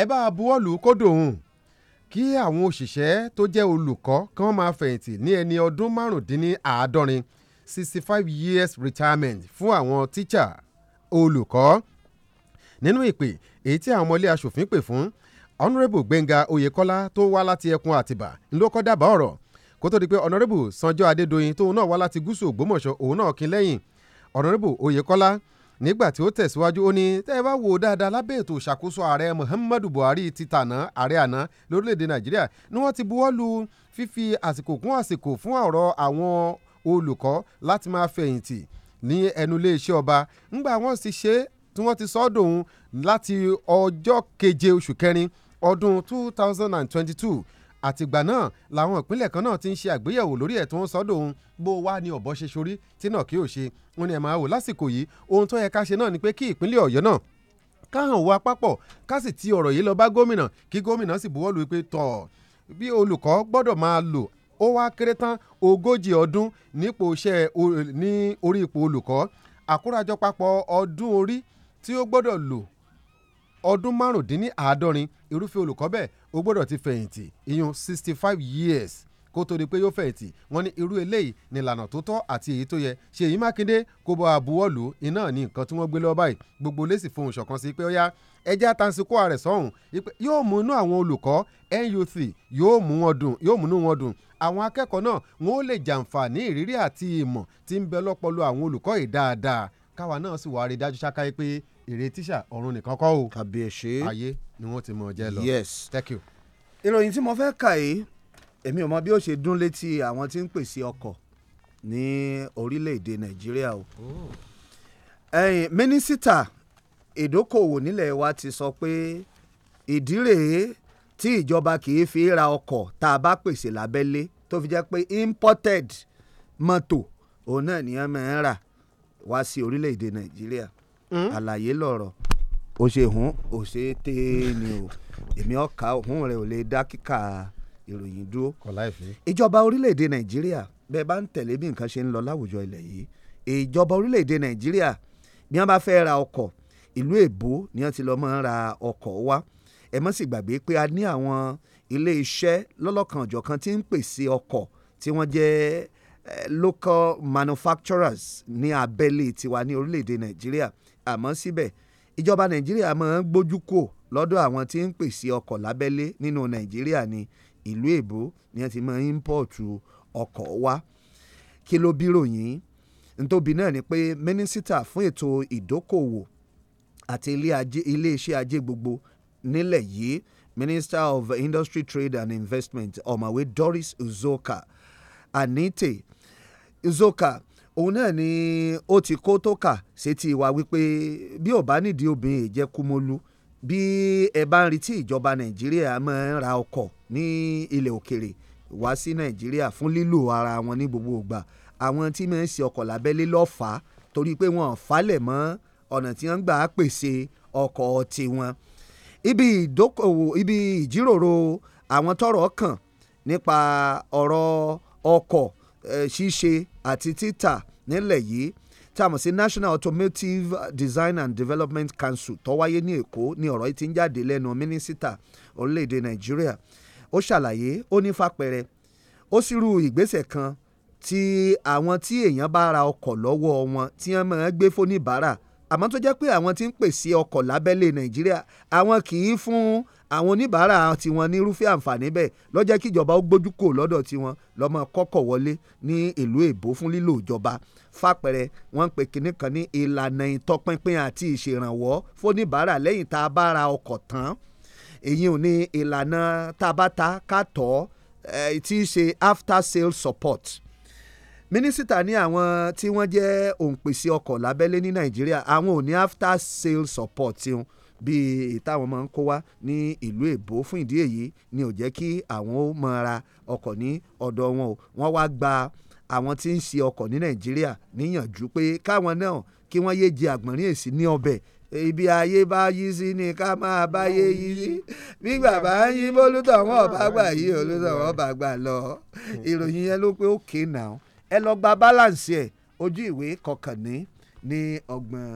ẹ bá a buwọ́lù kó dòun kí àwọn òṣìṣẹ́ tó jẹ́ olùkọ́ kí wọ́n máa fẹ̀yìntì ní ẹni ọdún márùndínláàádọ́rin sixty five years retirement fún àwọn tíṣà olùkọ́ nínú ìpè èyí tí àwọn ọmọ ilé asòfin pè fún honourable gbẹ̀ngà oyèkọ́lá tó wá láti ẹkùn àtìbà ló kọ́ dábàá ọ̀rọ̀ kó tó di pé honourable sanjọ́ adédoyin tóun náà wá láti gúúsù ògbómọ̀ṣọ́ òun náà kín lẹ́yìn honourable oyèkọ́lá nígbà tí ó tẹ̀síwájú ó ní tẹ́ ẹ bá wò ó dáadáa lábẹ́ ètò ìṣàkóso ààrẹ muhammadu buhari ti tàná ààrẹ àná lórílẹ̀‐èdè nàìjíríà ni wọ́n ti buwọ́ lu fífi àsìkò kún àsìkò fún ọ̀rọ̀ àwọn olùkọ́ láti máa fẹ̀yìntì ní ẹnu iléeṣẹ́ ọba ńgbà wọ́n ti ṣe tí wọ́n ti sọ́dọ̀ òun láti ọjọ́ keje oṣù kẹrin ọdún two thousand and twenty-two àtìgbà náà làwọn ìpínlẹ̀ kan náà ti ń ṣe àgbéyẹ̀wò lórí ẹ̀ tó ń sọ́dọ̀ òun bó wá ní ọ̀bọ ṣe sorí tí náà kí ò ṣe wọn ni ẹ̀ máa wò lásìkò yìí ohun tó yẹ ká ṣe náà ni pé kí ìpínlẹ̀ ọ̀yọ́ náà káhàn wá papọ̀ ká sì ti ọ̀rọ̀ yìí lọ bá gómìnà kí gómìnà sì buwọ́lu pé tọ̀ bí olùkọ́ gbọ́dọ̀ máa lò ó wá kéré tán ogójì ọdún nípò iṣẹ́ ní orí ipò olùkọ́ àkórajọ ọdún orí tí ó gbọ́dọ̀ lò ọdún márùndínláàádọ́rin irúfẹ́ olùkọ́ bẹ́ẹ̀ ó gbọ́dọ̀ ti fẹ̀yìntì ìyún sixty five years kó tó di pé yóò fẹ̀yìntì wọ́n ní irú eléyìí ní ìlànà tó tọ́ àti èyí tó yẹ Ṣèyí Mákindé kó bọ́ àbúwọ́lù iná ní nǹkan tí wọ́n gbé lọ́ọ́ báyìí gbogbo lẹ́sìn fohùn ṣọ̀kan sí pé ó yá ẹjẹ́ àtàǹsìkò ààrẹ sọ́hùn yóò mú inú àwọn olùkọ́ NUC yóò mú wọn dùn yóò mú inú wọn dùn àwọn akẹ́kọ̀ọ́ náà wọn ó lè jàǹfààní ìrírí àti ìmọ̀ tí ń bẹ lọ́pọlọ àwọn olùkọ́ yìí dáadáa káwa náà sì wá rí dájú ṣáká yìí pé èrè tíṣà ọ̀run nìkan kọ́ o kàbíyèsí ayé ni wọ́n ti mọ̀ jẹ́ lọ yes thank you. ìròyìn tí mo fẹ́ kà yìí èmi ò mọ bí ó ṣe dún létí àwọn tí ń pèsè ọkọ̀ ní orílẹ̀-èdè nàìjíríà o mínísítà ìdókòwò nílẹ̀ wa ti sọ pé ìdí rèé tí ìjọba kì í fi ra ọkọ̀ tá a bá pèsè lábẹ́lé tó fi jẹ́ pé imported mọ́tò òun náà nìyẹn máa ń rà wá sí orílẹ̀-èdè nàìjíríà Mm-hmm. àlàyé lọ̀rọ̀ o ṣe hun o ṣe tẹ ni o èmi ọkà hun rẹ ò lè dá kíkà ìròyìn dúró. ìjọba orílẹ̀-èdè nàìjíríà bẹ́ẹ̀ bá ń tẹ̀lé bí nǹkan ṣe ń lọ láwùjọ ilẹ̀ yìí ìjọba orílẹ̀-èdè nàìjíríà bí wọ́n bá fẹ́ ra ọkọ̀ ìlú èbó ni wọ́n ti lọ́ọ́ máa ń ra ọkọ̀ wa ẹ mọ́ sì gbàgbé pé a ní àwọn ilé iṣẹ́ lọ́lọ́kan ọ̀jọ̀kan tí ń pèsè ọkọ̀ tí wọ́n jẹ́ eh, local manufacturers ní abẹ́lé tiwa ní orílẹ̀-èdè nàìjíríà àmọ́ síbẹ̀ ìjọba nàìjíríà máa ń gbójú kò lọ́dọ̀ àwọn tí ń pèsè ọkọ̀ lábẹ́lé nínú nàìjíríà ni ìlú èbó ni wọ́n ti máa ń ímpọ̀tù ọkọ̀ wá kí ló bí ròyìn ntóbi náà ni pé mínísítà fún ètò ìdókòwò àti iléeṣẹ́ ajé gbogbo nílẹ̀ yìí minister of industry trade and investment ọ̀mọ̀wé Doris Uzoka Anite Uzoka òun náà ni ó ti kó tó kà sétí wa wípé bí ò bá nídìí obìnrin ìjẹkùmọ́lú bí ẹ bá ń retí ìjọba nàìjíríà máa ń ra ọkọ̀ ní ilẹ̀ òkèrè wá sí nàìjíríà fún lílò ara wọn ní gbogbo ìgbà àwọn tí máa ń ṣe ọkọ̀ lábẹ́lé lọ́fàá torí pé wọ́n falẹ̀ mọ́ ọ̀nà tí wọ́n ń gbà á pèsè ọkọ̀ tiwọn. ibi ìdókòwò ibi ìjíròrò àwọn tọ́rọ̀ kàn nípa ọ̀rọ̀ ọkọ̀ ṣíṣe àti títà nílẹ̀ yìí tí sí National Automotive Design and Development Council tó wáyé ní Èkó ni ọ̀rọ̀ yìí ti ń jáde lẹ́nu mínísítà orílẹ̀-èdè Nàìjíríà ó ṣàlàyé ó ní fapẹ̀rẹ̀ ó sì rú ìgbésẹ̀ kan tí àwọn tí èèyàn bá ra ọkọ̀ lọ́wọ́ wọn tí wọ́n máa ń gbé fóníbàárà àmọ́ tó jẹ́ pé àwọn tí ń pèsè ọkọ̀ lábẹ́lé Nàìjíríà àwọn kì í fún àwọn oníbàárà tiwọn nírúfẹ́ àǹfààní bẹ́ẹ̀ ló jẹ́ kíjọba ó gbójú kò lọ́dọ̀ tiwọn lọ́mọ kọ́kọ̀ wọlé ní ìlú èbó fún lílo ìjọba fàpẹẹrẹ wọ́n ń pè kinní kan ní ìlànà ìtọpinpin àti ìṣèrànwọ́ fóníbàárà lẹ́yìn tá a bá ra ọkọ̀ tán èyí ò ní ìlànà tá a tí í ṣe after sales support mínísítà ní àwọn tí wọ́n jẹ́ òǹpèsè ọkọ̀ lábẹ́lé ní nàìjíríà àwọn ò ní after sales support tiwọn bíi ìtàwọn máa ń kó wá ní ìlú èbó fún ìdí èyí ni ò jẹ́ kí àwọn ó máa ra ọkọ̀ ní ọ̀dọ̀ wọn o wọ́n wá gba àwọn tí ń ṣe ọkọ̀ ní nàìjíríà níyànjú pé káwọn náà kí wọ́n yéé àgbọ̀nrín èsì ní ọbẹ̀ ibi ayé bá yí sí ni ká máa báyé yí sí bí bàbá ń yí bólútọ̀ wọn ọba gbà yí olútọ̀ wọn ọba gbà lọ ìròyìn yẹn ló pé okay now ẹ lọ gba balance ẹ ojú ìwé kọkànní ní ọgbọ̀n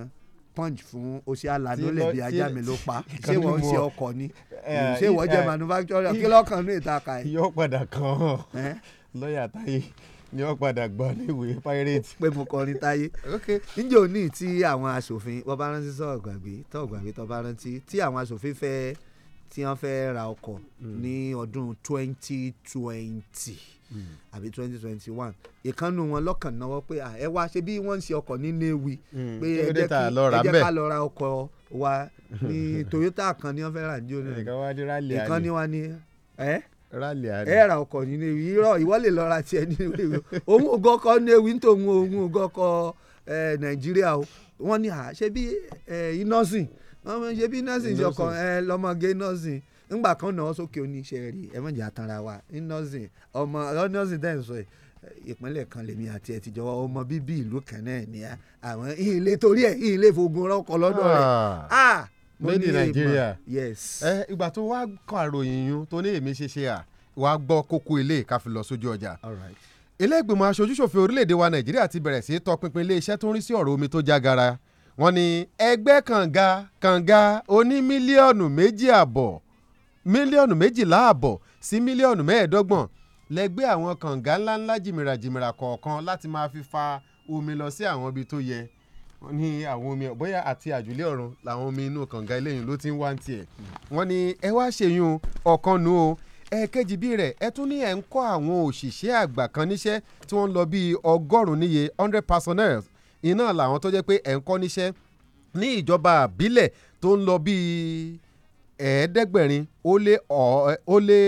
punch fún Osialanu lè bí ajá mi ló pa ṣé wọ́n ń ṣe ọkọ̀ ni ṣé wọ́n jẹ́ manufacturer kí lọ́kàn ní ìtaka ẹ̀. yóò padà kàn án lọ́ọ̀yà táyé yóò padà gbọ́ níwèé pirate. pé mo kọrin táyé níjẹ́ òní tí àwọn asòfin wọ́n bá rántí sọ̀rọ̀ gbàgbé tọ̀ gbàgbé tọ́ bá rántí tí àwọn asòfin fẹ́ tí wọ́n fẹ́ ra ọkọ̀ hmm. ní ọdún twenty twenty Mm. àbí twenty twenty one ìkànnù wọn lọ́kàn náwó pé ẹ wá ṣe bí wọ́n ń ṣe ọkọ̀ ní Nnewi mm. pé ẹ jẹ́ ká lọ ra ọkọ̀ wa ní Toyota kan ní wọ́n fẹ́ rà ní òní ìkànnì wa ni ẹ́ ẹ ra ọkọ̀ ní Nnewi irọ́ ìwọ lè lọ ra tiẹ̀ ní Nnewi òun ògọ́kọ̀ Nnewi ń tòun òun ògọ́kọ̀ Nàìjíríà o wọ́n ní à ṣe bí iná sìn wọ́n ṣe bí iná sìn ṣọkọ̀ lọ́mọge iná sìn ńgbà kan náà sókè oníṣẹ́ rí ẹ mọ̀jẹ̀ àtàrà wa nọ́ọ̀sìn ọmọ nọ́ọ̀sìn tẹ̀ ń sọ yìí ìpínlẹ̀ kan lèmi àti ẹ̀ tìjọ ọmọ bíbí ìlú kan náà ni àwọn ilé torí ẹ̀ ilé fogun rọ́kọ̀ lọ́dọ̀ rẹ̀ ah, ah, made in Nigeria yes. ẹ ìgbà tó wá kọ àròyìn yun tó ní èmi ṣe ṣe à wàá gbọ́ kókó ilé ká lọ sójú ọjà. ilé ìgbìmọ̀ aṣojúṣòfin orílẹ̀-èdè wa nàìjíríà ti bẹ̀rẹ̀ sí tọpinpin iléeṣẹ́ tó ń rí sí ọ̀rọ̀ omi tó já gara wọ́n ní ẹgbẹ́ kànga kànga oní méjì àbọ̀ mílíọ̀nù méjìlá ààbọ̀ sí mílíọ̀nù mẹ́ẹ̀ẹ́dọ́gbọ̀n lẹ́gbẹ́ àwọn kànga ńláńlá jìmìràjìmìrà kọ̀ọ̀kan láti máa fi fa omi lọ sí àwọn ibi tó yẹ wọ́n ní àwọn omi bóyá àti àjùlé ọ̀run làwọn omi inú kànga eléyìí ló ti ń wá ń tiẹ̀ wọ́n ní ẹ wá ṣèyún ọ̀kan nù o ẹ̀ẹ́kejì bíi rẹ̀ ẹ tún ní ẹ̀ ń kọ́ àwọn òṣìṣẹ́ àgbà kan níṣẹ́ tí wọ́n lọ bíi ọgọ́rùn-ún níye hundred personnel iná làwọn tó jẹ́ pé ẹ̀ ń kọ́ níṣẹ́ ní ìjọba àbílẹ̀ tó ń lọ bíi ẹ̀ẹ́dẹ́gbẹ̀rin ó lé ó lé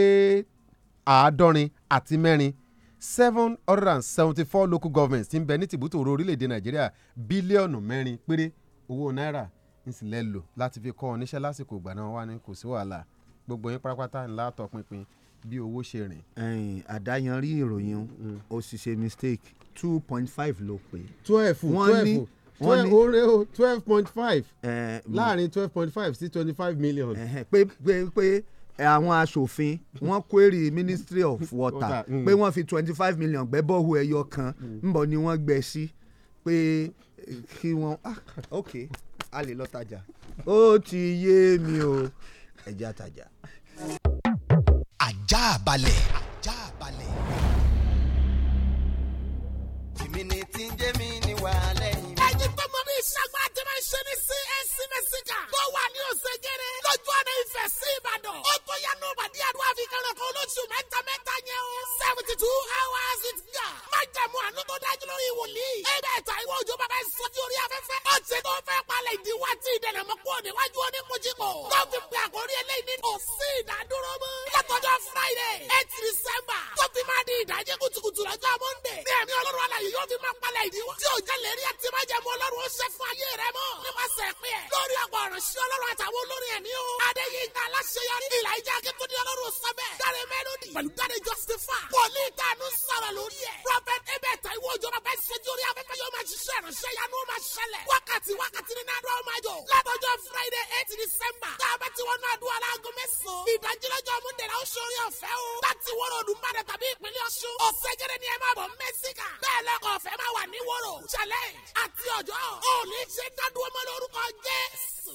àádọ́rin àti mẹ́rin seven hundred and seventy four local governments ti ń bẹ ní tìbútòrò orílẹ̀-èdè nàìjíríà bílíọ̀nù mẹ́rin péré owó náírà ń sì lẹ́ lò láti fi kọ́ ọ níṣẹ́ lásìkò ìgbà náà wà ní kò sí wàhálà gbogbo yín pátápátá ńlá tọpinpin bí owó ṣe rìn. ẹyin àdáyanrí ìròyìn mm. ó sì ṣe mistake two point five ló pé. twelve twelve wọ́n ní oore o oh, oh, twelve point five mm. láàrin twelve point five sí twenty five million. pé pé pé àwọn aṣòfin wọ́n query ministry of water mm. pé wọ́n fi twenty five million gbẹ́ bọ́ọ̀hù ẹyọ kan mm. ńbọ̀ ni wọ́n gbẹ sí pé kí wọ́n ah, ok a lè lọ tajà ó ti yé mi o ẹja tajà. ajá balẹ̀. ajá balẹ̀. èmi ni tí ń jẹ́ mi ní wàhálẹ̀ ti tọmọ ní ìṣàgbọ́n àti máa ń ṣe ní csc mẹ́síkà. tó ní òsèjèrè lójú ọ̀nà ìfẹ́ sí ìbàdàn. ó tó yánú ìbàdí àdúrà fi kẹrẹ kan olóṣù mẹ́ta mẹ́ta yẹn o. seventy two hours it ga. má jẹ̀mú àánú tó dájú lórí ìwòlíì. ebe ẹ̀ta ìwọ òjò bàbá ẹ̀ sọ́jú orí afẹ́fẹ́. ó ti tó fẹ́ palẹ̀ ìdíwọ́ àti ìdẹ̀nà mọ́ kúrò níwájú oníkojúkọ. tó fi pe àkórí eléyìí kò sí ìdádúró mọ́. látọjọ́ friday eight december tó fi máa di ìdájẹ́ kùtùkùtù lọ́jọ́ àdúrà àtàwọn olórin ẹ̀mí o. Adéyínká aláṣeyọrí ìlà ìjà akíkúndé ọlọ́run sọ́bẹ̀. Dáre mélòdì pẹ̀lú dáre Jọ́sífà. Wòlí ìtànú sọ̀rọ̀ lórí ẹ̀. Prọfẹ̀t Ebẹ̀ ta ìwé òjò bàbá ìṣẹ́jú orí afẹ́fẹ́ yóò máa ṣiṣẹ́ ìránṣẹ́ yanu máa ṣẹlẹ̀. Wákàtí wákàtí nínú àdúrà máa jò. Látọjọ́ Friday eight December. Táàbà tí wọ́n ná àdúrà láago mẹ́sàn-án. Ìdájílọ́jọ́ Múndẹ̀lá ó ṣorí ọ̀fẹ́ o. Láti wọ́rọ̀ Olùbàdàn tàbí ìpínlẹ̀ Ọ̀ṣun. Ọ̀sẹ̀ jẹ́rẹ́ ni ẹ máa bọ̀ Mẹ́síkà. Bẹ́ẹ̀ lọ́kọ̀ ọ̀fẹ́ máa wà ní wọ́rọ̀. Challenge àti ọjọ́. Òní ṣe dádúró mọ́ lórúkọ Jésù.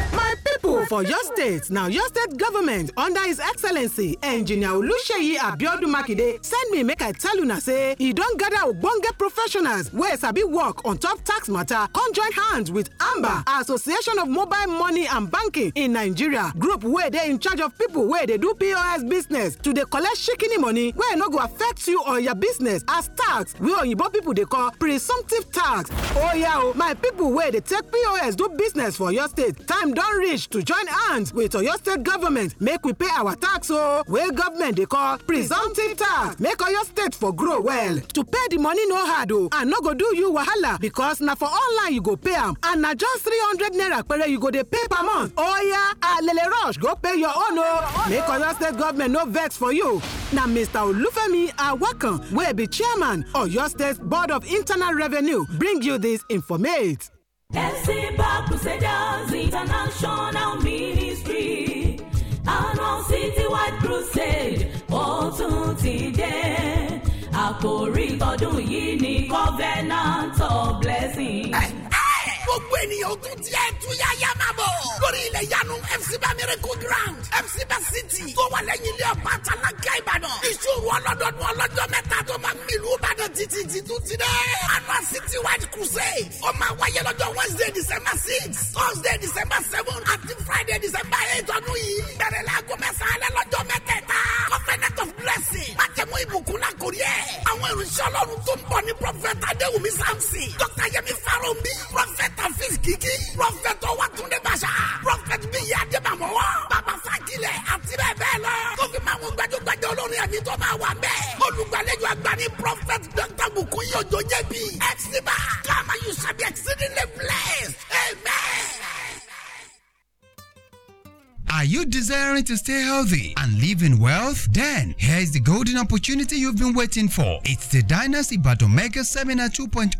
People for your state na your state government under his excellency engineer oluseyi abiodun makinde send me make i tell una say e don gather ogbonge professionals wey sabi work on top tax matter come join hands with amba association of mobile money and banking in nigeria group wey dey in charge of people wey dey do pos business to dey collect shikini money wey no go affect you or your business as tax wey oyibo people dey call presumptive tax oya oh, o oh, my people wey dey take pos do business for your state time don reach finish to join hands with oyo state government make we pay our tax o oh. wey government dey call presumptive tax make oyo state for grow well to pay the money no hard o oh. and no go do you wahala because na for online you go pay am and na just three hundred naira pere you go dey pay per month oya alele rush go pay your own o oh. make oyo state government no vex for you na mr olufemi awakan wey be chairman oyo state board of internal revenue bring you dis informate. Crusaders International Ministry Anon City Wide Crusade ó tún ti dé. Àkòrí tọdún yìí ni Covenant gbogbo ènìyàn tún tiẹ̀ túyáyá máa bọ̀. lórí ilẹ̀ yanu fc bá miracle ground fc bá city tó wà lẹ́yìn ilé ọba àtàlágà ìbàdàn. ìṣòro ọlọ́dọọdún ọlọ́jọ́ mẹ́ta tó máa ń bìlú ìbàdàn títí títú ti dẹ́. anua city wide crusade ó máa wáyé lọ́jọ́ wednesday december six thursday december seven àti friday december eight ọdún yìí. bẹ̀rẹ̀ láago mẹ́sàn-án alẹ́ lọ́jọ́ mẹ́tẹ̀ẹ̀ta. covenant of blessing májẹ̀mú ìbùkún lákòrí ẹ̀. àwọn ìrìnsẹ̀ ọlọ́run tó ń bọ̀ ní prọfẹ̀tà adéwùmí samson dr yemi faromi prọfẹ̀tà hafiz kiki prọfẹtọ Wátúndé Bàṣà prọfẹtì bíyì adébàmọ́wọ́ Baba fagilẹ̀ àti bẹ́ẹ̀ bẹ́ẹ̀ lọ tó fi máa ń gbajúgbajà olórin ẹ̀mí tó máa wà bẹ́ẹ̀ olùgbàlejò àgbà ní prọfẹtì dr Bukunyi Ojo jẹ̀bi ẹ̀sìnbà kàmá you sabi exceedingly blessed amen. Are you desiring to stay healthy and live in wealth? Then, here's the golden opportunity you've been waiting for. It's the Dynasty Bad Omega Seminar 2.0.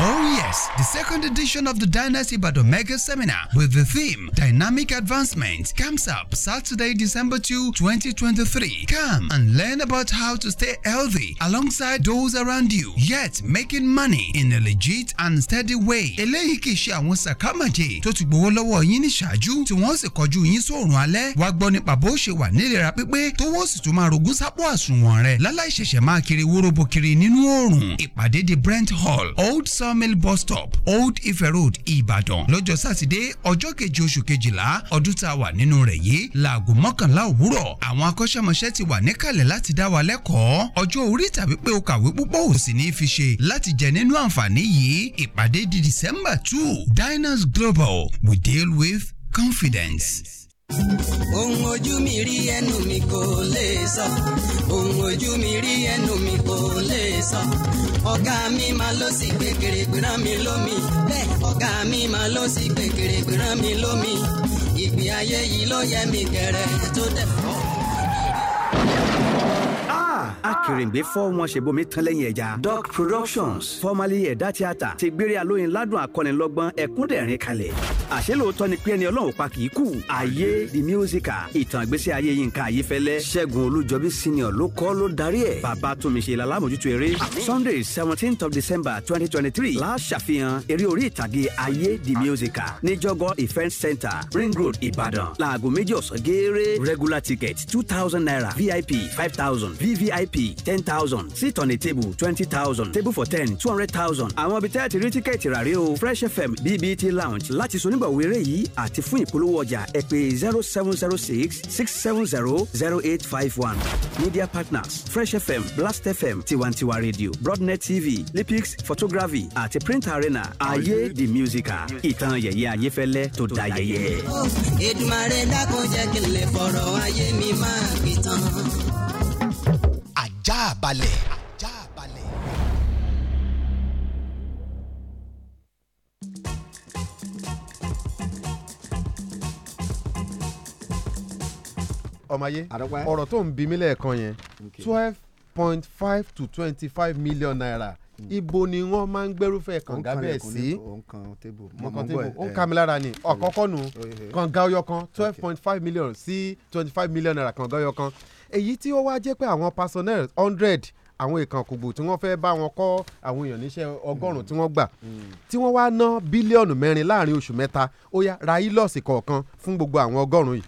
Oh yes, the second edition of the Dynasty but Omega Seminar with the theme Dynamic Advancement comes up Saturday, December 2, 2023. Come and learn about how to stay healthy alongside those around you, yet making money in a legit and steady way. yín sóòrùn alẹ́ wá gbọ́ nípa bó ṣe wà nílera pípé tówó sì tún máa rogún sápò àsùnwọ̀n rẹ̀ láláì ṣẹ̀ṣẹ̀ máa kiri wórobo kiri nínú oòrùn ìpàdé di Brent Hall Old Sawmill bus stop Old Ife Road Ìbàdàn lọ́jọ́ sátidé ọjọ́ kejì oṣù kejìlá ọdún tá a wà nínú rẹ̀ yìí láago mọ́kànlá òwúrọ̀ àwọn akọ́ṣẹ́mọṣẹ́ ti wà níkàlẹ̀ láti dá wa lẹ́kọ̀ọ́ ọjọ́ orí tàbí pé o December two Diners Global we deal with confidence ohun ojú mi rí ẹnu mi kò lè sọ ohun ojú mi rí ẹnu mi kò lè sọ ọ̀gá mi máa lọ sí gbẹ̀gẹ̀rẹ̀ gbẹ̀rán mi lómi bẹ́ẹ̀ ọ̀gá mi máa lọ sí gbẹ̀gẹ̀rẹ̀ gbẹ̀rán mi lómi ìgbé ayé yìí ló yẹ mi kẹrẹ tó dẹ̀ akèrèǹgbè fọ́ wọn ṣèbomi tán lẹ́yìn ẹja. doc productions formerly ẹ̀dá tíátà ti gbére alóyin ládùn akọ́nilọ́gbọ́n ẹ̀kúndẹ̀rín kalẹ̀. àṣé lóòótọ́ ni pé ẹni ọlọ́run pa kì í kú. ayé the musical ìtàn ìgbésí ayé Yínká Ayéfẹ́lẹ́ ṣẹ́gun olújọbí senior ló kọ́ ló darí ẹ̀. bàbá túnmíṣe lálámójútó eré sunday seventeenth of december twenty twenty three la ṣàfihàn eré orí ìtàgé ayé the musical ní jọgọ event center ring road ìbàdàn láago méjì ọ̀sán gééré regular ticket two thousand naira vip five thousand vv vip ten thousand seat on a table twenty thousand table for ten two hundred thousand àwọn ibi tẹ́ẹ̀tì rí tíkẹ́ẹ̀tì rà rí o fresh fm bbt lounge láti sonígbàwé eré yìí àti fún ìpolówó ọjà ẹ pè zero seven zero six six seven zero zero eight five one media partners fresh fm blast fm tiwantiwa radio broadnet tv lipix photography àti print arena ayé the musical ìtàn yẹ̀yẹ́ ayéfẹ́lẹ́ tó da yẹ̀yẹ́. Èdùmàrè dákun jẹ́ kí n lè fọ̀rọ̀ ayé mi máa fi tán ajá balẹ̀. ajá balẹ̀. ọmọye ọ̀rọ̀ tó ń bí mi lẹ́ẹ̀kan yẹn twelve point five to twenty five million naira hmm. ibo ni wọ́n máa ń gbẹ́rúfẹ́ kànga bẹ́ẹ̀ sí mọ̀kàn tébù ó ń kà mí lára ni ọ̀kọ́kọ́ nu kànga ọyọ kan twelve point five million sí twenty five million naira kànga ọyọ kan èyí tí ó wá jẹ́ pé àwọn personnel hundred àwọn ìkàn kùgbù tí wọ́n fẹ́ bá wọn kọ́ àwọn èèyàn níṣẹ́ ọgọ́rùn-ún tí wọ́n gbà tí wọ́n wá ná bílíọ̀nù mẹ́rin láàrin oṣù mẹ́ta ó yá ra ílọ̀sì kọ̀ọ̀kan fún gbogbo àwọn ọgọ́rùn-ún yìí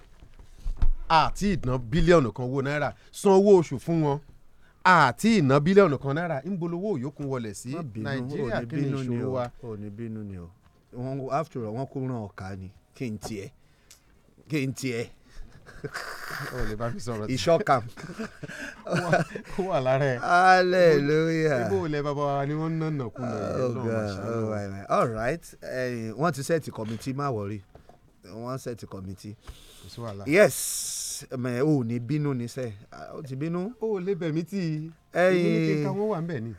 àti ìná bílíọ̀nù kan owó náírà san owó oṣù fún wọn àti ìná bílíọ̀nù kan náírà ń bolówó òyòkun wọlé sí nàìjíríà kí ni ìṣòro wa. ò ni o after all wọn kó ràn ọ̀ka ni kí n tiẹ̀ o lè bá wà lára ẹ. hallelujah. ibo ilẹ̀ bàbá wa ni wọ́n nànà kú lọ. all right wọ́n ti sẹ́ẹ̀tì kọ́mítì má wọ̀rí wọ́n sẹ́ẹ̀tì kọ́mítì. yes mẹ ò ní bínú ní sẹ ó ti bínú. ó lè bẹ̀ mí tí ìbínú kíkà wọ́n wà ń bẹ̀ ni.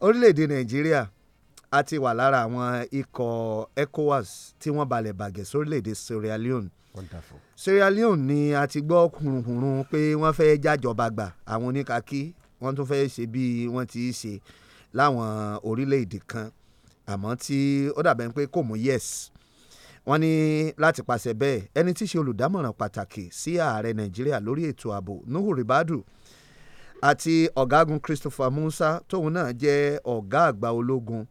orílẹ̀-èdè nàìjíríà a ti wà lára àwọn ikọ̀ ECOWAS tí wọ́n balẹ̀ bàgẹ́ sórílẹ̀-èdè Sierra Leone. wonderful Sierra Leone ni a ti gbọ́ kùrùkùrù pé wọ́n fẹ́ jájọba gbà àwọn oníkàkí wọ́n tún fẹ́ ṣe bí wọ́n ti ṣe láwọn orílẹ̀-èdè kan àmọ́ tí ó dàbẹ̀ pé kò mú yes wọ́n ní láti pàṣẹ bẹ́ẹ̀ ẹni tí í ṣe olùdámọ̀ràn pàtàkì sí ààrẹ nàìjíríà lórí ètò ààbò nuhu ribadu àti ọ̀gágun christopher musa tóun náà jẹ́ ọ̀gá àgbà ológun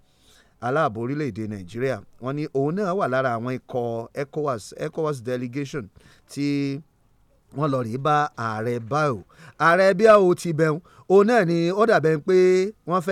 aláàbò orílẹ̀-èdè nàìjíríà wọ́n ní òun náà wà lára àwọn ikọ̀ ecowas ecowas delegation tí wọ́n lọ rí bá ààrẹ báyò ààrẹ bíyàwó ti bẹ̀rù òun náà ni ó dàbẹ̀ pé wọ́n fẹ́